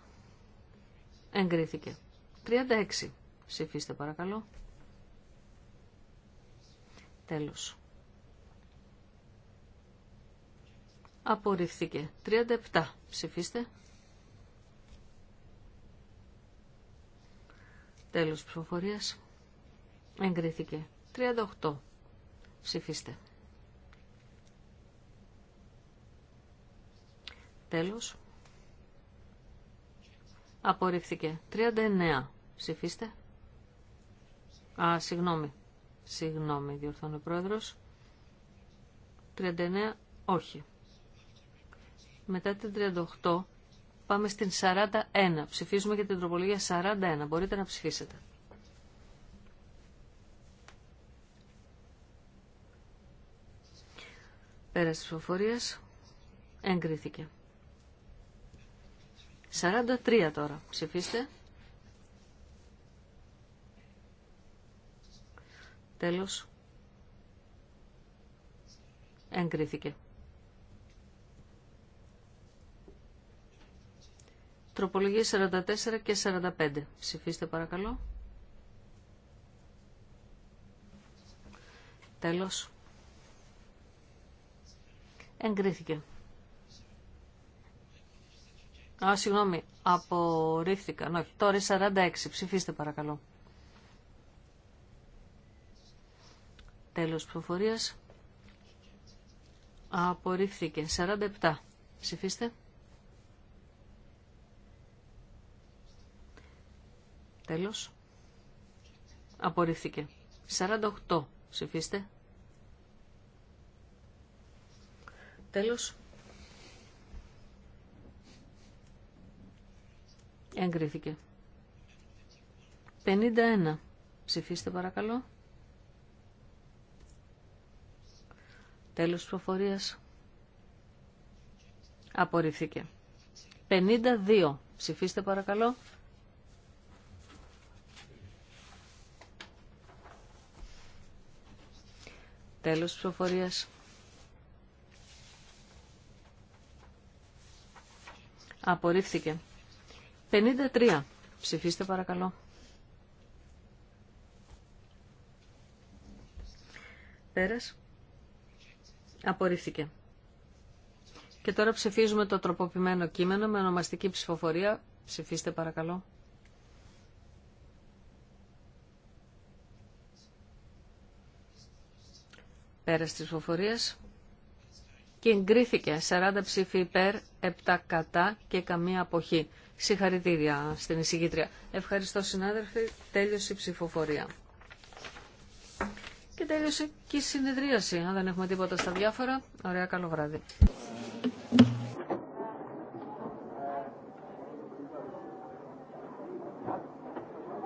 Εγκρίθηκε. 36. Ψηφίστε παρακαλώ. Τέλος. Απορρίφθηκε. 37. Ψηφίστε. Τέλος ψηφοφορίας. Εγκρίθηκε. 38. Ψηφίστε. Τέλος. Απορρίφθηκε. 39. Ψηφίστε. Α, συγγνώμη. Συγγνώμη, διορθώνει ο πρόεδρος. 39. Όχι. Μετά την 38 πάμε στην 41. Ψηφίζουμε για την τροπολογία 41. Μπορείτε να ψηφίσετε. Πέρα της ψηφοφορίας εγκρίθηκε. 43 τώρα. Ψηφίστε. Τέλος. Εγκρίθηκε. Τροπολογίες 44 και 45. Ψηφίστε παρακαλώ. Τέλος. Εγκρίθηκε. Α, συγγνώμη, απορρίφθηκαν. Όχι, τώρα 46. Ψηφίστε παρακαλώ. Τέλος προφορίας. Απορρίφθηκε. 47. Ψηφίστε. Τέλος. Απορρίφθηκε. 48. Ψηφίστε. Τέλος. Εγκρίθηκε. 51. Ψηφίστε παρακαλώ. Τέλος της προφορίας. Απορρίφθηκε. 52. Ψηφίστε παρακαλώ. Τέλος της προφορίας. Απορρίφθηκε. 53. Ψηφίστε παρακαλώ. Πέρας. Απορρίφθηκε. Και τώρα ψηφίζουμε το τροποποιημένο κείμενο με ονομαστική ψηφοφορία. Ψηφίστε παρακαλώ. Πέρας της ψηφοφορίας. Και εγκρίθηκε 40 ψήφοι υπέρ, 7 κατά και καμία αποχή. Συγχαρητήρια στην εισηγήτρια. Ευχαριστώ συνάδελφοι. Τέλειωσε η ψηφοφορία. Και τέλειωσε και η συνεδρίαση. Αν δεν έχουμε τίποτα στα διάφορα, ωραία καλό βράδυ.